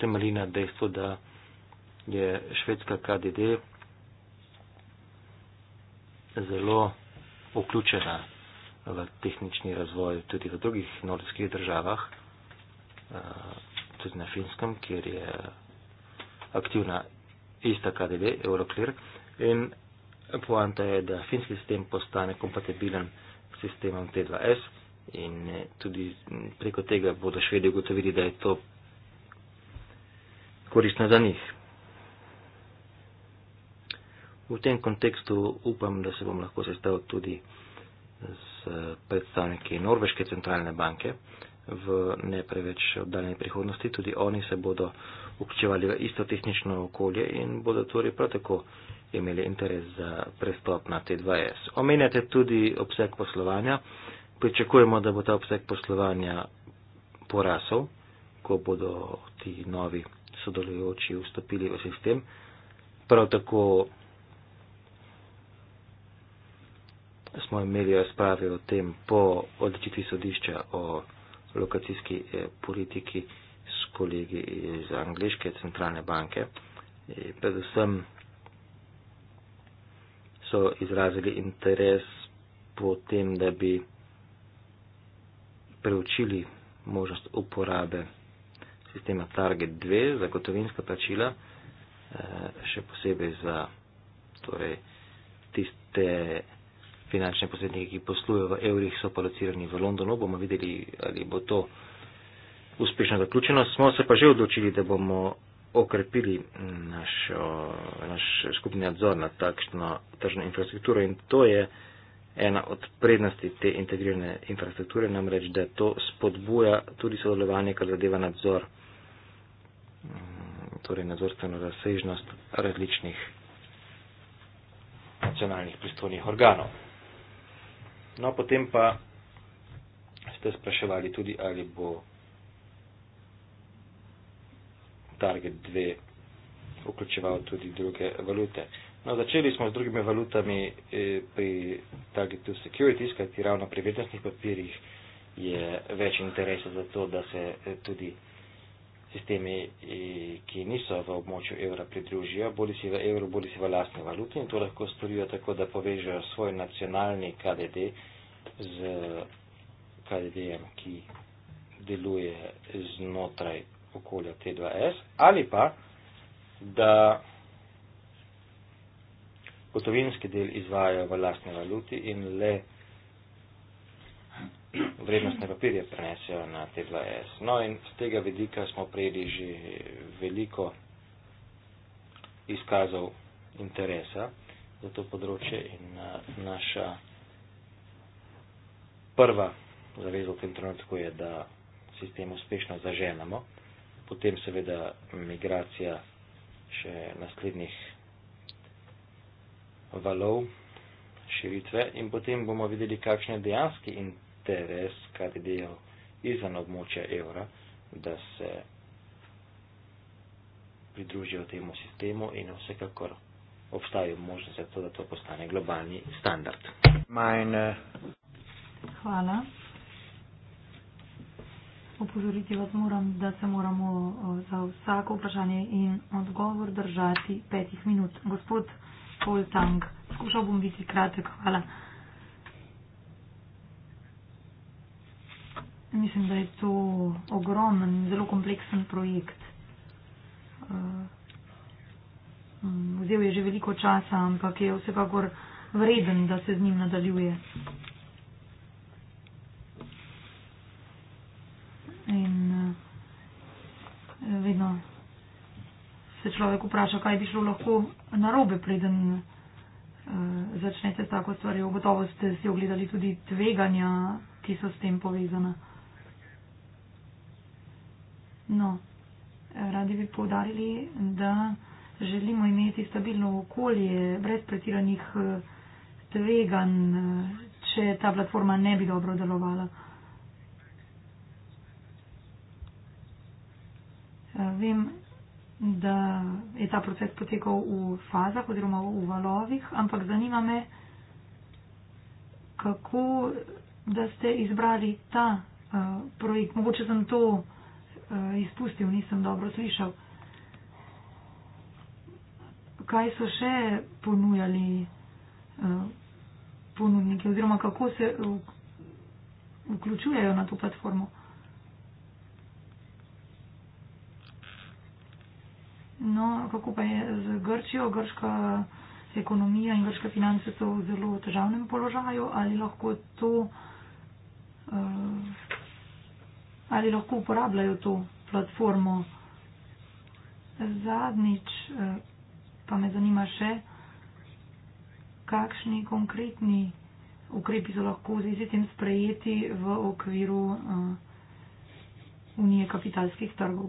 temelji na dejstvu, da je švedska KDD zelo vključena v tehnični razvoj tudi v drugih nordijskih državah, eh, tudi na finskem, kjer je aktivna ista KDD, Euroclear. In poanta je, da finski sistem postane kompatibilen s sistemom T2S in eh, tudi preko tega bodo švedi ugotovili, da je to koristno za njih. V tem kontekstu upam, da se bom lahko sestavil tudi s eh, predstavniki Norveške centralne banke, v ne preveč oddaljeni prihodnosti. Tudi oni se bodo vključevali v isto tehnično okolje in bodo torej prav tako imeli interes za prestop na T2S. Omenjate tudi obseg poslovanja. Pričakujemo, da bo ta obseg poslovanja porasel, ko bodo ti novi sodelujoči vstopili v sistem. Prav tako smo imeli razprave o tem po odločitvi sodišča o lokacijski eh, politiki s kolegi iz angliške centralne banke. Eh, predvsem so izrazili interes po tem, da bi preučili možnost uporabe sistema Target 2 za gotovinska plačila, eh, še posebej za torej, tiste finančne posrednike, ki poslujejo v evrih, so pa locirani v Londonu. Bomo videli, ali bo to uspešno zaključeno. Smo se pa že odločili, da bomo okrepili našo, naš skupni nadzor nad takšno tržno infrastrukturo in to je ena od prednosti te integrirane infrastrukture, namreč, da to spodbuja tudi sodelovanje, kar zadeva nadzor, mm, torej nadzorstveno razsežnost različnih nacionalnih pristojnih organov. No, potem pa ste spraševali tudi, ali bo target 2 vključeval tudi druge valute. No, začeli smo z drugimi valutami eh, pri Target 2 Security, skajti ravno pri vrednostnih papirjih je več interesa za to, da se eh, tudi sistemi, ki niso v območju evra pridružijo, bodi si v evru, bodi si v lastni valuti in to lahko storijo tako, da povežejo svoj nacionalni KDD z KDD-jem, ki deluje znotraj okolja T2S ali pa, da gotovinski del izvajajo v lastni valuti in le vrednostne papirje prenesejo na T2S. No in z tega vidika smo prejeli že veliko izkazov interesa za to področje in naša prva zaveza v tem trenutku je, da sistem uspešno zaženemo, potem seveda migracija še naslednjih valov širitve in potem bomo videli, kakšne dejanske interese TRS, kar je del izven območja evra, da se pridružijo temu sistemu in vsekakor obstajajo možnosti za to, da to postane globalni standard. Mine. Eh, Hvala. Opozoriti vas moram, da se moramo eh, za vsako vprašanje in odgovor držati petih minut. Gospod Poltang, skušal bom biti kratek. Hvala. Mislim, da je to ogromen, zelo kompleksen projekt. Eh, vzel je že veliko časa, ampak je vsekakor vreden, da se z njim nadaljuje. In eh, vedno se človek vpraša, kaj bi šlo lahko narobe, preden eh, začnete s tako stvarjo. Gotovo ste si ogledali tudi tveganja, ki so s tem povezana. No, radi bi povdarili, da želimo imeti stabilno okolje brez pretiranih eh, tveganj, če ta platforma ne bi dobro delovala. Eh, vem, da je ta proces potekal v fazah oziroma v valovih, ampak zanima me, kako da ste izbrali ta uh, projekt. Mogoče sem to uh, Eh, izpustil, nisem dobro slišal. Kaj so še ponujali eh, ponudniki oziroma kako se vključujejo na to platformo? No, kako pa je z Grčijo? Grška ekonomija in grške finance so v zelo težavnem položaju. Ali lahko to uh, ali lahko uporabljajo to platformo. Zadnjič eh, pa me zanima še, kakšni konkretni ukrepi so lahko z izjetjem sprejeti v okviru eh, Unije kapitalskih trgov.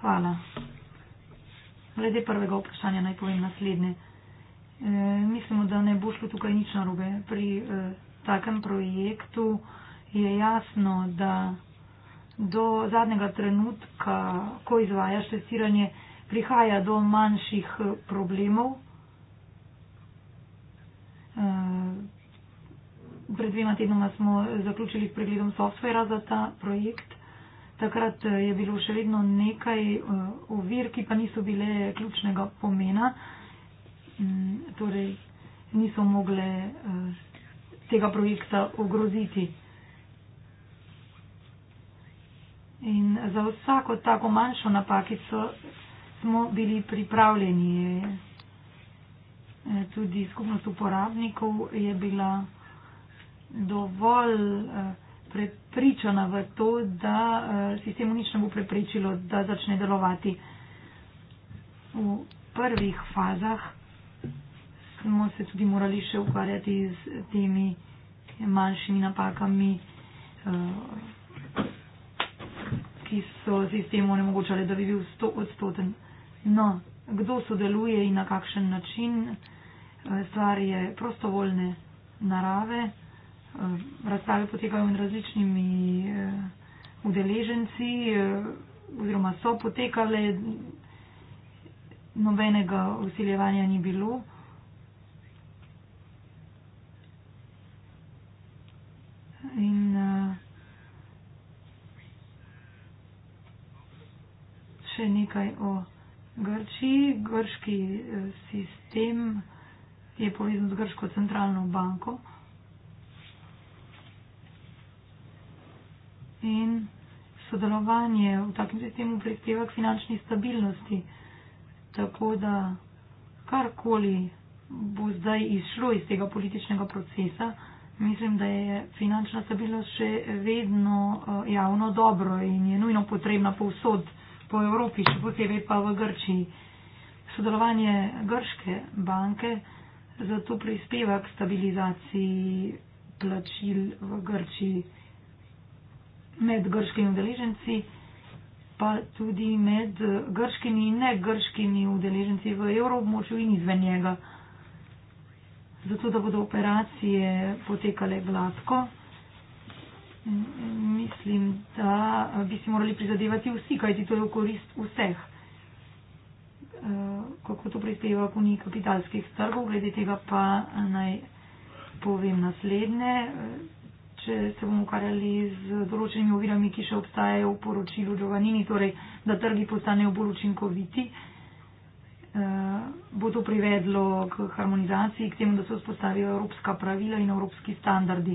Hvala. Glede prvega vprašanja naj povem naslednje. E, mislimo, da ne bo šlo tukaj nič narobe. Pri e, takem projektu, je jasno, da do zadnjega trenutka, ko izvajaš testiranje, prihaja do manjših eh, problemov. Eh, pred dvema tednoma smo zaključili s pregledom softvera za ta projekt. Takrat eh, je bilo še vedno nekaj ovir, ki pa niso bile ključnega pomena, mm, torej niso mogle tega projekta ogroziti. In za vsako tako manjšo napakico smo bili pripravljeni. E, tudi skupnost uporabnikov je bila dovolj e, prepričana v to, da e, sistemu nič ne bo preprečilo, da začne delovati. V prvih fazah smo se tudi morali še ukvarjati z temi manjšimi napakami, eh, ki so sistemu onemogočali, da bi bil sto odstoten. No, kdo sodeluje in na kakšen način, eh, stvar je prostovoljne narave, eh, razstave potekajo med različnimi udeleženci oziroma so potekale, nobenega usiljevanja ni bilo. in uh, še nekaj o Grčiji. Grški eh, sistem je povezan z Grško centralno banko. In sodelovanje v takem sistemu prispeva k finančni stabilnosti. Tako da karkoli bo zdaj izšlo iz tega političnega procesa, Mislim, da je finančna stabilnost še vedno eh, javno dobro in je nujno potrebna povsod po Evropi, še posebej pa v Grčiji. Sodelovanje grške banke zato prispeva k stabilizaciji plačil v Grčiji med grškimi udeleženci, pa tudi med grškimi in ne grškimi udeleženci v evroobmočju in izven njega zato da bodo operacije potekale gladko. Mislim, da bi si morali prizadevati vsi, kajti to je v korist vseh. Eh, kako to prispeva k uniji kapitalskih trgov, glede tega pa naj povem naslednje. Eh, če se bomo ukvarjali z določenimi ovirami, ki še obstajajo v poročilu Džovanini, torej da trgi postanejo bolj učinkoviti, Eh, bo to privedlo k harmonizaciji, k temu, da se vzpostavijo evropska pravila in evropski standardi.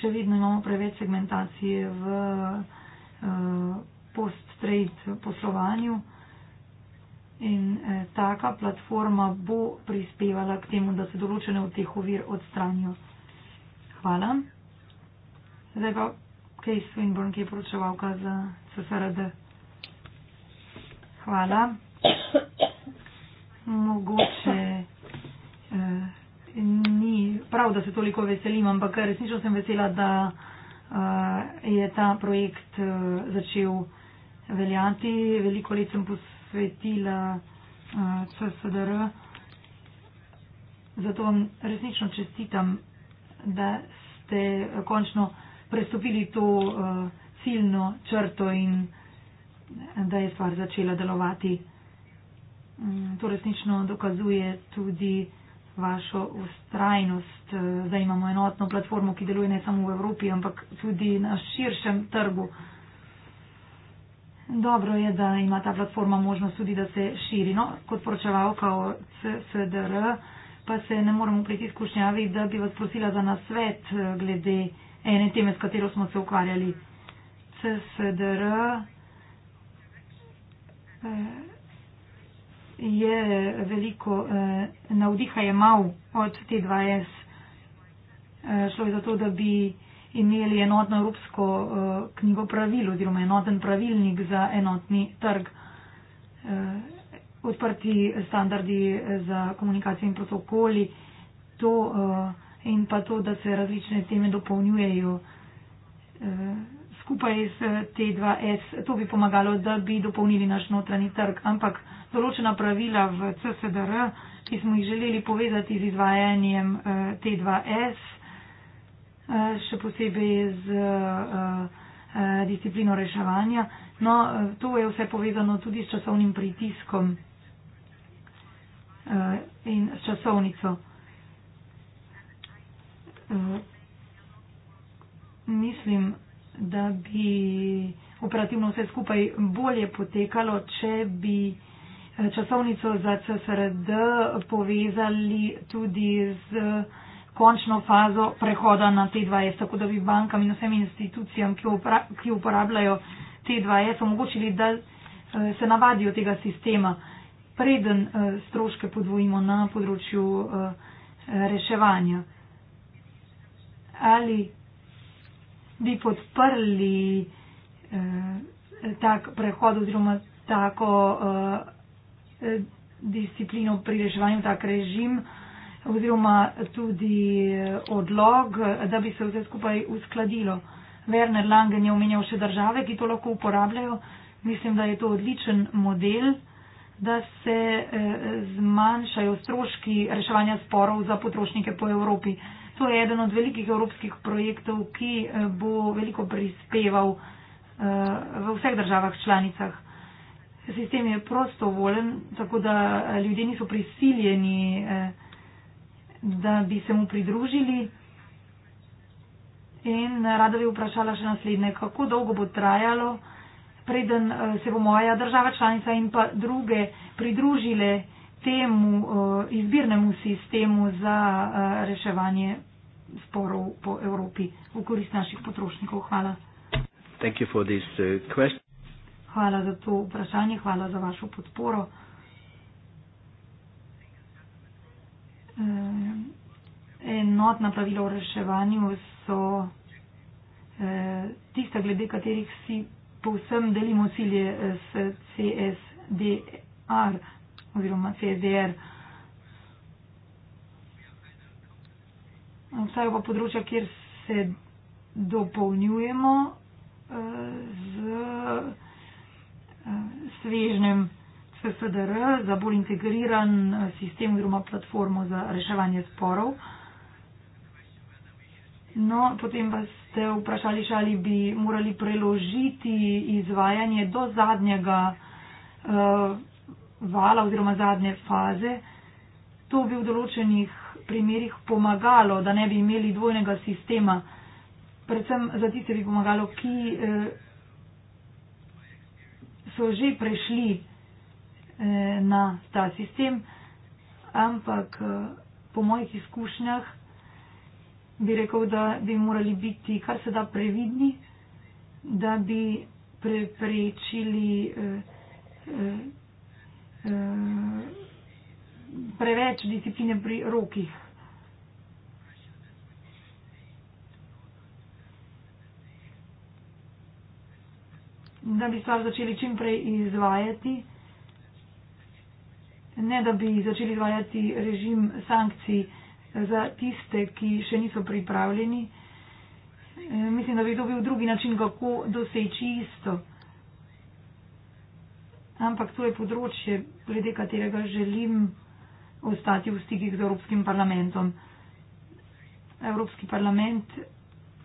Še vedno imamo preveč segmentacije v eh, post-trade poslovanju in eh, taka platforma bo prispevala k temu, da se določene od teh ovir odstranijo. Hvala. Zdaj pa Kej Swinburne, ki je poročevalka za CSRD. Hvala. Mogoče eh, ni prav, da se toliko veselim, ampak resnično sem vesela, da eh, je ta projekt eh, začel veljati. Veliko let sem posvetila eh, CSDR. Zato vam resnično čestitam, da ste končno prestopili to eh, ciljno črto in da je stvar začela delovati. Mm, to resnično dokazuje tudi vašo ustrajnost. Zdaj eh, imamo enotno platformo, ki deluje ne samo v Evropi, ampak tudi na širšem trgu. Dobro je, da ima ta platforma možnost tudi, da se širi. No, kot poročevalka o CSDR pa se ne moram upreti izkušnjavi, da bi vas prosila za nasvet eh, glede ene teme, s katero smo se ukvarjali. CSDR. Eh, je veliko eh, navdiha imel od T2S. Eh, šlo je za to, da bi imeli enotno evropsko knjigo pravil oziroma enoten pravilnik za enotni trg. Odprti standardi za komunikacijo in protokoli to, in pa to, da se različne teme dopolnjujejo skupaj z T2S. To bi pomagalo, da bi dopolnili naš notranji trg, ampak določena pravila v CSDR, ki smo jih želeli povezati z izvajanjem eh, T2S, eh, še posebej z eh, disciplino reševanja. No, to je vse povezano tudi s časovnim pritiskom in s časovnico. Mislim, da bi operativno vse skupaj bolje potekalo, če bi eh, časovnico za CSRD povezali tudi z eh, končno fazo prehoda na T2S, tako da bi bankam in vsem institucijam, ki, upra, ki uporabljajo T2S, omogočili, da eh, se navadijo tega sistema, preden stroške podvojimo na področju reševanja. Ali bi podprli eh, tak prehod oziroma tako eh, disciplino pri reševanju, tak režim oziroma tudi eh, odlog, da bi se vse skupaj uskladilo. Werner Langen je omenjal še države, ki to lahko uporabljajo. Mislim, da je to odličen model, da se eh, zmanjšajo stroški reševanja sporov za potrošnike po Evropi. Eh, to je eden od velikih evropskih projektov, ki eh, bo veliko prispeval eh, v vseh državah članicah. Sistem je prostovolen, tako da ljudje niso prisiljeni, eh, da bi se mu pridružili. In rada bi vprašala še naslednje, kako dolgo bo trajalo, preden se bo moja država članica in pa druge pridružile temu izbirnemu sistemu za reševanje sporov po Evropi v korist naših potrošnikov. Hvala. Thank you for this uh, question. Hvala za to vprašanje, hvala za vašo podporo. Eh, enotna pravila o reševanju so eh, tista, glede katerih si povsem delimo cilje eh, s CSDR oziroma CSDR. obstajajo pa področja, kjer se dopolnjujemo eh, z eh, svežnjem CSDR za bolj integriran eh, sistem oziroma platformo za reševanje sporov. No, potem pa ste vprašali še, ali bi morali preložiti izvajanje do zadnjega uh, vala oziroma zadnje faze. To bi v določenih uh, primerih pomagalo, da ne bi imeli dvojnega sistema, predvsem za tiste bi pomagalo, ki eh, so že prešli eh, na ta sistem, ampak eh, po mojih izkušnjah bi rekel, da bi morali biti kar se da previdni, da bi preprečili. Eh, eh, eh, preveč discipline pri rokih. Da bi stvar začeli čimprej izvajati, ne da bi začeli izvajati režim sankcij za tiste, ki še niso pripravljeni. Mislim, da bi to bil drugi način, kako doseči isto. Ampak to je področje, glede katerega želim ostati v stikih z Evropskim parlamentom. Evropski parlament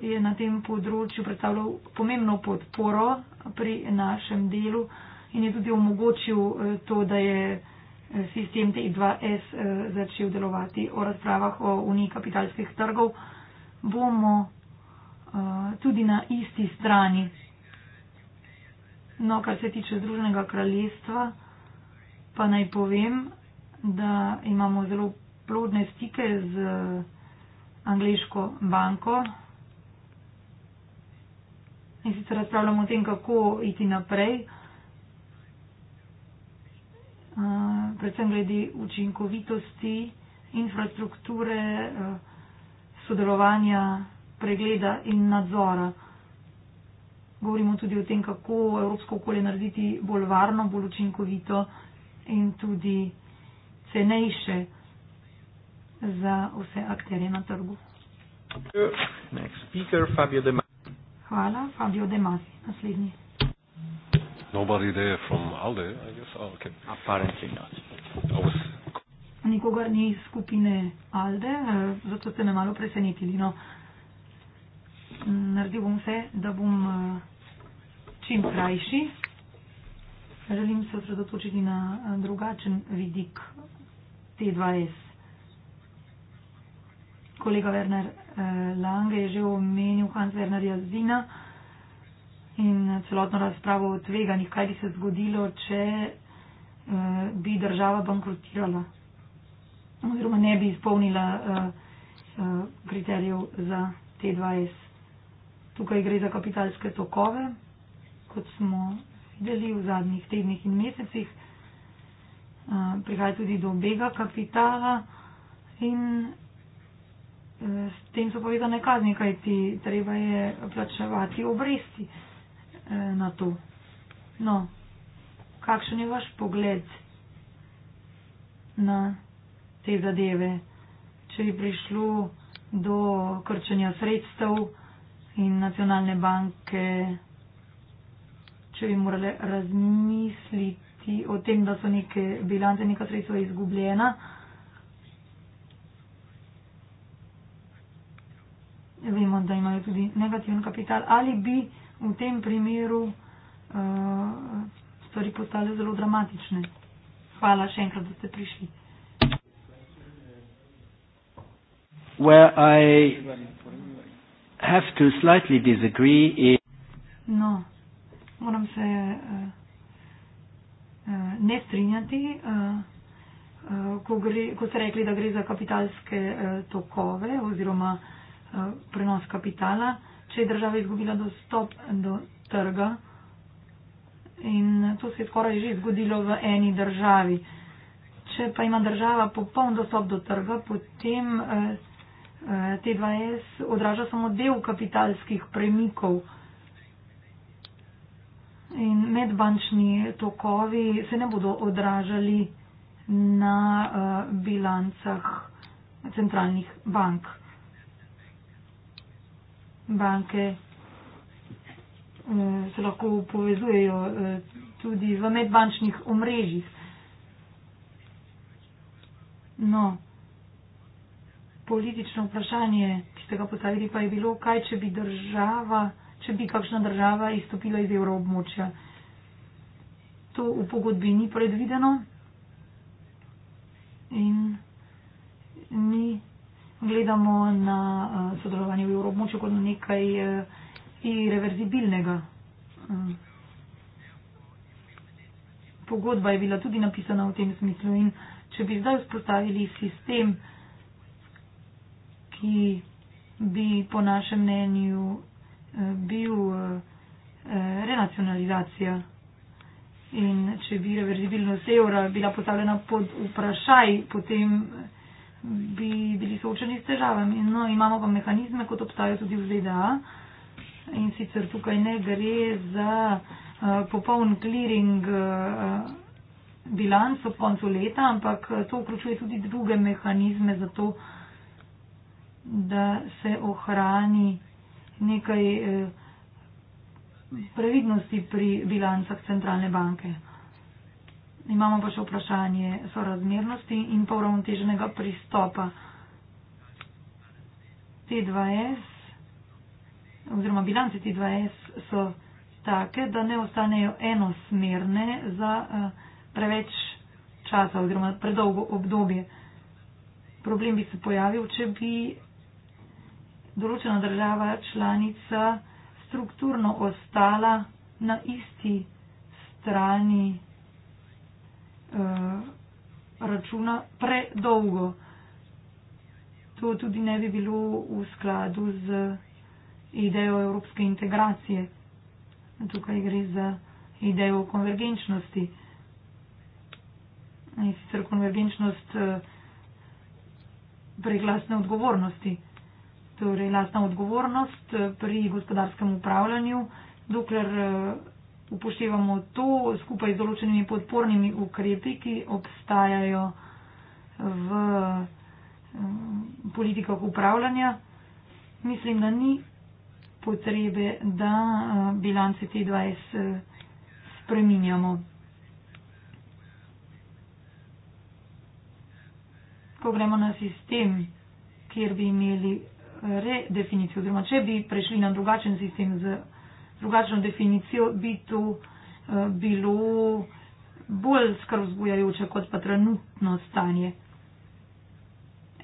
je na tem področju predstavljal pomembno podporo pri našem delu in je tudi omogočil eh, to, da je eh, sistem TI2S eh, začel delovati. O razpravah o uniji kapitalskih trgov bomo tudi na isti strani. No, kar se tiče Združenega kraljestva, pa naj povem, da imamo zelo plodne stike z angliško banko. In sicer razpravljamo o tem, kako iti naprej, eh, predvsem glede učinkovitosti, infrastrukture, eh, sodelovanja, pregleda in nadzora. Govorimo tudi o tem, kako evropsko okolje narediti bolj varno, bolj učinkovito in tudi cenejše za vse akterje na trgu. Speaker, Fabio De Hvala, Fabio De Masi. Naslednji. Nobody there from Alde, I guess. Oh, okay. Apparently not. Was... Nikogar ni iz skupine Alde, eh, zato ste me malo presenetili. No. Naredil bom vse, da bom eh, čim krajši. Želim se osredotočiti na eh, drugačen vidik T2S. Kolega Werner eh, Lange je že omenil Hans Werner Jazina in celotno razpravo o tveganjih, kaj bi se zgodilo, če eh, bi država bankrotirala oziroma ne bi izpolnila eh, kriterijev za T2S. Tukaj gre za kapitalske tokove, kot smo videli v zadnjih tednih in mesecih prihaja tudi do bega kapitala in e, s tem so povezane kazni, kaj ti treba je plačevati obresti e, na to. No, kakšen je vaš pogled na te zadeve, če bi prišlo do krčenja sredstev in nacionalne banke, če bi morali razmisliti obvesti o tem, da so neke bilance, neka sredstva izgubljena. Vemo, da imajo tudi negativen kapital. Ali bi v tem primeru uh, stvari postale zelo dramatične? Hvala še enkrat, da ste prišli. Where I have to slightly disagree is. No, moram se. Uh, Eh, ne strinjati, eh, eh, ko, gre, ko ste rekli, da gre za kapitalske tokove oziroma prenos kapitala, če je država izgubila dostop do trga. In to se je skoraj že zgodilo v eni državi. Če pa ima država popoln dostop do trga, potem eh, T2S odraža samo del kapitalskih premikov eh, in medbančni tokovi se ne bodo odražali na eh, bilancah centralnih bank. Banke eh, se lahko povezujejo eh, tudi v medbančnih omrežjih. No, politično vprašanje, ki ste ga postavili, pa je bilo, kaj če bi država če bi kakšna država izstopila iz evroobmočja. To v pogodbi ni predvideno in mi gledamo na eh, sodelovanje v evroobmočju kot na nekaj eh, irreverzibilnega. Eh, pogodba je bila tudi napisana v tem smislu in če bi zdaj vzpostavili sistem, ki bi po našem mnenju bil eh, renacionalizacija. In če bi reverzibilnost evra bila postavljena pod vprašaj, potem bi bili soočeni s težavami. No, imamo pa mehanizme, kot obstajajo tudi v ZDA. In sicer tukaj ne gre za uh, popoln clearing uh, eh, bilanco ob koncu leta, ampak to vključuje tudi druge mehanizme za to, da se ohrani nekaj eh, previdnosti pri bilancah centralne banke. Imamo pa še vprašanje sorazmernosti in pa uravnoteženega pristopa. T2S oziroma bilance T2S so take, da ne ostanejo enosmerne za eh, preveč časa oziroma predolgo obdobje. Problem bi se pojavil, če bi določena država članica strukturno ostala na isti strani uh, računa predolgo. To tudi ne bi bilo v skladu z idejo evropske integracije. Tukaj gre za idejo konvergenčnosti. In sicer konvergenčnost uh, eh, preglasne odgovornosti torej lastna odgovornost eh, pri gospodarskem upravljanju, dokler eh, upoštevamo to skupaj z določenimi podpornimi ukrepi, ki obstajajo v eh, politikah upravljanja. Mislim, da ni potrebe, da bilance T20 spreminjamo. Ko gremo na sistem, kjer bi imeli redefinicijo, oziroma če bi prešli na drugačen sistem z drugačno definicijo, bi to eh, bilo bolj skrb vzbujajoče kot pa trenutno stanje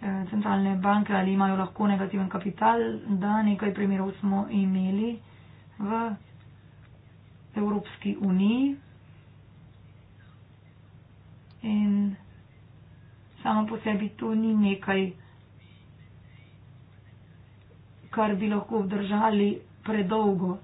eh, centralne banke, ali imajo lahko negativen kapital. Da, nekaj primerov smo imeli v Evropski uniji. In samo po sebi to ni nekaj, kar bi lahko obdržali predolgo.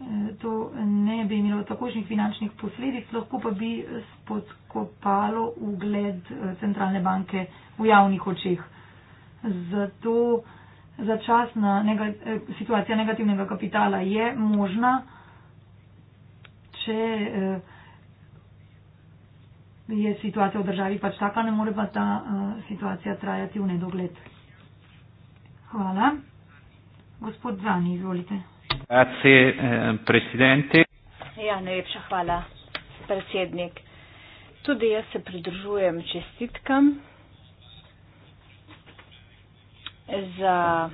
E, to ne bi imelo takošnjih finančnih posledic, lahko pa bi spodkopalo ugled e, centralne banke v javnih očeh. Zato začasna nega, e, situacija negativnega kapitala je možna, če je situacija v državi pač taka, ne more pa ta situacija trajati v nedogled. Hvala. Gospod Zani, izvolite. Grazie, eh, presidente. Ja, najlepša hvala, predsednik. Tudi jaz se pridružujem čestitkam za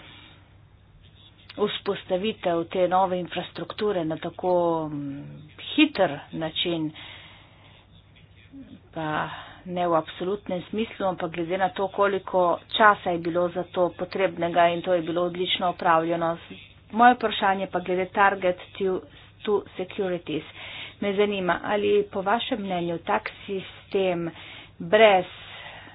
vzpostavitev te nove infrastrukture na tako mm, hiter način. Pa ne v absolutnem smislu, ampak glede na to, koliko časa je bilo za to potrebnega in to je bilo odlično opravljeno. Moje vprašanje pa glede target to securities. Me zanima, ali po vašem mnenju tak sistem brez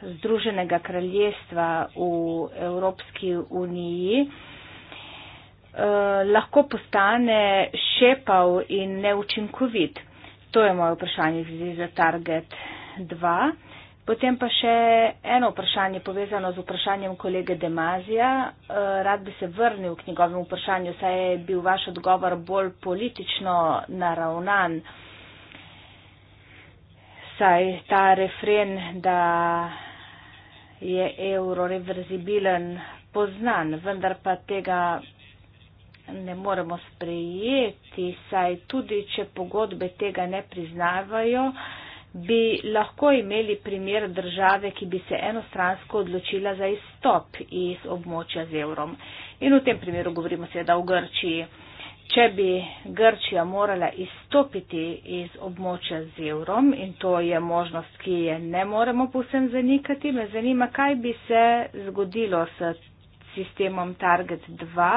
Združenega kraljestva v Evropski uniji eh, lahko postane šepav in neučinkovit. To je moje vprašanje v zvezi z target dva. Potem pa še eno vprašanje povezano z vprašanjem kolege Demazija. Eh, rad bi se vrnil k njegovemu vprašanju, saj je bil vaš odgovor bolj politično naravnan. Saj ta refren, da je evro reverzibilen, poznan, vendar pa tega ne moremo sprejeti, saj tudi če pogodbe tega ne priznavajo, uh, bi lahko imeli primer države, ki bi se enostransko odločila za izstop iz območja z evrom. In v tem primeru govorimo seveda o Grčiji. Če bi Grčija morala izstopiti iz območja z evrom, in to je možnost, ki je ne moremo povsem zanikati, me zanima, kaj bi se zgodilo s sistemom Target 2,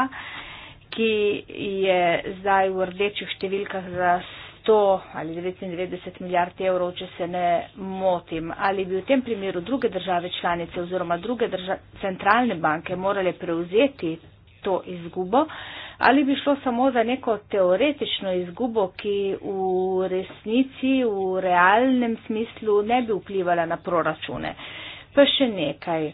ki je zdaj v rdečih številkah za 100 ali 99 milijard evrov, če se ne motim, ali bi v tem primeru druge države članice oziroma druge drža centralne banke morale prevzeti to izgubo, ali bi šlo samo za neko teoretično izgubo, ki v resnici, v realnem smislu ne bi vplivala na proračune. Pa še nekaj.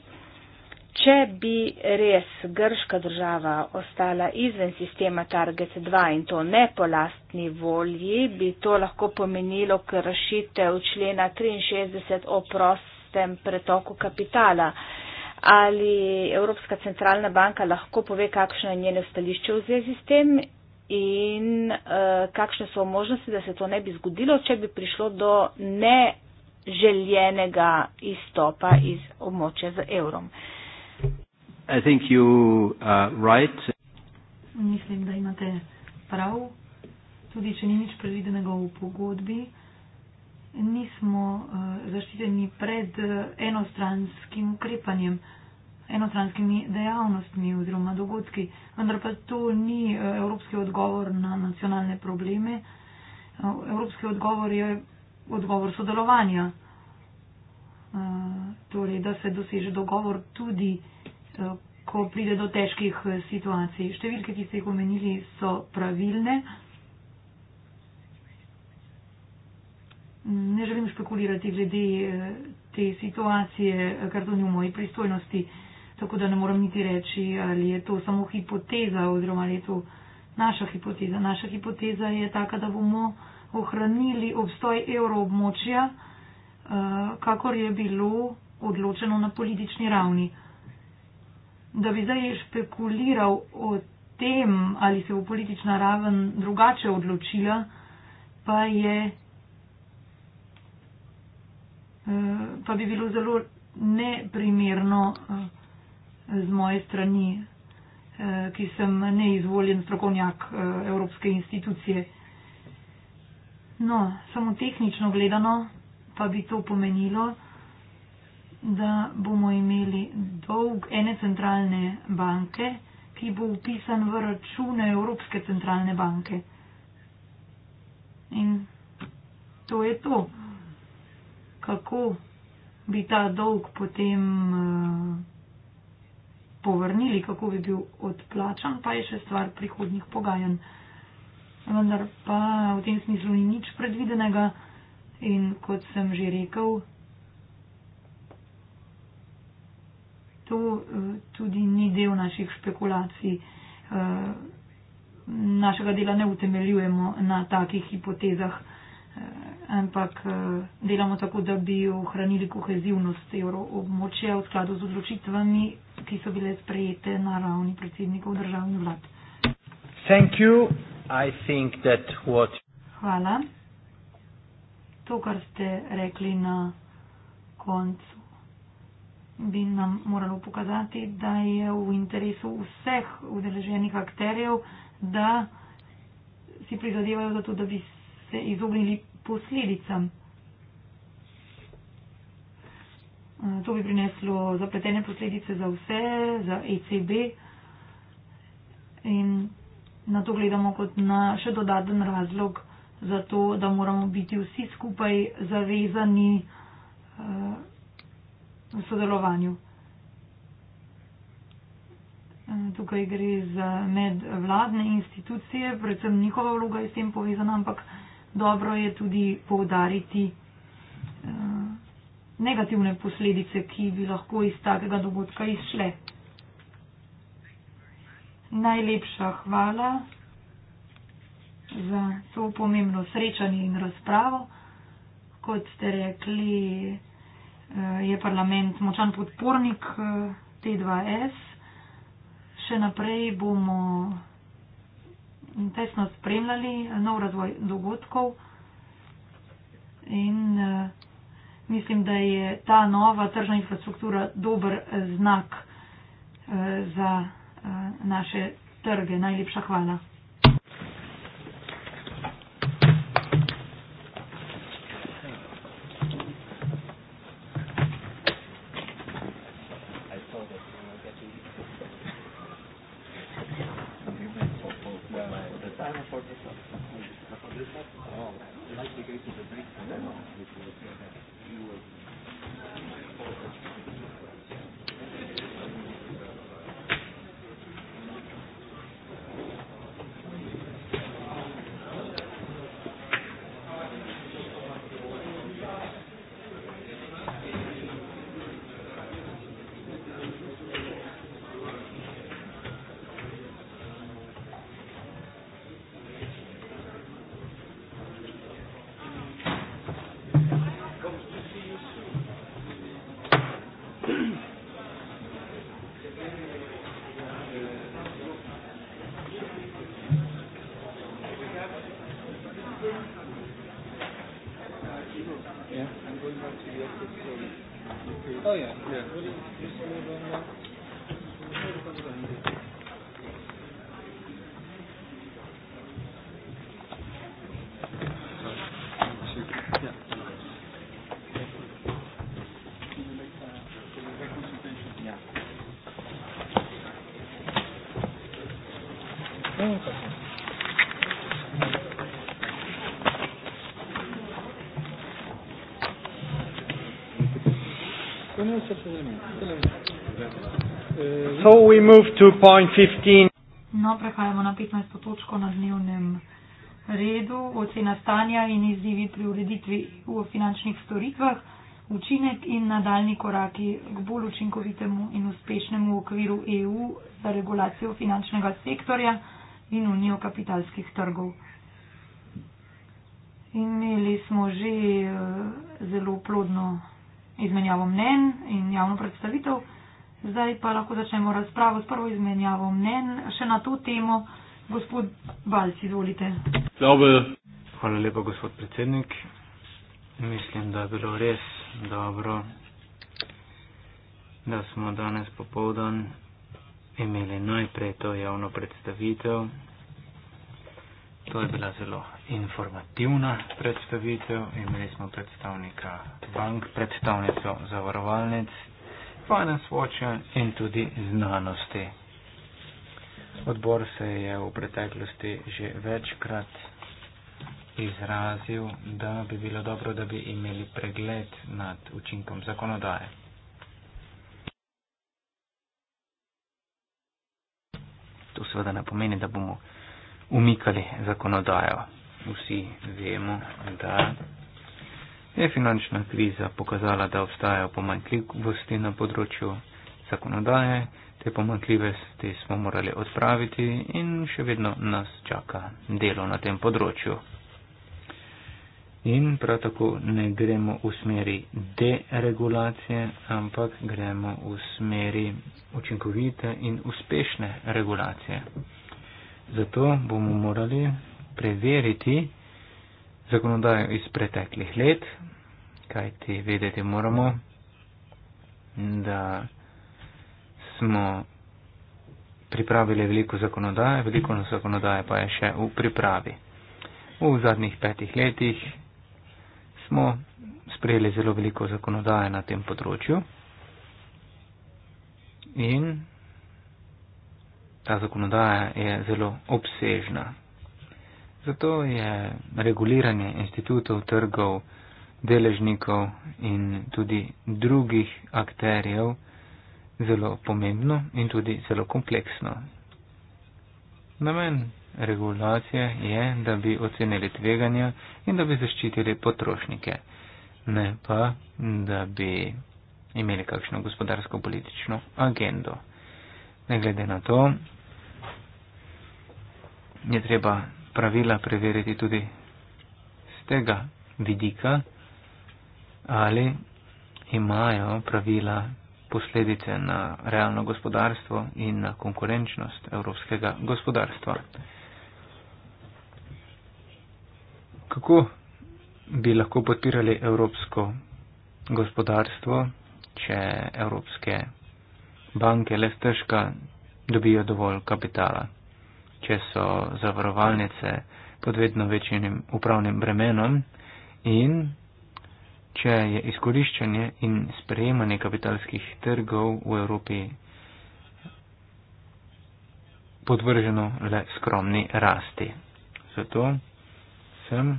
Če bi res grška država ostala izven sistema Target 2 in to ne po lastni volji, bi to lahko pomenilo kršitev člena 63 o prostem pretoku kapitala. Ali Evropska centralna banka lahko pove, kakšno je njene stališče v zvezi s tem in uh, kakšne so možnosti, da se to ne bi zgodilo, če bi prišlo do neželjenega izstopa iz območja z evrom. Uh, I think you are uh, right. Mislim, da imate prav. Tudi, če ni nič predvidenega v pogodbi, nismo uh, zaščiteni pred uh, enostranskim ukrepanjem, enostranskimi dejavnostmi oziroma dogodki. Vendar pa to ni uh, evropski odgovor na nacionalne probleme. Uh, evropski odgovor je odgovor sodelovanja. Uh, torej, da se doseže dogovor tudi. Eh, ko pride do težkih eh, situacij. Številke, ki ste jih omenili, so pravilne. Ne želim špekulirati glede eh, te situacije, ker to ni v moji pristojnosti, tako da ne moram niti reči, ali je to samo hipoteza oziroma ali je to naša hipoteza. Naša hipoteza je taka, da bomo ohranili obstoj evroobmočja, kakor je bilo odločeno na politični ravni da bi zdaj špekuliral o tem, ali se bo politična raven drugače odločila, pa je. Eh, pa bi bilo zelo neprimerno eh, z moje strani, eh, ki sem neizvoljen strokovnjak Evropske institucije. No, samo tehnično gledano pa bi to pomenilo, da bomo imeli dolg ene centralne banke, ki bo upisan v račune Evropske centralne banke. In to je to, kako bi ta dolg potem eh, povrnili, kako bi bil odplačan, pa je še stvar prihodnih pogajanj. Vendar pa v tem smislu ni nič predvidenega in kot sem že rekel, to eh, tudi ni del naših špekulacij. Eh, našega dela ne utemeljujemo na takih hipotezah, eh, ampak delamo tako, da bi ohranili kohezivnost evroobmočja v skladu z odločitvami, ki so bile sprejete na ravni predsednikov državnih vlad. What... Hvala. To, kar ste rekli na koncu bi nam moralo pokazati, da je v interesu vseh udeleženih akterjev, da si prizadevajo za to, da bi se izognili posledicam. Eh, to bi prineslo zapletene posledice za vse, za ECB in na to gledamo kot na še dodaten razlog za to, da moramo biti vsi skupaj zavezani. Uh, v sodelovanju. E, tukaj gre za medvladne institucije, predvsem njihova vloga je s tem povezana, ampak dobro je tudi povdariti e, negativne posledice, ki bi lahko iz takega dogodka izšle. Najlepša hvala za to pomembno srečanje in razpravo. Kot ste rekli, Eh, je parlament močan podpornik eh, T2S. Še naprej bomo tesno spremljali nov razvoj dogodkov in eh, mislim, da je ta nova tržna infrastruktura dober znak za naše trge. Najlepša hvala. No, prehajamo na 15. točko na dnevnem redu, ocena stanja in izzivi pri ureditvi v finančnih storitvah, učinek in nadaljni koraki k bolj učinkovitemu in uspešnemu okviru EU za regulacijo finančnega sektorja in unijo kapitalskih trgov. Imeli smo že eh, zelo plodno izmenjavo mnen in javno predstavitev. Zdaj pa lahko začnemo razpravo s prvo izmenjavo mnen še na to temo. Gospod Balc, izvolite. Dobre. Hvala lepa, gospod predsednik. Mislim, da je bilo res dobro, da smo danes popovdan imeli najprej to javno predstavitev To je bila zelo informativna predstavitev. Imeli smo predstavnika bank, predstavnico zavarovalnic, Finance Watch in tudi znanosti. Odbor se je v preteklosti že večkrat izrazil, da bi bilo dobro, da bi imeli pregled nad učinkom zakonodaje. To seveda ne pomeni, da bomo umikali zakonodajo. Vsi vemo, da je finančna kriza pokazala, da obstajajo pomankljivosti na področju zakonodaje. Te pomankljivosti smo morali odpraviti in še vedno nas čaka delo na tem področju. In prav tako ne gremo v smeri deregulacije, ampak gremo v smeri učinkovite in uspešne regulacije. Zato bomo morali preveriti zakonodajo iz preteklih let, kajti vedeti moramo, da smo pripravili veliko zakonodaje, veliko zakonodaje pa je še v pripravi. V zadnjih petih letih smo sprejeli zelo veliko zakonodaje na tem področju in ta zakonodaja je zelo obsežna. Zato je reguliranje institutov, trgov, deležnikov in tudi drugih akterjev zelo pomembno in tudi zelo kompleksno. Namen regulacije je, da bi ocenili tveganja in da bi zaščitili potrošnike, ne pa, da bi imeli kakšno gospodarsko-politično agendo. Ne glede na to, je treba pravila preveriti tudi z tega vidika, ali imajo pravila posledice na realno gospodarstvo in na konkurenčnost evropskega gospodarstva. Kako bi lahko podpirali evropsko gospodarstvo, če evropske banke le stežka dobijo dovolj kapitala? če so zavarovalnice pod vedno večjim upravnim bremenom in če je izkoriščanje in sprejemanje kapitalskih trgov v Evropi podvrženo le skromni rasti. Zato sem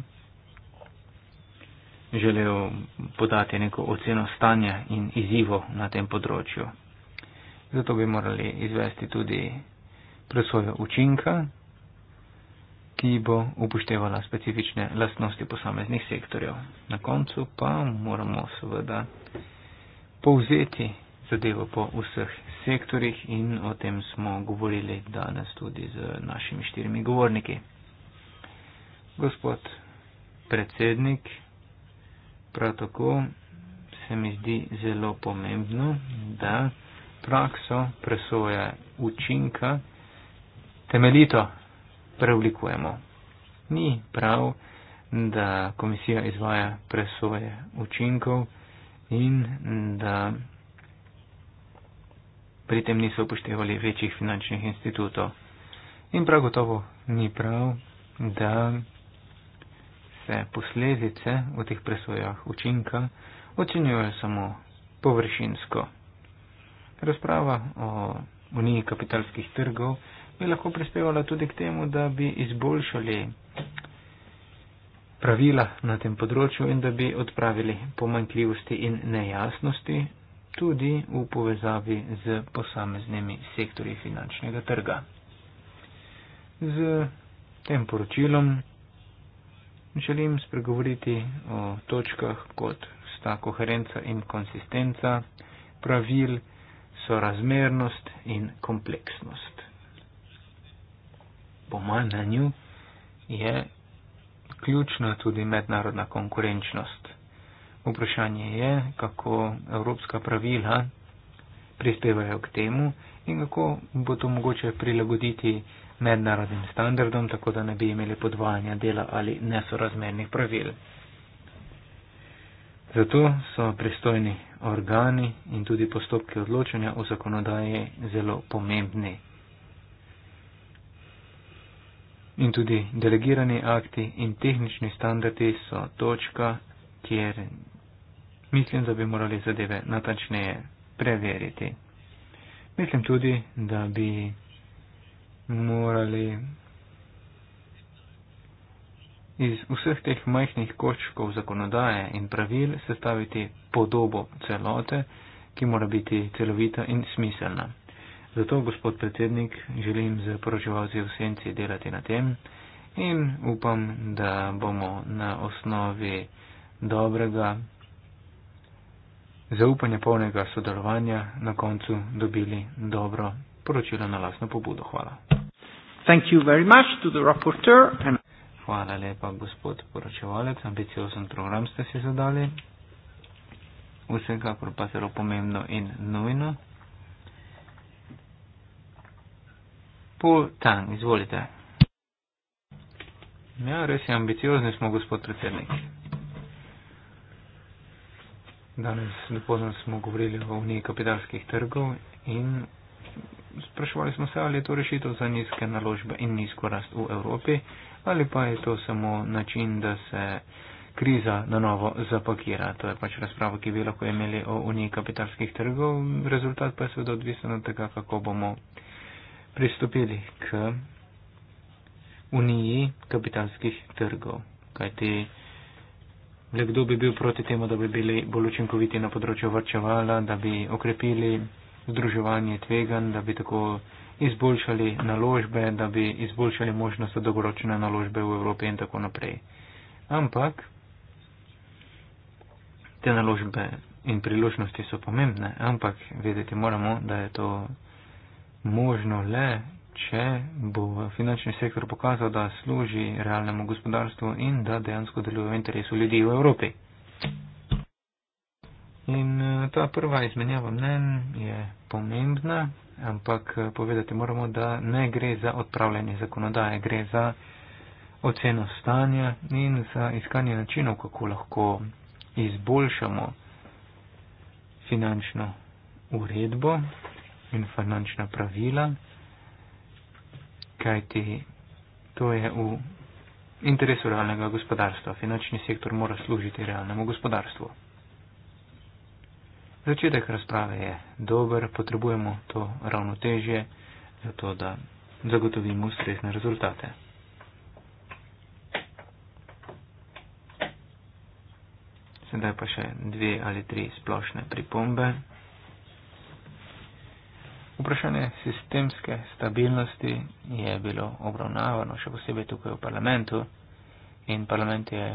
želel podati neko oceno stanja in izzivo na tem področju. Zato bi morali izvesti tudi presojo učinka, ki bo upoštevala specifične lastnosti posameznih sektorjev. Na koncu pa moramo seveda povzeti zadevo po vseh sektorjih in o tem smo govorili danes tudi z našimi štirimi govorniki. Gospod predsednik, prav tako se mi zdi zelo pomembno, da prakso presoje učinka, temeljito preoblikujemo. Ni prav, da komisija izvaja presoje učinkov in da pri tem niso upoštevali večjih finančnih institutov. In prav gotovo ni prav, da se posledice v teh presojah učinka ocenjujejo samo površinsko. Razprava o uniji kapitalskih trgov bi lahko prispevala tudi k temu, da bi izboljšali pravila na tem področju in da bi odpravili pomankljivosti in nejasnosti tudi v povezavi z posameznimi sektorji finančnega trga. Z tem poročilom želim spregovoriti o točkah kot sta koherenca in konsistenca, pravil, sorazmernost in kompleksnost po mnenju, je ključna tudi mednarodna konkurenčnost. Vprašanje je, kako evropska pravila prispevajo k temu in kako bo to mogoče prilagoditi mednarodnim standardom, tako da ne bi imeli podvajanja dela ali nesorazmernih pravil. Zato so pristojni organi in tudi postopki odločanja o zakonodaji zelo pomembni. In tudi delegirani akti in tehnični standardi so točka, kjer mislim, da bi morali zadeve natačneje preveriti. Mislim tudi, da bi morali iz vseh teh majhnih kočkov zakonodaje in pravil sestaviti podobo celote, ki mora biti celovita in smiselna. Zato, gospod predsednik, želim z poročevalci v senci delati na tem in upam, da bomo na osnovi dobrega, zaupanja polnega sodelovanja na koncu dobili dobro poročilo na lasno pobudo. Hvala. Thank you very much to the rapporteur. And... Hvala lepa, gospod poročevalec. Ambiciozen program ste si zadali. Vsekakor pa zelo pomembno in nujno. Pul Tang, izvolite. Ja, res je ambiciozni smo, gospod predsednik. Danes dopoznan smo govorili o uniji kapitalskih trgov in sprašovali smo se, ali je to rešitev za nizke naložbe in nizko rast v Evropi, ali pa je to samo način, da se kriza na novo zapakira. To je pač razprava, ki bi lahko imeli o uniji kapitalskih trgov. Rezultat pa je seveda odvisen od tega, kako bomo pristopili k uniji kapitalskih trgov. Kajti, le kdo bi bil proti temu, da bi bili bolj učinkoviti na področju vrčevala, da bi okrepili združevanje tvegan, da bi tako izboljšali naložbe, da bi izboljšali možnost za dolgoročne naložbe v Evropi in tako naprej. Ampak te naložbe in priložnosti so pomembne, ampak vedeti moramo, da je to možno le, če bo finančni sektor pokazal, da služi realnemu gospodarstvu in da dejansko deluje v interesu ljudi v Evropi. In eh, ta prva izmenjava mnen je pomembna, ampak eh, povedati moramo, da ne gre za odpravljanje zakonodaje, gre za oceno stanja in za iskanje načinov, kako lahko izboljšamo finančno uredbo, in finančna pravila, kajti to je v interesu realnega gospodarstva. Finančni sektor mora služiti realnemu gospodarstvu. Začetek razprave je dober, potrebujemo to ravnotežje, zato da zagotovimo ustrezne rezultate. Sedaj pa še dve ali tri splošne pripombe. Vprašanje sistemske stabilnosti je bilo obravnavano, še posebej tukaj v parlamentu, in parlament je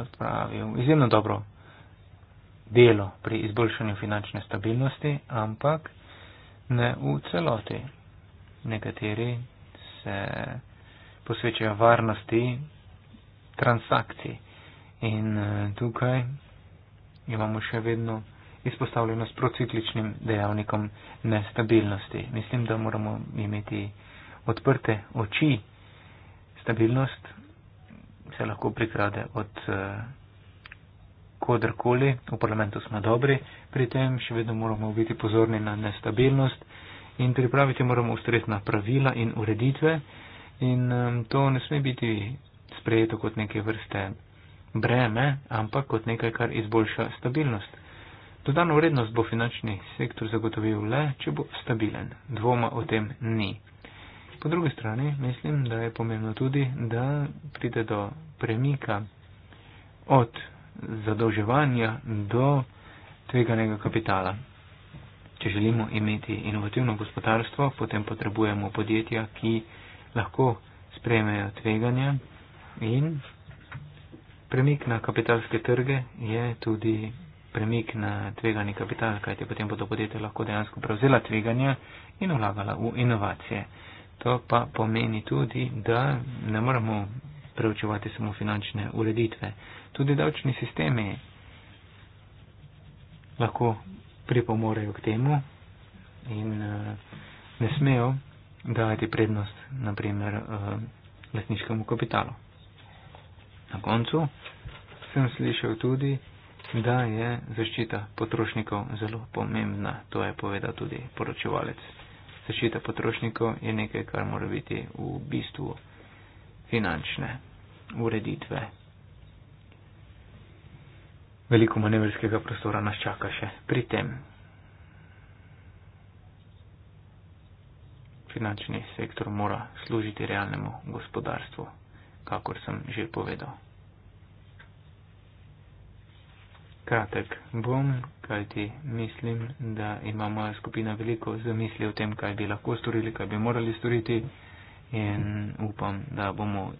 odpravil izjemno dobro delo pri izboljšanju finančne stabilnosti, ampak ne v celoti. Nekateri se posvečajo varnosti transakcij in eh, tukaj imamo še vedno izpostavljenost procikličnim dejavnikom nestabilnosti. Mislim, da moramo imeti odprte oči. Stabilnost se lahko prikrade od eh, kodrkoli. V parlamentu smo dobri, pri tem še vedno moramo biti pozorni na nestabilnost in pripraviti moramo ustrezna pravila in ureditve. In to ne sme biti sprejeto kot neke vrste breme, ampak kot nekaj, kar izboljša stabilnost. Dodano vrednost bo finančni sektor zagotovil le, če bo stabilen. Dvoma o tem ni. Po drugi strani mislim, da je pomembno tudi, da pride do premika od zadolževanja do tveganega kapitala. Če želimo imeti inovativno gospodarstvo, potem potrebujemo podjetja, ki lahko sprejmejo tveganja in premik na kapitalske trge je tudi premik na tvegani kapital, kajte potem bodo podjetja lahko dejansko prevzela tveganja in vlagala v inovacije. To pa pomeni tudi, da ne moramo preučevati samo finančne ureditve. Tudi davčni sistemi lahko pripomorejo k temu in eh, ne smejo dajati prednost, naprimer, eh, lasniškemu kapitalu. Na koncu sem slišal tudi, da je zaščita potrošnikov zelo pomembna. To je povedal tudi poročevalec. Zaščita potrošnikov je nekaj, kar mora biti v bistvu finančne ureditve. Veliko manevrskega prostora nas čaka še pri tem. Finančni sektor mora služiti realnemu gospodarstvu, kakor sem že povedal. kratek bom, kajti mislim, da ima moja skupina veliko zamisli o tem, kaj bi lahko storili, kaj bi morali storiti in upam, da bomo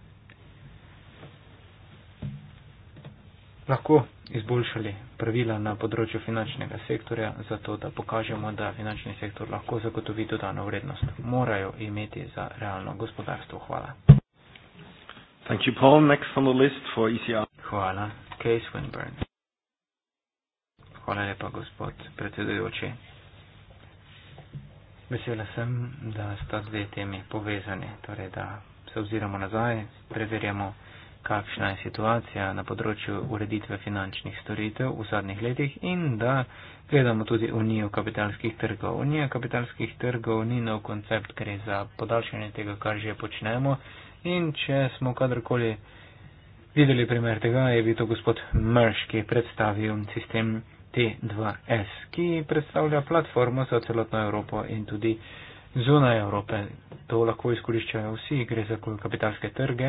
lahko izboljšali pravila na področju finančnega sektorja, zato da pokažemo, da finančni sektor lahko zagotovi dodano vrednost. Morajo imeti za realno gospodarstvo. Hvala. Thank you, Paul. Next on the list for ECR. Hvala. Case Winburn. Hvala lepa, gospod predsedujoči. Vesela sem, da sta dve temi povezani, torej da se oziramo nazaj, preverjamo, kakšna je situacija na področju ureditve finančnih storitev v zadnjih letih in da gledamo tudi Unijo kapitalskih trgov. Unija kapitalskih trgov ni nov koncept, gre za podaljšanje tega, kar že počnemo in če smo kadarkoli videli primer tega, je bil to gospod Mrš, ki je predstavil sistem T2S, ki predstavlja platformo za celotno Evropo in tudi zunaj Evrope. To lahko izkoriščajo vsi, gre za kapitalske trge.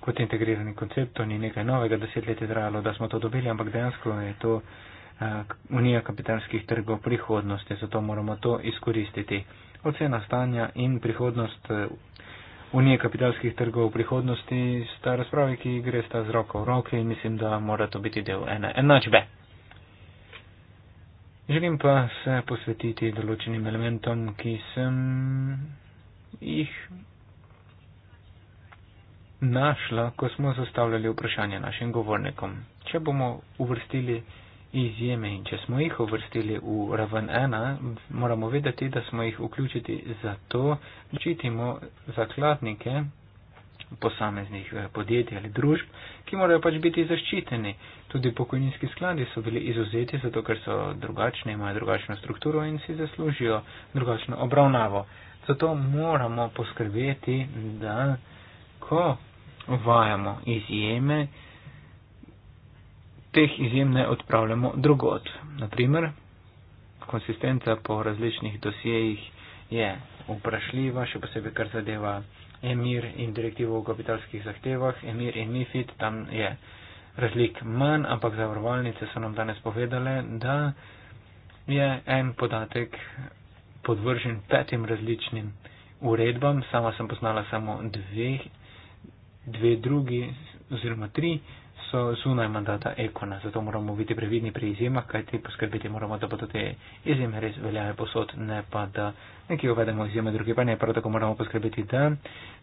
Kot integrirani koncept, to ni nekaj novega, deset let je trajalo, da smo to dobili, ampak dejansko je to eh, unija kapitalskih trgov prihodnosti, zato moramo to izkoristiti. Ocena stanja in prihodnost eh, unije kapitalskih trgov v prihodnosti sta razpravi, ki gre sta z roko v roke in mislim, da mora to biti del ene enačbe. Želim pa se posvetiti določenim elementom, ki sem jih našla, ko smo zastavljali vprašanje našim govornikom. Če bomo uvrstili izjeme in če smo jih uvrstili v raven ena, moramo vedeti, da smo jih vključiti zato, da čitimo zakladnike posameznih eh, podjetij ali družb, ki morajo pač biti zaščiteni. Tudi pokojninski skladi so bili izuzeti, zato ker so drugačni, imajo drugačno strukturo in si zaslužijo drugačno obravnavo. Zato moramo poskrbeti, da ko uvajamo izjeme, teh izjem ne odpravljamo drugot. Naprimer, konsistenca po različnih dosjejih je vprašljiva, še posebej kar zadeva EMIR in direktivo o kapitalskih zahtevah, EMIR in MIFID, tam je razlik manj, ampak zavarovalnice so nam danes povedale, da je en podatek podvržen petim različnim uredbam, sama sem poznala samo dve, dve drugi oziroma tri so zunaj mandata ekona, zato moramo biti previdni pri izjemah, kajti poskrbeti moramo, da bodo te izjeme res veljajo posod, ne pa da neki uvedemo izjeme, drugi pa ne. Prav tako moramo poskrbeti, da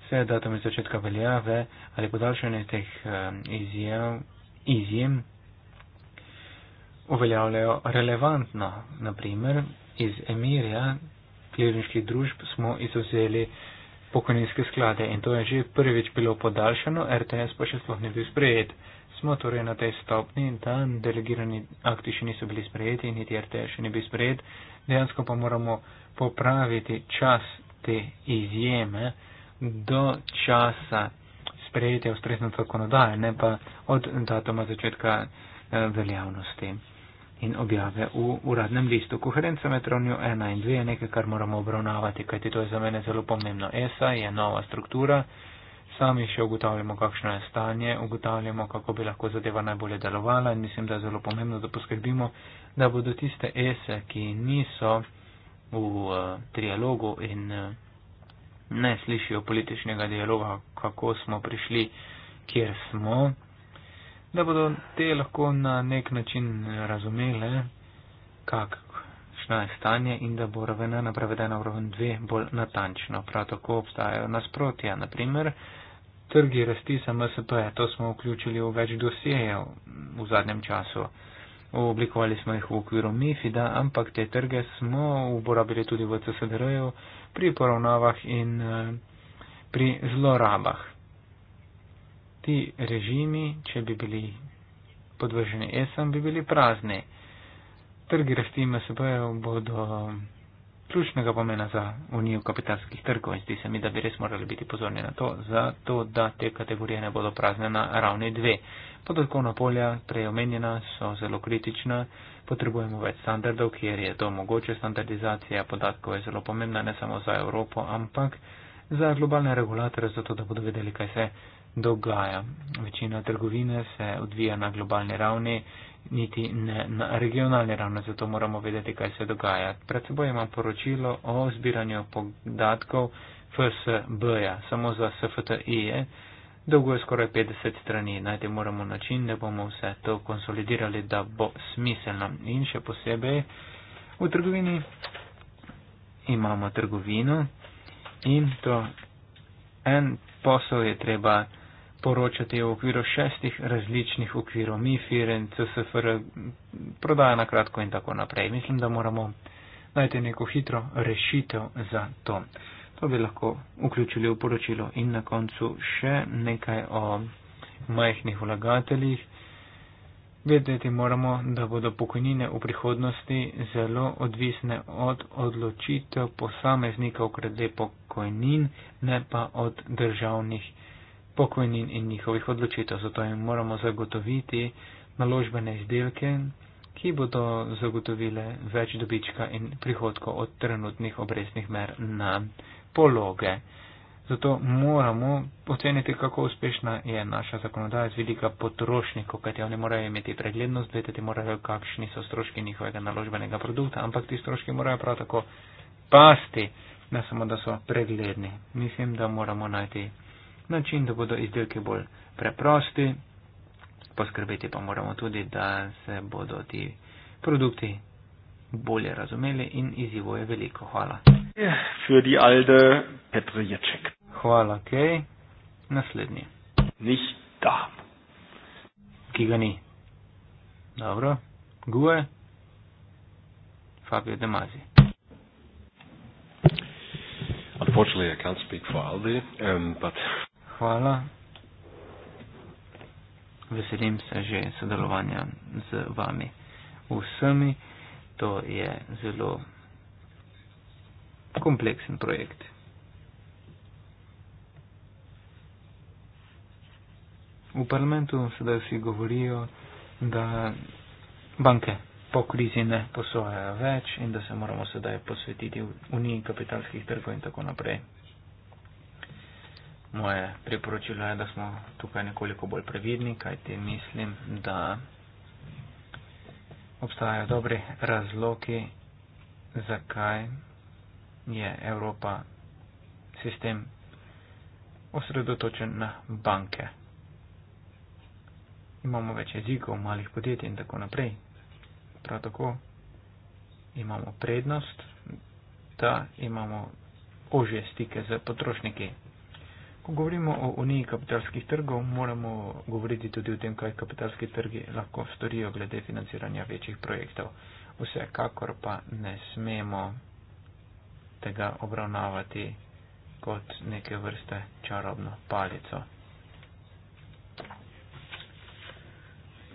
se datumi začetka veljave ali podaljšanje teh um, izjem, izjem uveljavljajo relevantno. Naprimer, iz emirja klirniških družb smo izuzeli pokojninske sklade in to je že prvič bilo podaljšano, RTS pa še sploh ni bil sprejet smo torej na tej stopni in tam delegirani akti še niso bili sprejeti in niti RTE še ni bil sprejet, dejansko pa moramo popraviti čas te izjeme do časa sprejetja ustrezne zakonodaje, ne pa od datuma začetka eh, veljavnosti in objave v uradnem listu. Koherenca med ravnjo 1 in 2 je nekaj, kar moramo obravnavati, kajti to je za mene zelo pomembno. ESA je nova struktura, sami še ugotavljamo, kakšno je stanje, ugotavljamo, kako bi lahko zadeva najbolje delovala in mislim, da je zelo pomembno, da poskrbimo, da bodo tiste ese, ki niso v uh, trialogu in uh, ne slišijo političnega dialoga, kako smo prišli, kjer smo, da bodo te lahko na nek način razumele, kakšno je stanje in da bo ravena napravedena v roven dve bolj natančno. Prav tako obstajajo nasprotja, naprimer, trgi rasti za MSP-je, to smo vključili v več dosijev v zadnjem času. Oblikovali smo jih v okviru MIFID-a, ampak te trge smo uporabili tudi v CSDR-ju pri poravnavah in eh, pri zlorabah. Ti režimi, če bi bili podvrženi ESM, bi bili prazni. Trgi rasti MSP-jev bodo ključnega pomena za unijo kapitalskih trgov in zdi se mi, da bi res morali biti pozorni na to, zato da te kategorije ne bodo prazne na ravni dve. Podatkovna polja, preomenjena, so zelo kritična, potrebujemo več standardov, kjer je to mogoče, standardizacija podatkov je zelo pomembna, ne samo za Evropo, ampak za globalne regulatore, zato da bodo vedeli, kaj se dogaja. Večina trgovine se odvija na globalni ravni niti ne na regionalni ravni, zato moramo vedeti, kaj se dogaja. Pred seboj imam poročilo o zbiranju podatkov FSB-ja, samo za SFTI-je. Dolgo je skoraj 50 strani, najti moramo način, da bomo vse to konsolidirali, da bo smiselno. In še posebej v trgovini imamo trgovino in to en posel je treba poročati v okviru šestih različnih okvirov, MIFIREN, CSFR, prodaja na kratko in tako naprej. Mislim, da moramo najti neko hitro rešitev za to. To bi lahko vključili v poročilo in na koncu še nekaj o majhnih vlagateljih. Vedeti moramo, da bodo pokojnine v prihodnosti zelo odvisne od odločitev posameznika v krede pokojnin, ne pa od državnih pokojnin in njihovih odločitev. Zato jim moramo zagotoviti naložbene izdelke, ki bodo zagotovile več dobička in prihodkov od trenutnih obresnih mer na pologe. Zato moramo oceniti, kako uspešna je naša zakonodaja z vidika potrošnikov, kajti oni morajo imeti preglednost, vedeti morajo, kakšni so stroški njihovega naložbenega produkta, ampak ti stroški morajo prav tako pasti, ne samo, da so pregledni. Mislim, da moramo najti način, da bodo izdelki bolj preprosti. Poskrbeti pa moramo tudi, da se bodo ti produkti bolje razumeli in izzivo je veliko. Hvala. Alde, Hvala, ok. Naslednji. Nihta. Ki ga ni. Dobro. Gue. Fabio De Mazi. Unfortunately, I can't speak for Aldi, um, but hvala. Veselim se že sodelovanja z vami vsemi. To je zelo kompleksen projekt. V parlamentu sedaj vsi govorijo, da banke po krizi ne posojajo več in da se moramo sedaj posvetiti v uniji kapitalskih trgov in tako naprej. Moje priporočilo je, da smo tukaj nekoliko bolj previdni, kajti mislim, da obstajajo dobri razloki, zakaj je Evropa sistem osredotočen na banke. Imamo več jezikov, malih podjetij in tako naprej. Prav tako imamo prednost, da imamo ožje stike z potrošniki. Ko govorimo o uniji kapitalskih trgov, moramo govoriti tudi o tem, kaj kapitalski trgi lahko storijo glede financiranja večjih projektov. Vsekakor pa ne smemo tega obravnavati kot neke vrste čarobno palico,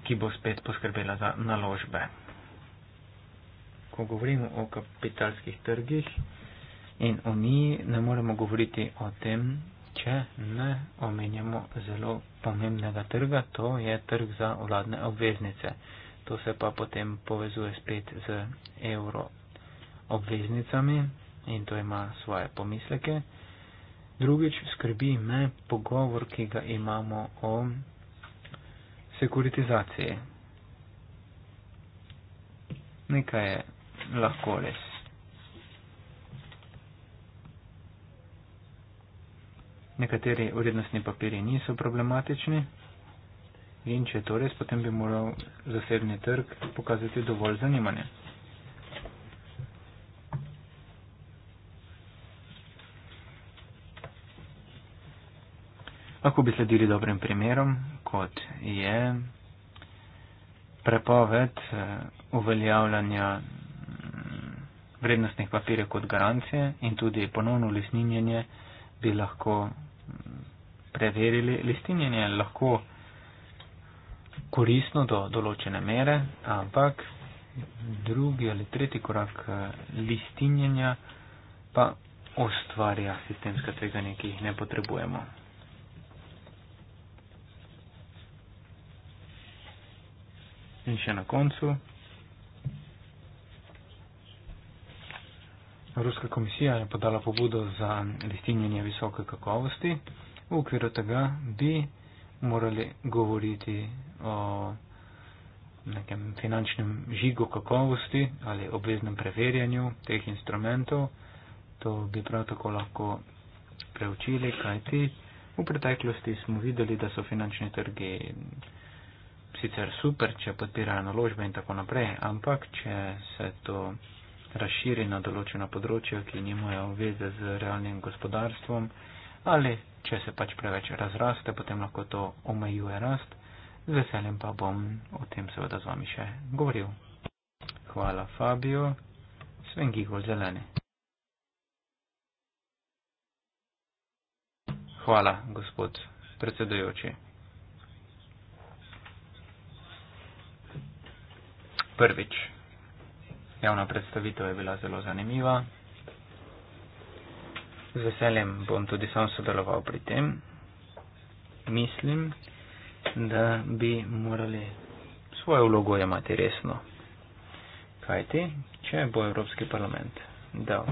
ki bo spet poskrbela za naložbe. Ko govorimo o kapitalskih trgih in o njih, ne moremo govoriti o tem, če ne omenjamo zelo pomembnega trga, to je trg za vladne obveznice. To se pa potem povezuje spet z evro obveznicami in to ima svoje pomisleke. Drugič skrbi me pogovor, ki ga imamo o sekuritizaciji. Nekaj je lahko res. nekateri vrednostni papiri niso problematični in če je to res, potem bi moral zasebni trg pokazati dovolj zanimanja. Lahko bi sledili dobrim primerom, kot je prepoved eh, uveljavljanja mm, vrednostnih papirjev kot garancije in tudi ponovno lesninjenje bi lahko preverili. Listinjenje je lahko koristno do določene mere, ampak drugi ali tretji korak eh, listinjenja pa ustvarja sistemska tveganja, ki jih ne potrebujemo. In še na koncu. Ruska komisija je podala pobudo za listinjenje visoke kakovosti. V okviru tega bi morali govoriti o nekem finančnem žigu kakovosti ali obveznem preverjanju teh instrumentov. To bi prav tako lahko preučili, kajti v preteklosti smo videli, da so finančni trgi sicer super, če podpirajo naložbe in tako naprej, ampak če se to razširi na določena področja, ki nimajo veze z realnim gospodarstvom ali če se pač preveč razraste, potem lahko to omejuje rast. Z veseljem pa bom o tem seveda z vami še govoril. Hvala Fabio, Svengigol zeleni. Hvala, gospod predsedujoči. Prvič, Javna predstavitev je bila zelo zanimiva. Z veseljem bom tudi sam sodeloval pri tem. Mislim, da bi morali svojo vlogo imati resno. Kajti, če bo Evropski parlament dal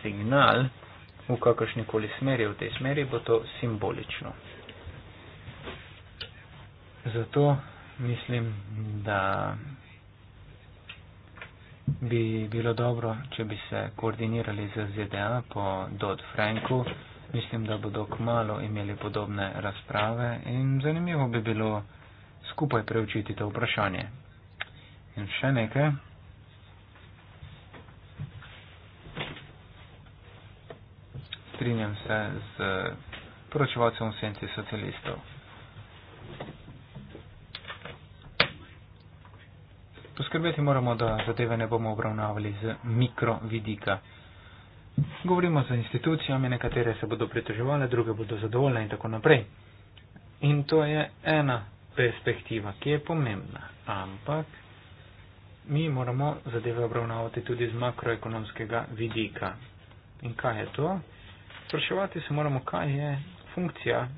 signal v kakršnikoli smeri, v tej smeri, bo to simbolično. Zato mislim, da bi bilo dobro, če bi se koordinirali z ZDA po Dodd Franku. Mislim, da bodo k malo imeli podobne razprave in zanimivo bi bilo skupaj preučiti to vprašanje. In še nekaj. Strinjam se z poročevalcem v senci socialistov. poskrbeti moramo, da zadeve ne bomo obravnavali z mikrovidika. Govorimo z institucijami, nekatere se bodo pritoževali, druge bodo zadovoljne in tako naprej. In to je ena perspektiva, ki je pomembna. Ampak mi moramo zadeve obravnavati tudi z makroekonomskega vidika. In kaj je to? Spraševati se moramo, kaj je funkcija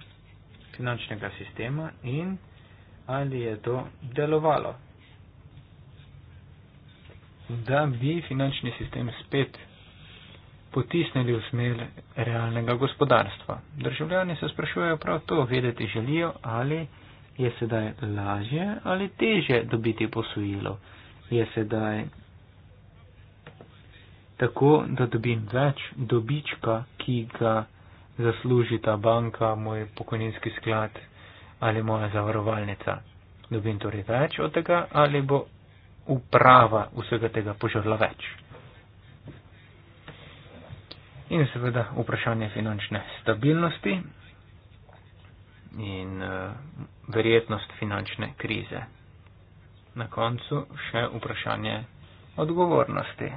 finančnega sistema in ali je to delovalo da bi finančni sistem spet potisnili v smer realnega gospodarstva. Državljani se sprašujejo prav to, vedeti želijo, ali je sedaj lažje ali teže dobiti posojilo. Je sedaj tako, da dobim več dobička, ki ga zasluži ta banka, moj pokojninski sklad ali moja zavarovalnica. Dobim torej več od tega ali bo uprava vsega tega požrla več. In seveda vprašanje finančne stabilnosti in uh, verjetnost finančne krize. Na koncu še vprašanje odgovornosti.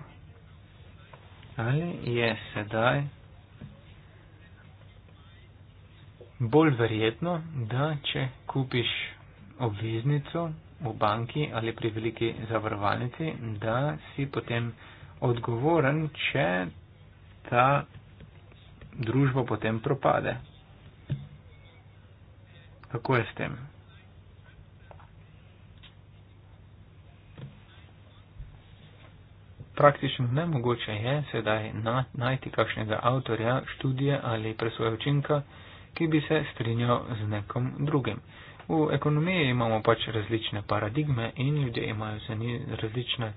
Ali je sedaj bolj verjetno, da če kupiš obveznico v banki ali pri veliki zavarovalnici, da si potem odgovoren, če ta družba potem propade. Kako je s tem? Praktično nemogoče je sedaj na, najti kakšnega avtorja študije ali presoje učinka, ki bi se strinjal z nekom drugim. V ekonomiji imamo pač različne paradigme in ljudje imajo različne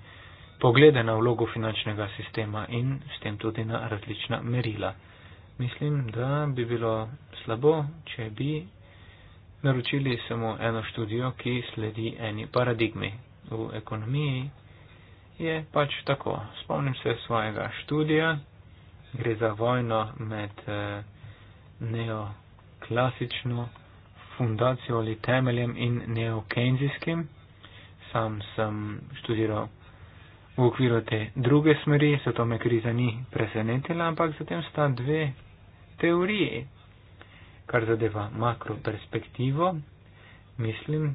poglede na vlogo finančnega sistema in s tem tudi na različna merila. Mislim, da bi bilo slabo, če bi naročili samo eno študijo, ki sledi eni paradigmi. V ekonomiji je pač tako. Spomnim se svojega študija, gre za vojno med eh, neoklasično fundacijo ali temeljem in neokenzijskim. Sam sem študiral v okviru te druge smeri, zato me kriza ni presenetila, ampak zatem sta dve teorije, kar zadeva makro perspektivo. Mislim,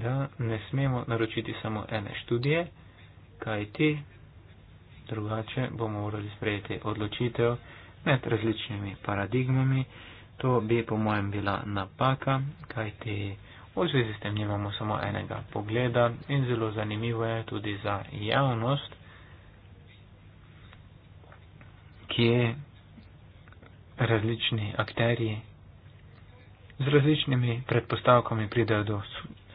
da ne smemo naročiti samo ene študije, kaj ti, drugače bomo morali sprejeti odločitev med različnimi paradigmami. To bi po mojem bila napaka, kajti v zvezi s tem nimamo samo enega pogleda in zelo zanimivo je tudi za javnost, kje različni akteri z različnimi predpostavkami pridejo do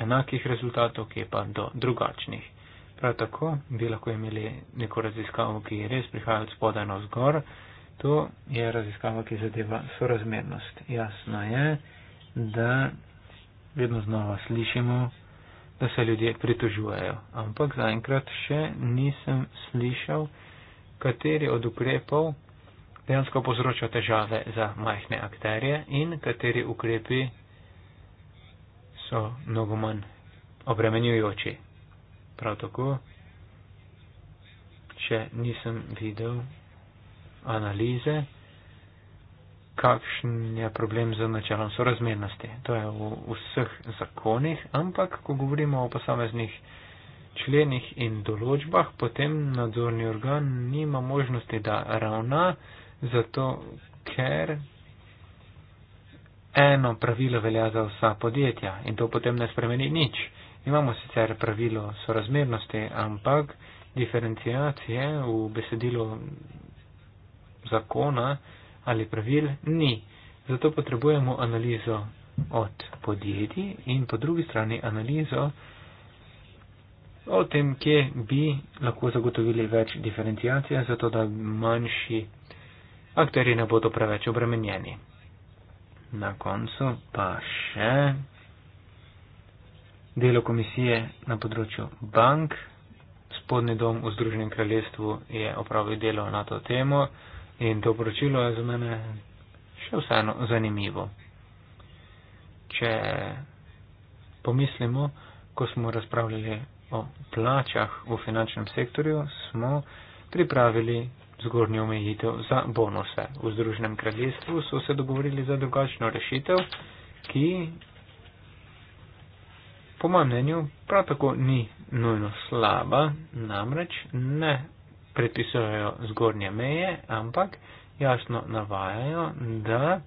enakih rezultatov, kje pa do drugačnih. Prav tako bi lahko imeli neko raziskavo, ki je res prihajala od spodaj na vzgor. To je raziskava, ki zadeva sorazmernost. Jasno je, da vedno znova slišimo, da se ljudje pritožujejo, ampak zaenkrat še nisem slišal, kateri od ukrepov dejansko povzroča težave za majhne akterje in kateri ukrepi so mnogo manj obremenjujoči. Prav tako še nisem videl analize, kakšen je problem z načelom sorazmernosti. To je v vseh zakonih, ampak ko govorimo o posameznih členih in določbah, potem nadzorni organ nima možnosti, da ravna, zato ker eno pravilo velja za vsa podjetja in to potem ne spremeni nič. Imamo sicer pravilo sorazmernosti, ampak diferencijacije v besedilu zakona ali pravil ni. Zato potrebujemo analizo od podjetij in po drugi strani analizo o tem, kje bi lahko zagotovili več diferencijacije, zato da manjši akteri ne bodo preveč obremenjeni. Na koncu pa še delo komisije na področju bank. Spodnji dom v Združenem kraljestvu je opravil delo na to temo. In to poročilo je za mene še vseeno zanimivo. Če pomislimo, ko smo razpravljali o plačah v finančnem sektorju, smo pripravili zgornjo omejitev za bonuse. V Združenem kraljestvu so se dogovorili za drugačno rešitev, ki po mojem mnenju prav tako ni nujno slaba, namreč ne predpisujejo zgornje meje, ampak jasno navajajo, da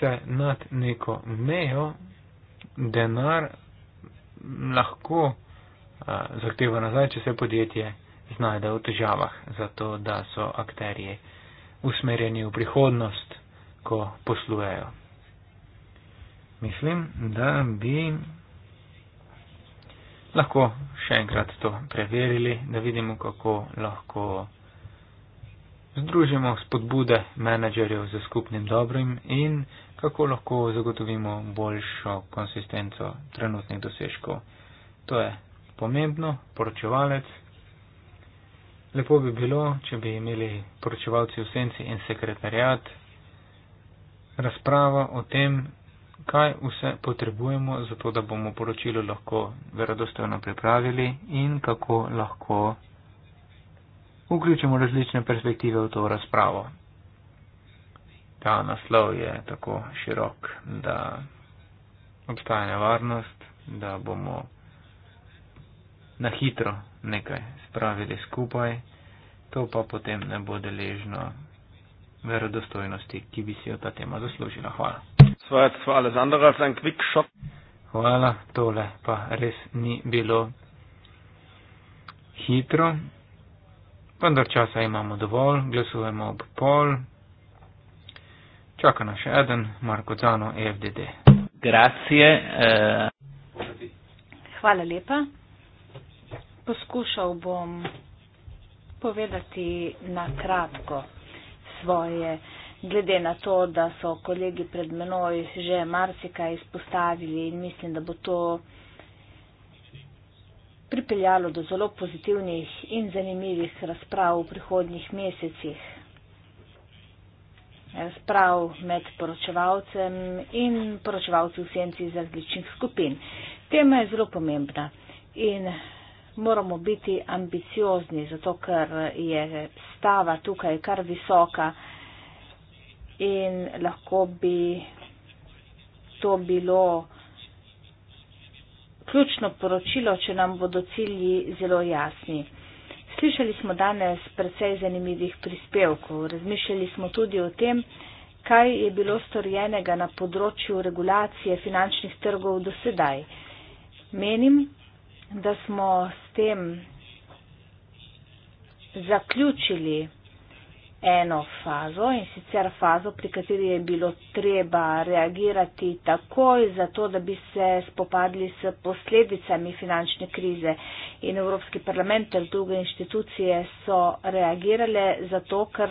se nad neko mejo denar lahko a, zahteva nazaj, če se podjetje znajde v težavah, zato da so akterji usmerjeni v prihodnost, ko poslujejo. Mislim, da bi lahko še enkrat to preverili, da vidimo, kako lahko združimo spodbude menedžerjev za skupnim dobrim in kako lahko zagotovimo boljšo konsistenco trenutnih dosežkov. To je pomembno, poročevalec. Lepo bi bilo, če bi imeli poročevalci v senci in sekretarjat razpravo o tem, kaj vse potrebujemo, zato da bomo poročilo lahko verodostojno pripravili in kako lahko vključimo različne perspektive v to razpravo. Ta naslov je tako širok, da obstaja nevarnost, da bomo na hitro nekaj spravili skupaj, to pa potem ne bo deležno verodostojnosti, ki bi si jo ta tema zaslužila. Hvala war jetzt zwar alles andere als ein Quickshot. Hvala, tole pa res ni bilo hitro, vendar časa imamo dovolj, glasujemo ob pol. Čaka nas še eden, Marko Cano, e FDD. Grazie. Eh. Hvala lepa. Poskušal bom povedati na kratko svoje glede na to, da so kolegi pred menoj že marsikaj izpostavili in mislim, da bo to pripeljalo do zelo pozitivnih in zanimivih razprav v prihodnjih mesecih. Razprav med poročevalcem in poročevalci v senci iz različnih skupin. Tema je zelo pomembna in moramo biti ambiciozni, zato ker je stava tukaj kar visoka in lahko bi to bilo ključno poročilo, če nam bodo cilji zelo jasni. Slišali smo danes precej zanimivih prispevkov, razmišljali smo tudi o tem, kaj je bilo storjenega na področju regulacije finančnih trgov do sedaj. Menim, da smo s tem zaključili eno fazo in sicer fazo, pri kateri je bilo treba reagirati takoj za to, da bi se spopadli s posledicami finančne krize. In Evropski parlament ter druge inštitucije so reagirale zato, ker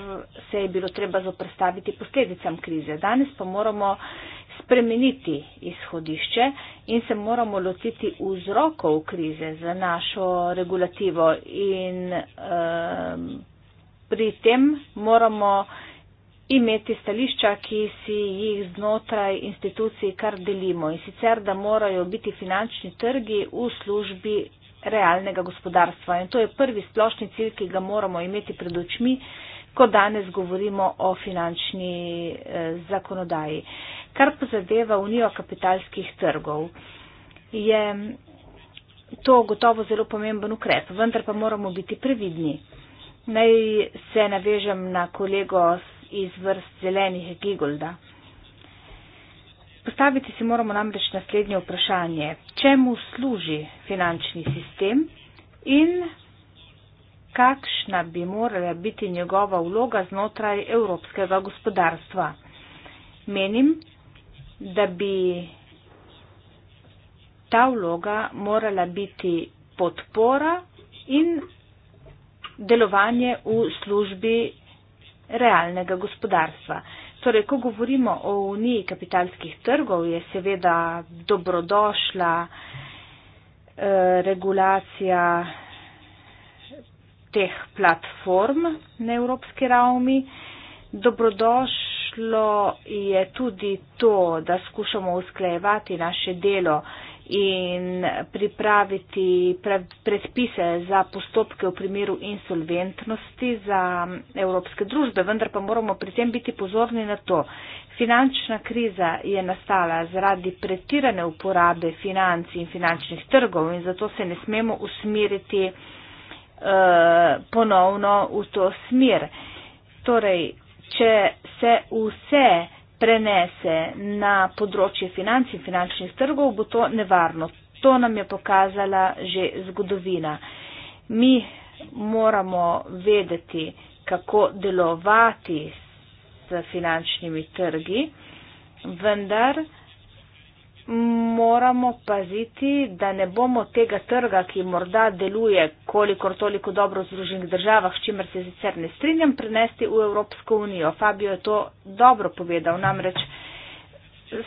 se je bilo treba zoprstaviti posledicam krize. Danes pa moramo spremeniti izhodišče in se moramo lotiti vzrokov krize za našo regulativo in um, pri tem moramo imeti stališča, ki si jih znotraj institucij kar delimo in sicer, da morajo biti finančni trgi v službi realnega gospodarstva. In to je prvi splošni cilj, ki ga moramo imeti pred očmi, ko danes govorimo o finančni eh, zakonodaji. Kar pa zadeva unijo kapitalskih trgov, je to gotovo zelo pomemben ukrep, vendar pa moramo biti previdni. Naj se navežem na kolego iz vrst zelenih Gigolda. Postaviti si moramo namreč naslednje vprašanje. Čemu služi finančni sistem in kakšna bi morala biti njegova vloga znotraj evropskega gospodarstva? Menim, da bi ta vloga morala biti podpora in delovanje v službi realnega gospodarstva. Torej, ko govorimo o uniji kapitalskih trgov, je seveda dobrodošla eh, regulacija teh platform na evropski ravni. Dobrodošlo je tudi to, da skušamo usklejevati naše delo eh, in pripraviti predpise za postopke v primeru insolventnosti za evropske družbe, vendar pa moramo pri tem biti pozorni na to. Finančna kriza je nastala zaradi pretirane uporabe financ in finančnih trgov in zato se ne smemo usmeriti eh, ponovno v to smer. Torej, če se vse prenese na področje financ in finančnih trgov, bo to nevarno. To nam je pokazala že zgodovina. Mi moramo vedeti, kako delovati s finančnimi trgi, vendar moramo paziti, da ne bomo tega trga, ki morda deluje kolikor toliko dobro v Združenih državah, s čimer se sicer ne strinjam, prenesti v Evropsko unijo. Fabio je to dobro povedal. Namreč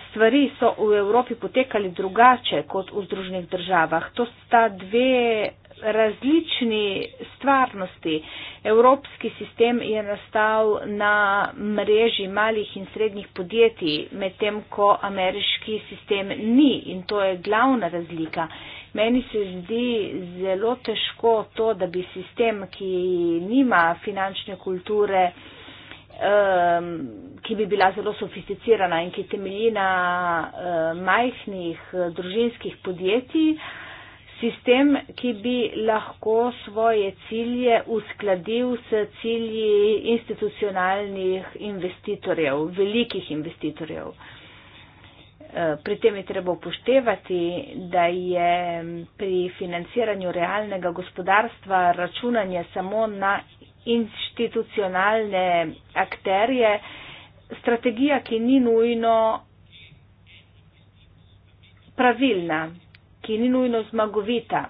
stvari so v Evropi potekali drugače kot v združenih državah. To sta dve različni stvarnosti. Evropski sistem je nastal na mreži malih in srednjih podjetij, medtem ko ameriški sistem ni in to je glavna razlika. Meni se zdi zelo težko to, da bi sistem, ki nima finančne kulture, um, ki bi bila zelo sofisticirana in ki temelji na uh, majhnih uh, družinskih podjetij, sistem, ki bi lahko svoje cilje uskladil s cilji institucionalnih investitorjev, velikih investitorjev. Uh, pri tem je treba upoštevati, da je pri financiranju realnega gospodarstva računanje samo na institucionalne akterje, strategija, ki ni nujno pravilna, ki ni nujno zmagovita.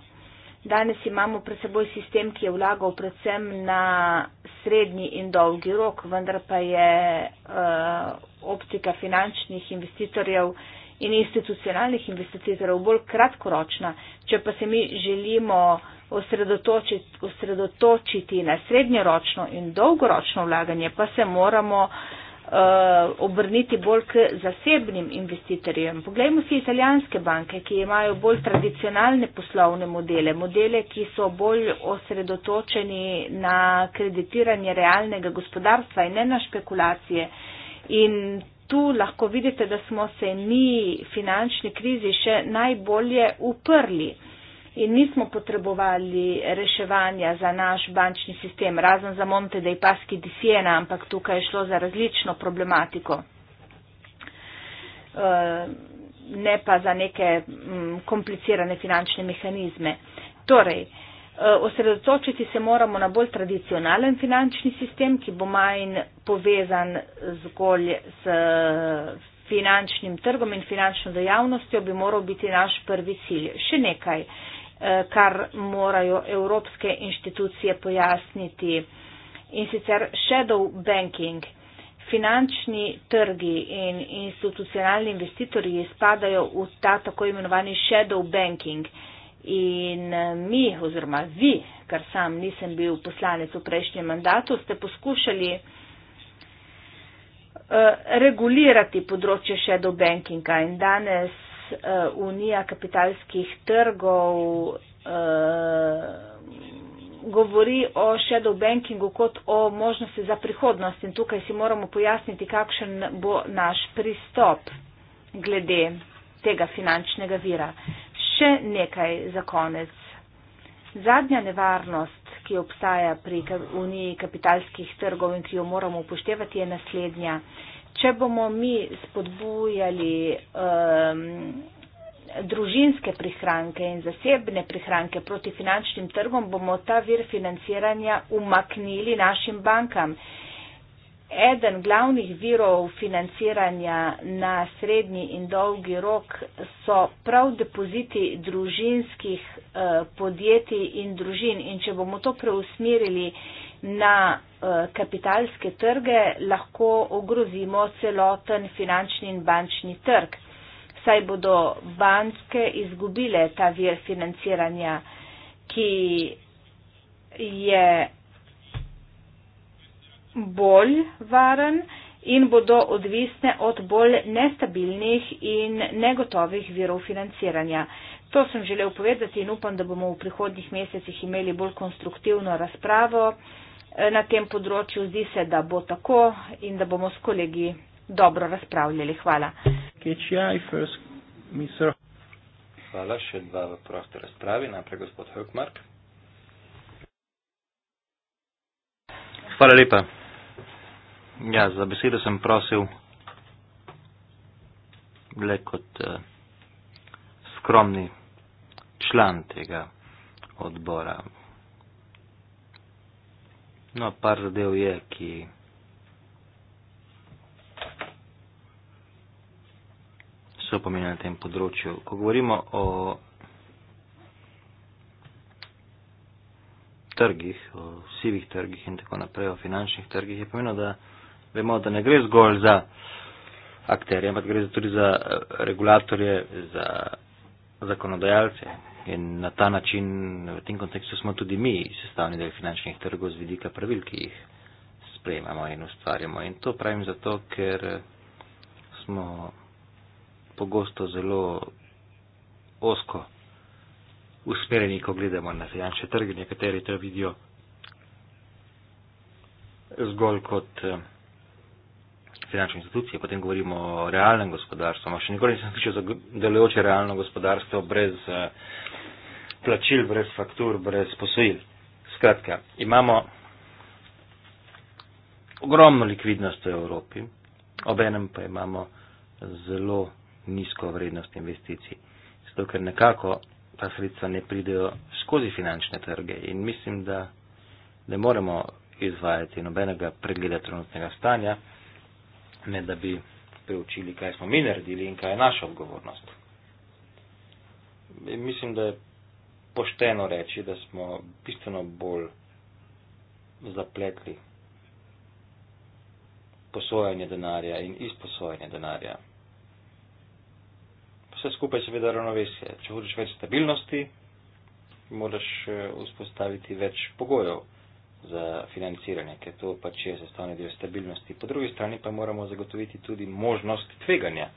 Danes imamo pred seboj sistem, ki je vlagal predvsem na srednji in dolgi rok, vendar pa je uh, optika finančnih investitorjev uh, in institucionalnih investitorjev bolj kratkoročna, če pa se mi želimo osredotočiti, osredotočiti na srednjeročno in dolgoročno vlaganje, pa se moramo uh, obrniti bolj k zasebnim investitorjem. Poglejmo si italijanske banke, ki imajo bolj tradicionalne poslovne modele, modele, ki so bolj osredotočeni na kreditiranje realnega gospodarstva in ne na špekulacije. In tu lahko vidite, da smo se mi finančni krizi še najbolje uprli in nismo potrebovali reševanja za naš bančni sistem, razen za Monte dei Paschi di Siena, ampak tukaj je šlo za različno problematiko, eh, ne pa za neke mm, komplicirane finančne mehanizme. Torej, Eh, osredotočiti se moramo na bolj tradicionalen finančni sistem, ki bo manj povezan zgolj s eh, finančnim trgom in finančno dejavnostjo, bi moral biti naš prvi cilj. Še nekaj, eh, kar morajo evropske inštitucije pojasniti in sicer shadow banking. Finančni trgi in institucionalni investitorji spadajo v ta tako imenovani shadow banking. Uh, In eh, mi oziroma vi, kar sam nisem bil poslanec v prejšnjem mandatu, ste poskušali eh, regulirati področje shadow bankinga in danes eh, Unija kapitalskih trgov govori o shadow bankingu kot o možnosti za prihodnost in tukaj si moramo pojasniti, kakšen bo naš pristop glede tega finančnega vira še nekaj za konec. Zadnja nevarnost, ki obstaja pri Uniji kapitalskih trgov in ki jo moramo upoštevati, je naslednja. Če bomo mi spodbujali um, družinske prihranke in zasebne prihranke proti finančnim trgom, bomo ta vir financiranja umaknili našim bankam eden glavnih virov financiranja na srednji in dolgi rok so prav depoziti družinskih eh, podjetij in družin. In če bomo to preusmerili na eh, kapitalske trge, lahko ogrozimo celoten finančni in bančni trg. Saj bodo banke izgubile ta vir financiranja, ki je bolj varen in bodo odvisne od bolj nestabilnih in negotovih virov financiranja. To sem želel povedati in upam, da bomo v prihodnjih mesecih imeli bolj konstruktivno razpravo eh, na tem področju. Zdi se, da bo tako in da bomo s kolegi dobro razpravljali. Hvala. Hvala. Še dva v prosti razpravi. Najprej gospod Hökmark. Hvala lepa. Ja, za besedo sem prosil le kot uh, skromni član tega odbora. No, par zadev je, ki so pomenili na tem področju. Ko govorimo o trgih, o sivih trgih in tako naprej, o finančnih trgih, je pomenilo, da vemo, da ne gre zgolj za akterje, ampak gre tudi za eh, regulatorje, za zakonodajalce. In na ta način, v tem kontekstu, smo tudi mi sestavni del finančnih trgov z vidika pravil, ki jih sprejemamo in ustvarjamo. In to pravim zato, ker smo pogosto zelo osko usmerjeni, ko gledamo na finančne trge. Nekateri to vidijo zgolj kot eh, finančne institucije, potem govorimo o realnem gospodarstvu. Ma še nikoli nisem slišal za delujoče realno gospodarstvo brez eh, plačil, brez faktur, brez posojil. Skratka, imamo ogromno likvidnost v Evropi, obenem pa imamo zelo nizko vrednost investicij, zato ker nekako ta sredstva ne pridejo skozi finančne trge in mislim, da ne moremo izvajati nobenega pregleda trenutnega stanja ne da bi preučili, kaj smo mi naredili in kaj je naša odgovornost. In mislim, da je pošteno reči, da smo bistveno bolj zapletli posojanje denarja in izposojanje denarja. Vse skupaj je seveda ravnovesje. Če hočeš več stabilnosti, moraš eh, vzpostaviti več pogojev za financiranje, ker to pač je sestavni del stabilnosti. Po drugi strani pa moramo zagotoviti tudi možnost tveganja.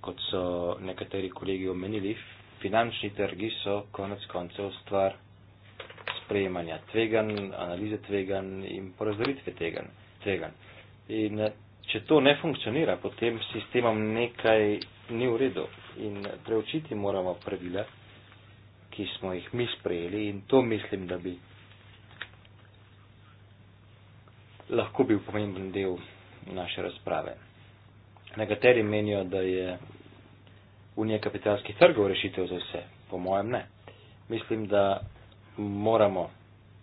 Kot so nekateri kolegi omenili, finančni trgi so konec koncev stvar sprejemanja tvegan, analize tvegan in porazdelitve tvegan. In eh, če to ne funkcionira, potem s sistemom nekaj ni v redu in preučiti moramo pravila ki smo jih mi sprejeli in to mislim, da bi lahko bil pomemben del naše razprave. Nekateri menijo, da je unija kapitalskih trgov rešitev za vse. Po mojem ne. Mislim, da moramo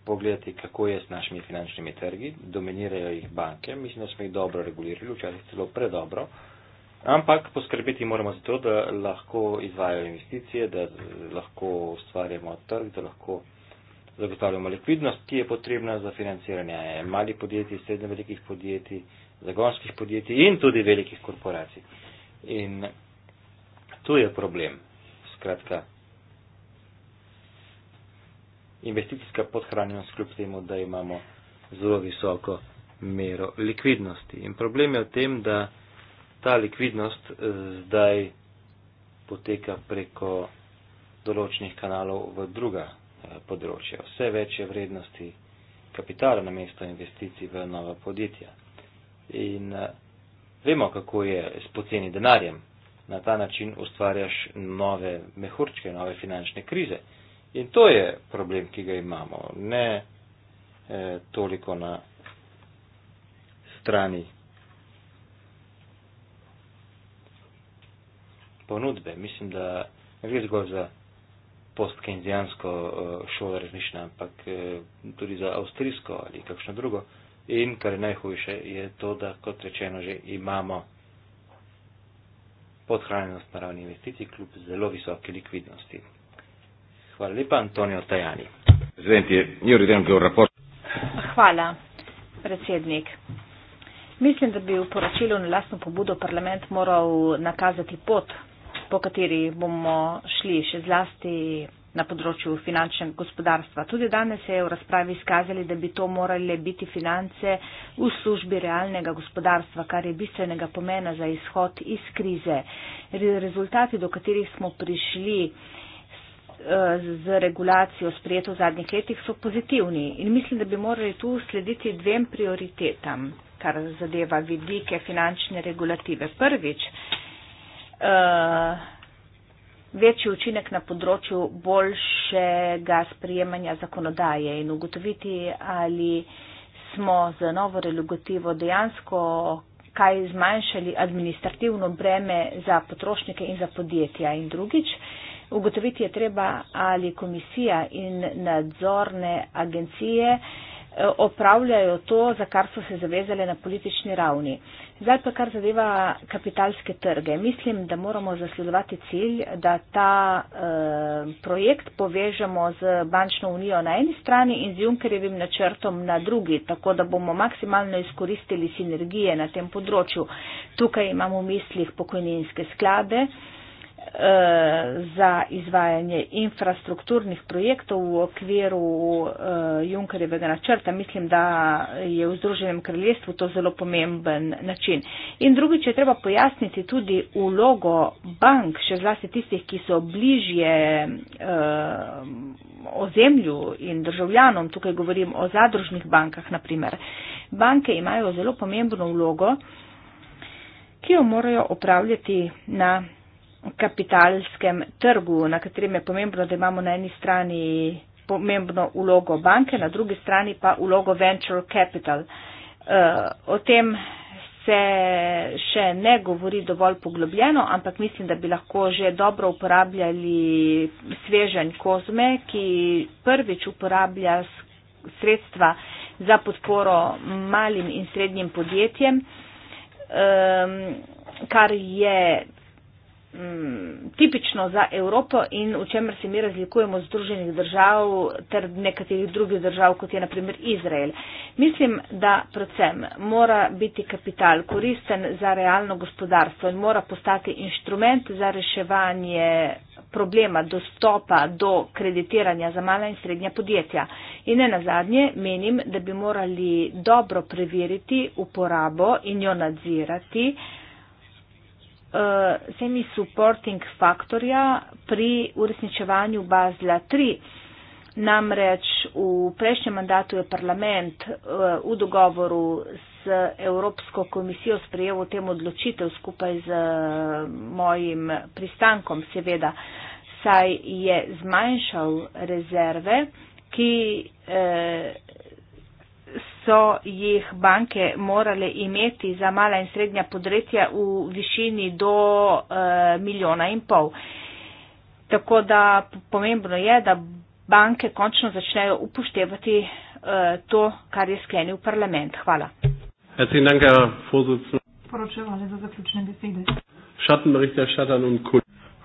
pogledati, kako je s našimi finančnimi trgi. Dominirajo jih banke. Mislim, da smo jih dobro regulirali, včasih celo predobro. Ampak poskrbeti moramo za to, da lahko izvajajo investicije, da lahko ustvarjamo trg, da lahko zagotavljamo likvidnost, ki je potrebna za financiranje malih podjetij, srednje velikih podjetij, zagonskih podjetij in tudi velikih korporacij. In tu je problem. Skratka, investicijska podhranjenost kljub temu, da imamo zelo visoko mero likvidnosti. In problem je v tem, da ta likvidnost eh, zdaj poteka preko določenih kanalov v druga eh, področja. Vse večje vrednosti kapitala na mesto investicij v nova podjetja. In eh, vemo, kako je s poceni denarjem. Na ta način ustvarjaš nove mehurčke, nove finančne krize. In to je problem, ki ga imamo. Ne eh, toliko na strani ponudbe. Mislim, da ne gre zgolj za post-kenzijansko eh, šolo razmišljanja, ampak eh, tudi za avstrijsko ali kakšno drugo. In kar je najhujše, je to, da kot rečeno že imamo podhranjenost naravnih investicij, kljub zelo visoke likvidnosti. Hvala lepa, Antonijo Tajani. Hvala, predsednik. Mislim, da bi v poročilu na lastno pobudo parlament moral nakazati pot, po kateri bomo šli še zlasti na področju finančnega gospodarstva. Tudi danes se je v razpravi izkazali, da bi to morali biti finance v službi realnega gospodarstva, kar je bistvenega pomena za izhod iz krize. Rezultati, do katerih smo prišli eh, z regulacijo sprejeto v zadnjih letih, so pozitivni in mislim, da bi morali tu slediti dvem prioritetam, kar zadeva vidike finančne regulative. Prvič, Eh, večji učinek na področju boljšega sprejemanja zakonodaje in ugotoviti, ali smo z novo relogotivo dejansko kaj zmanjšali administrativno breme za potrošnike in za podjetja. In drugič, ugotoviti je treba, ali komisija in nadzorne agencije opravljajo to, za kar so se zavezali na politični ravni. Zdaj pa kar zadeva kapitalske trge. Mislim, da moramo zasledovati cilj, da ta eh, projekt povežemo z bančno unijo na eni strani in z Junkerjevim načrtom na drugi, tako da bomo maksimalno izkoristili sinergije na tem področju. Tukaj imamo v mislih pokojninske sklade. Eh, Eh, za izvajanje infrastrukturnih projektov v okviru eh, Junkerjevega načrta. Mislim, da je v Združenem kraljestvu to zelo pomemben način. In drugič je treba pojasniti tudi ulogo bank, še zlasti tistih, ki so bližje eh, ozemlju in državljanom. Tukaj govorim o zadružnih bankah, naprimer. Banke imajo zelo pomembno ulogo ki jo morajo opravljati na kapitalskem trgu, na katerem je pomembno, da imamo na eni strani pomembno ulogo banke, na drugi strani pa ulogo venture capital. Eh, o tem se še ne govori dovolj poglobljeno, ampak mislim, da bi lahko že dobro uporabljali svežanj kozme, ki prvič uporablja sredstva za podporo malim in srednjim podjetjem, ehm, kar je Mm, tipično za Evropo in v čemer se mi razlikujemo od združenih držav ter nekaterih drugih držav, kot je naprimer Izrael. Mislim, da predvsem mora biti kapital koristen za realno gospodarstvo in mora postati inštrument za reševanje problema dostopa do kreditiranja za mala in srednja podjetja. In ne na zadnje, menim, da bi morali dobro preveriti uporabo in jo nadzirati vsemi eh, uh, supporting faktorja pri uresničevanju Bazla 3. Namreč v prejšnjem mandatu je parlament uh, v dogovoru s Evropsko komisijo sprejel v tem odločitev skupaj z uh, mojim pristankom, seveda, saj je zmanjšal rezerve, ki. Uh, so jih banke morale imeti za mala in srednja podretja v višini do eh, milijona in pol. Tako da pomembno je, da banke končno začnejo upoštevati eh, to, kar je sklenil parlament. Hvala.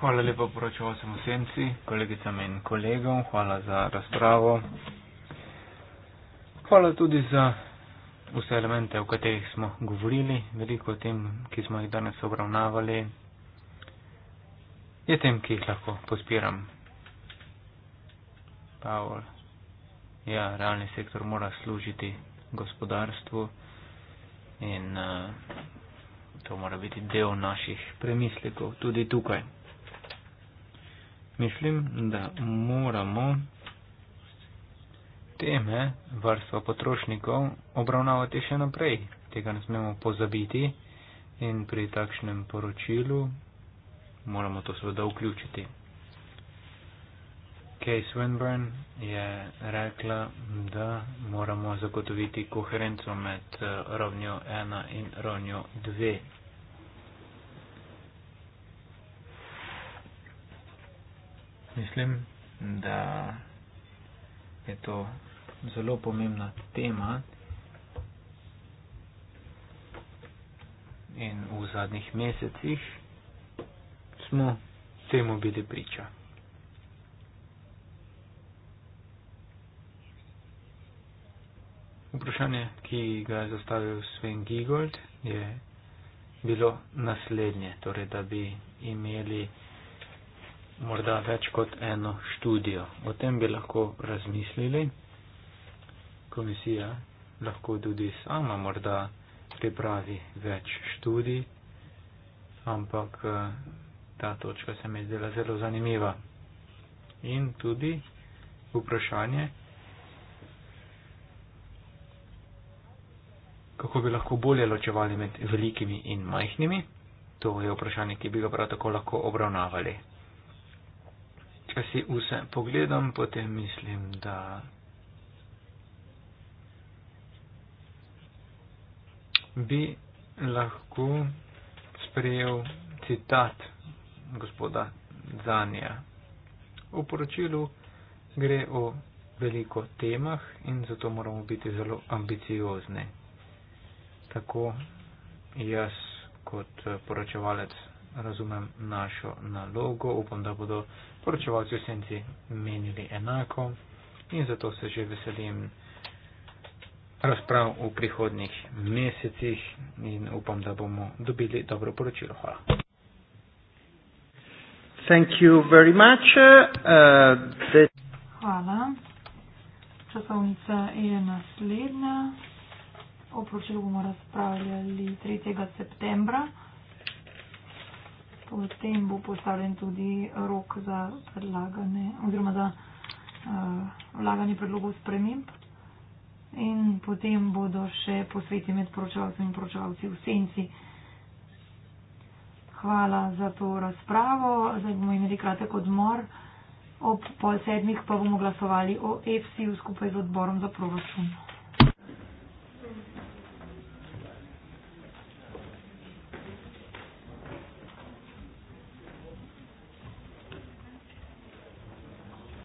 Hvala lepa poročevalcem vsemci, kolegicam in kolegom. Hvala za razpravo. Hvala tudi za vse elemente, o katerih smo govorili, veliko o tem, ki smo jih danes obravnavali, je tem, ki jih lahko pospiram. Pavel, ja, realni sektor mora služiti gospodarstvu in uh, to mora biti del naših premislekov tudi tukaj. Mislim, da moramo teme varstva potrošnikov obravnavati še naprej. Tega ne smemo pozabiti in pri takšnem poročilu moramo to seveda vključiti. Kay Swinburne je rekla, da moramo zagotoviti koherenco med eh, ravnjo 1 in ravnjo 2. Mislim, da je to zelo pomembna tema in v zadnjih mesecih smo temu bili priča. Vprašanje, ki ga je zastavil Sven Gigold, je bilo naslednje, torej da bi imeli morda več kot eno študijo. O tem bi lahko razmislili komisija lahko tudi sama morda pripravi več študij, ampak eh, ta točka se mi je zdela zelo zanimiva. In tudi vprašanje, kako bi lahko bolje ločevali med velikimi in majhnimi, to je vprašanje, ki bi ga prav tako lahko obravnavali. Če si vse pogledam, potem mislim, da bi lahko sprejel citat gospoda Zanija. V poročilu gre o veliko temah in zato moramo biti zelo ambiciozni. Tako jaz kot poročevalec razumem našo nalogo, upam, da bodo poročevalci v senci menili enako in zato se že veselim razprav v prihodnih mesecih in upam, da bomo dobili dobro poročilo. Hvala. Thank you very much. Uh, the... Hvala. Časovnica je naslednja. O poročilu bomo razpravljali 3. septembra. Potem bo postavljen tudi rok za predlagane oziroma za uh, vlaganje predlogov sprememb in potem bodo še posveti med poročevalcem in poročevalci v senci. Hvala za to razpravo. Zdaj bomo imeli kratek odmor. Ob pol sedmih pa bomo glasovali o EFSI-ju skupaj z odborom za proračun.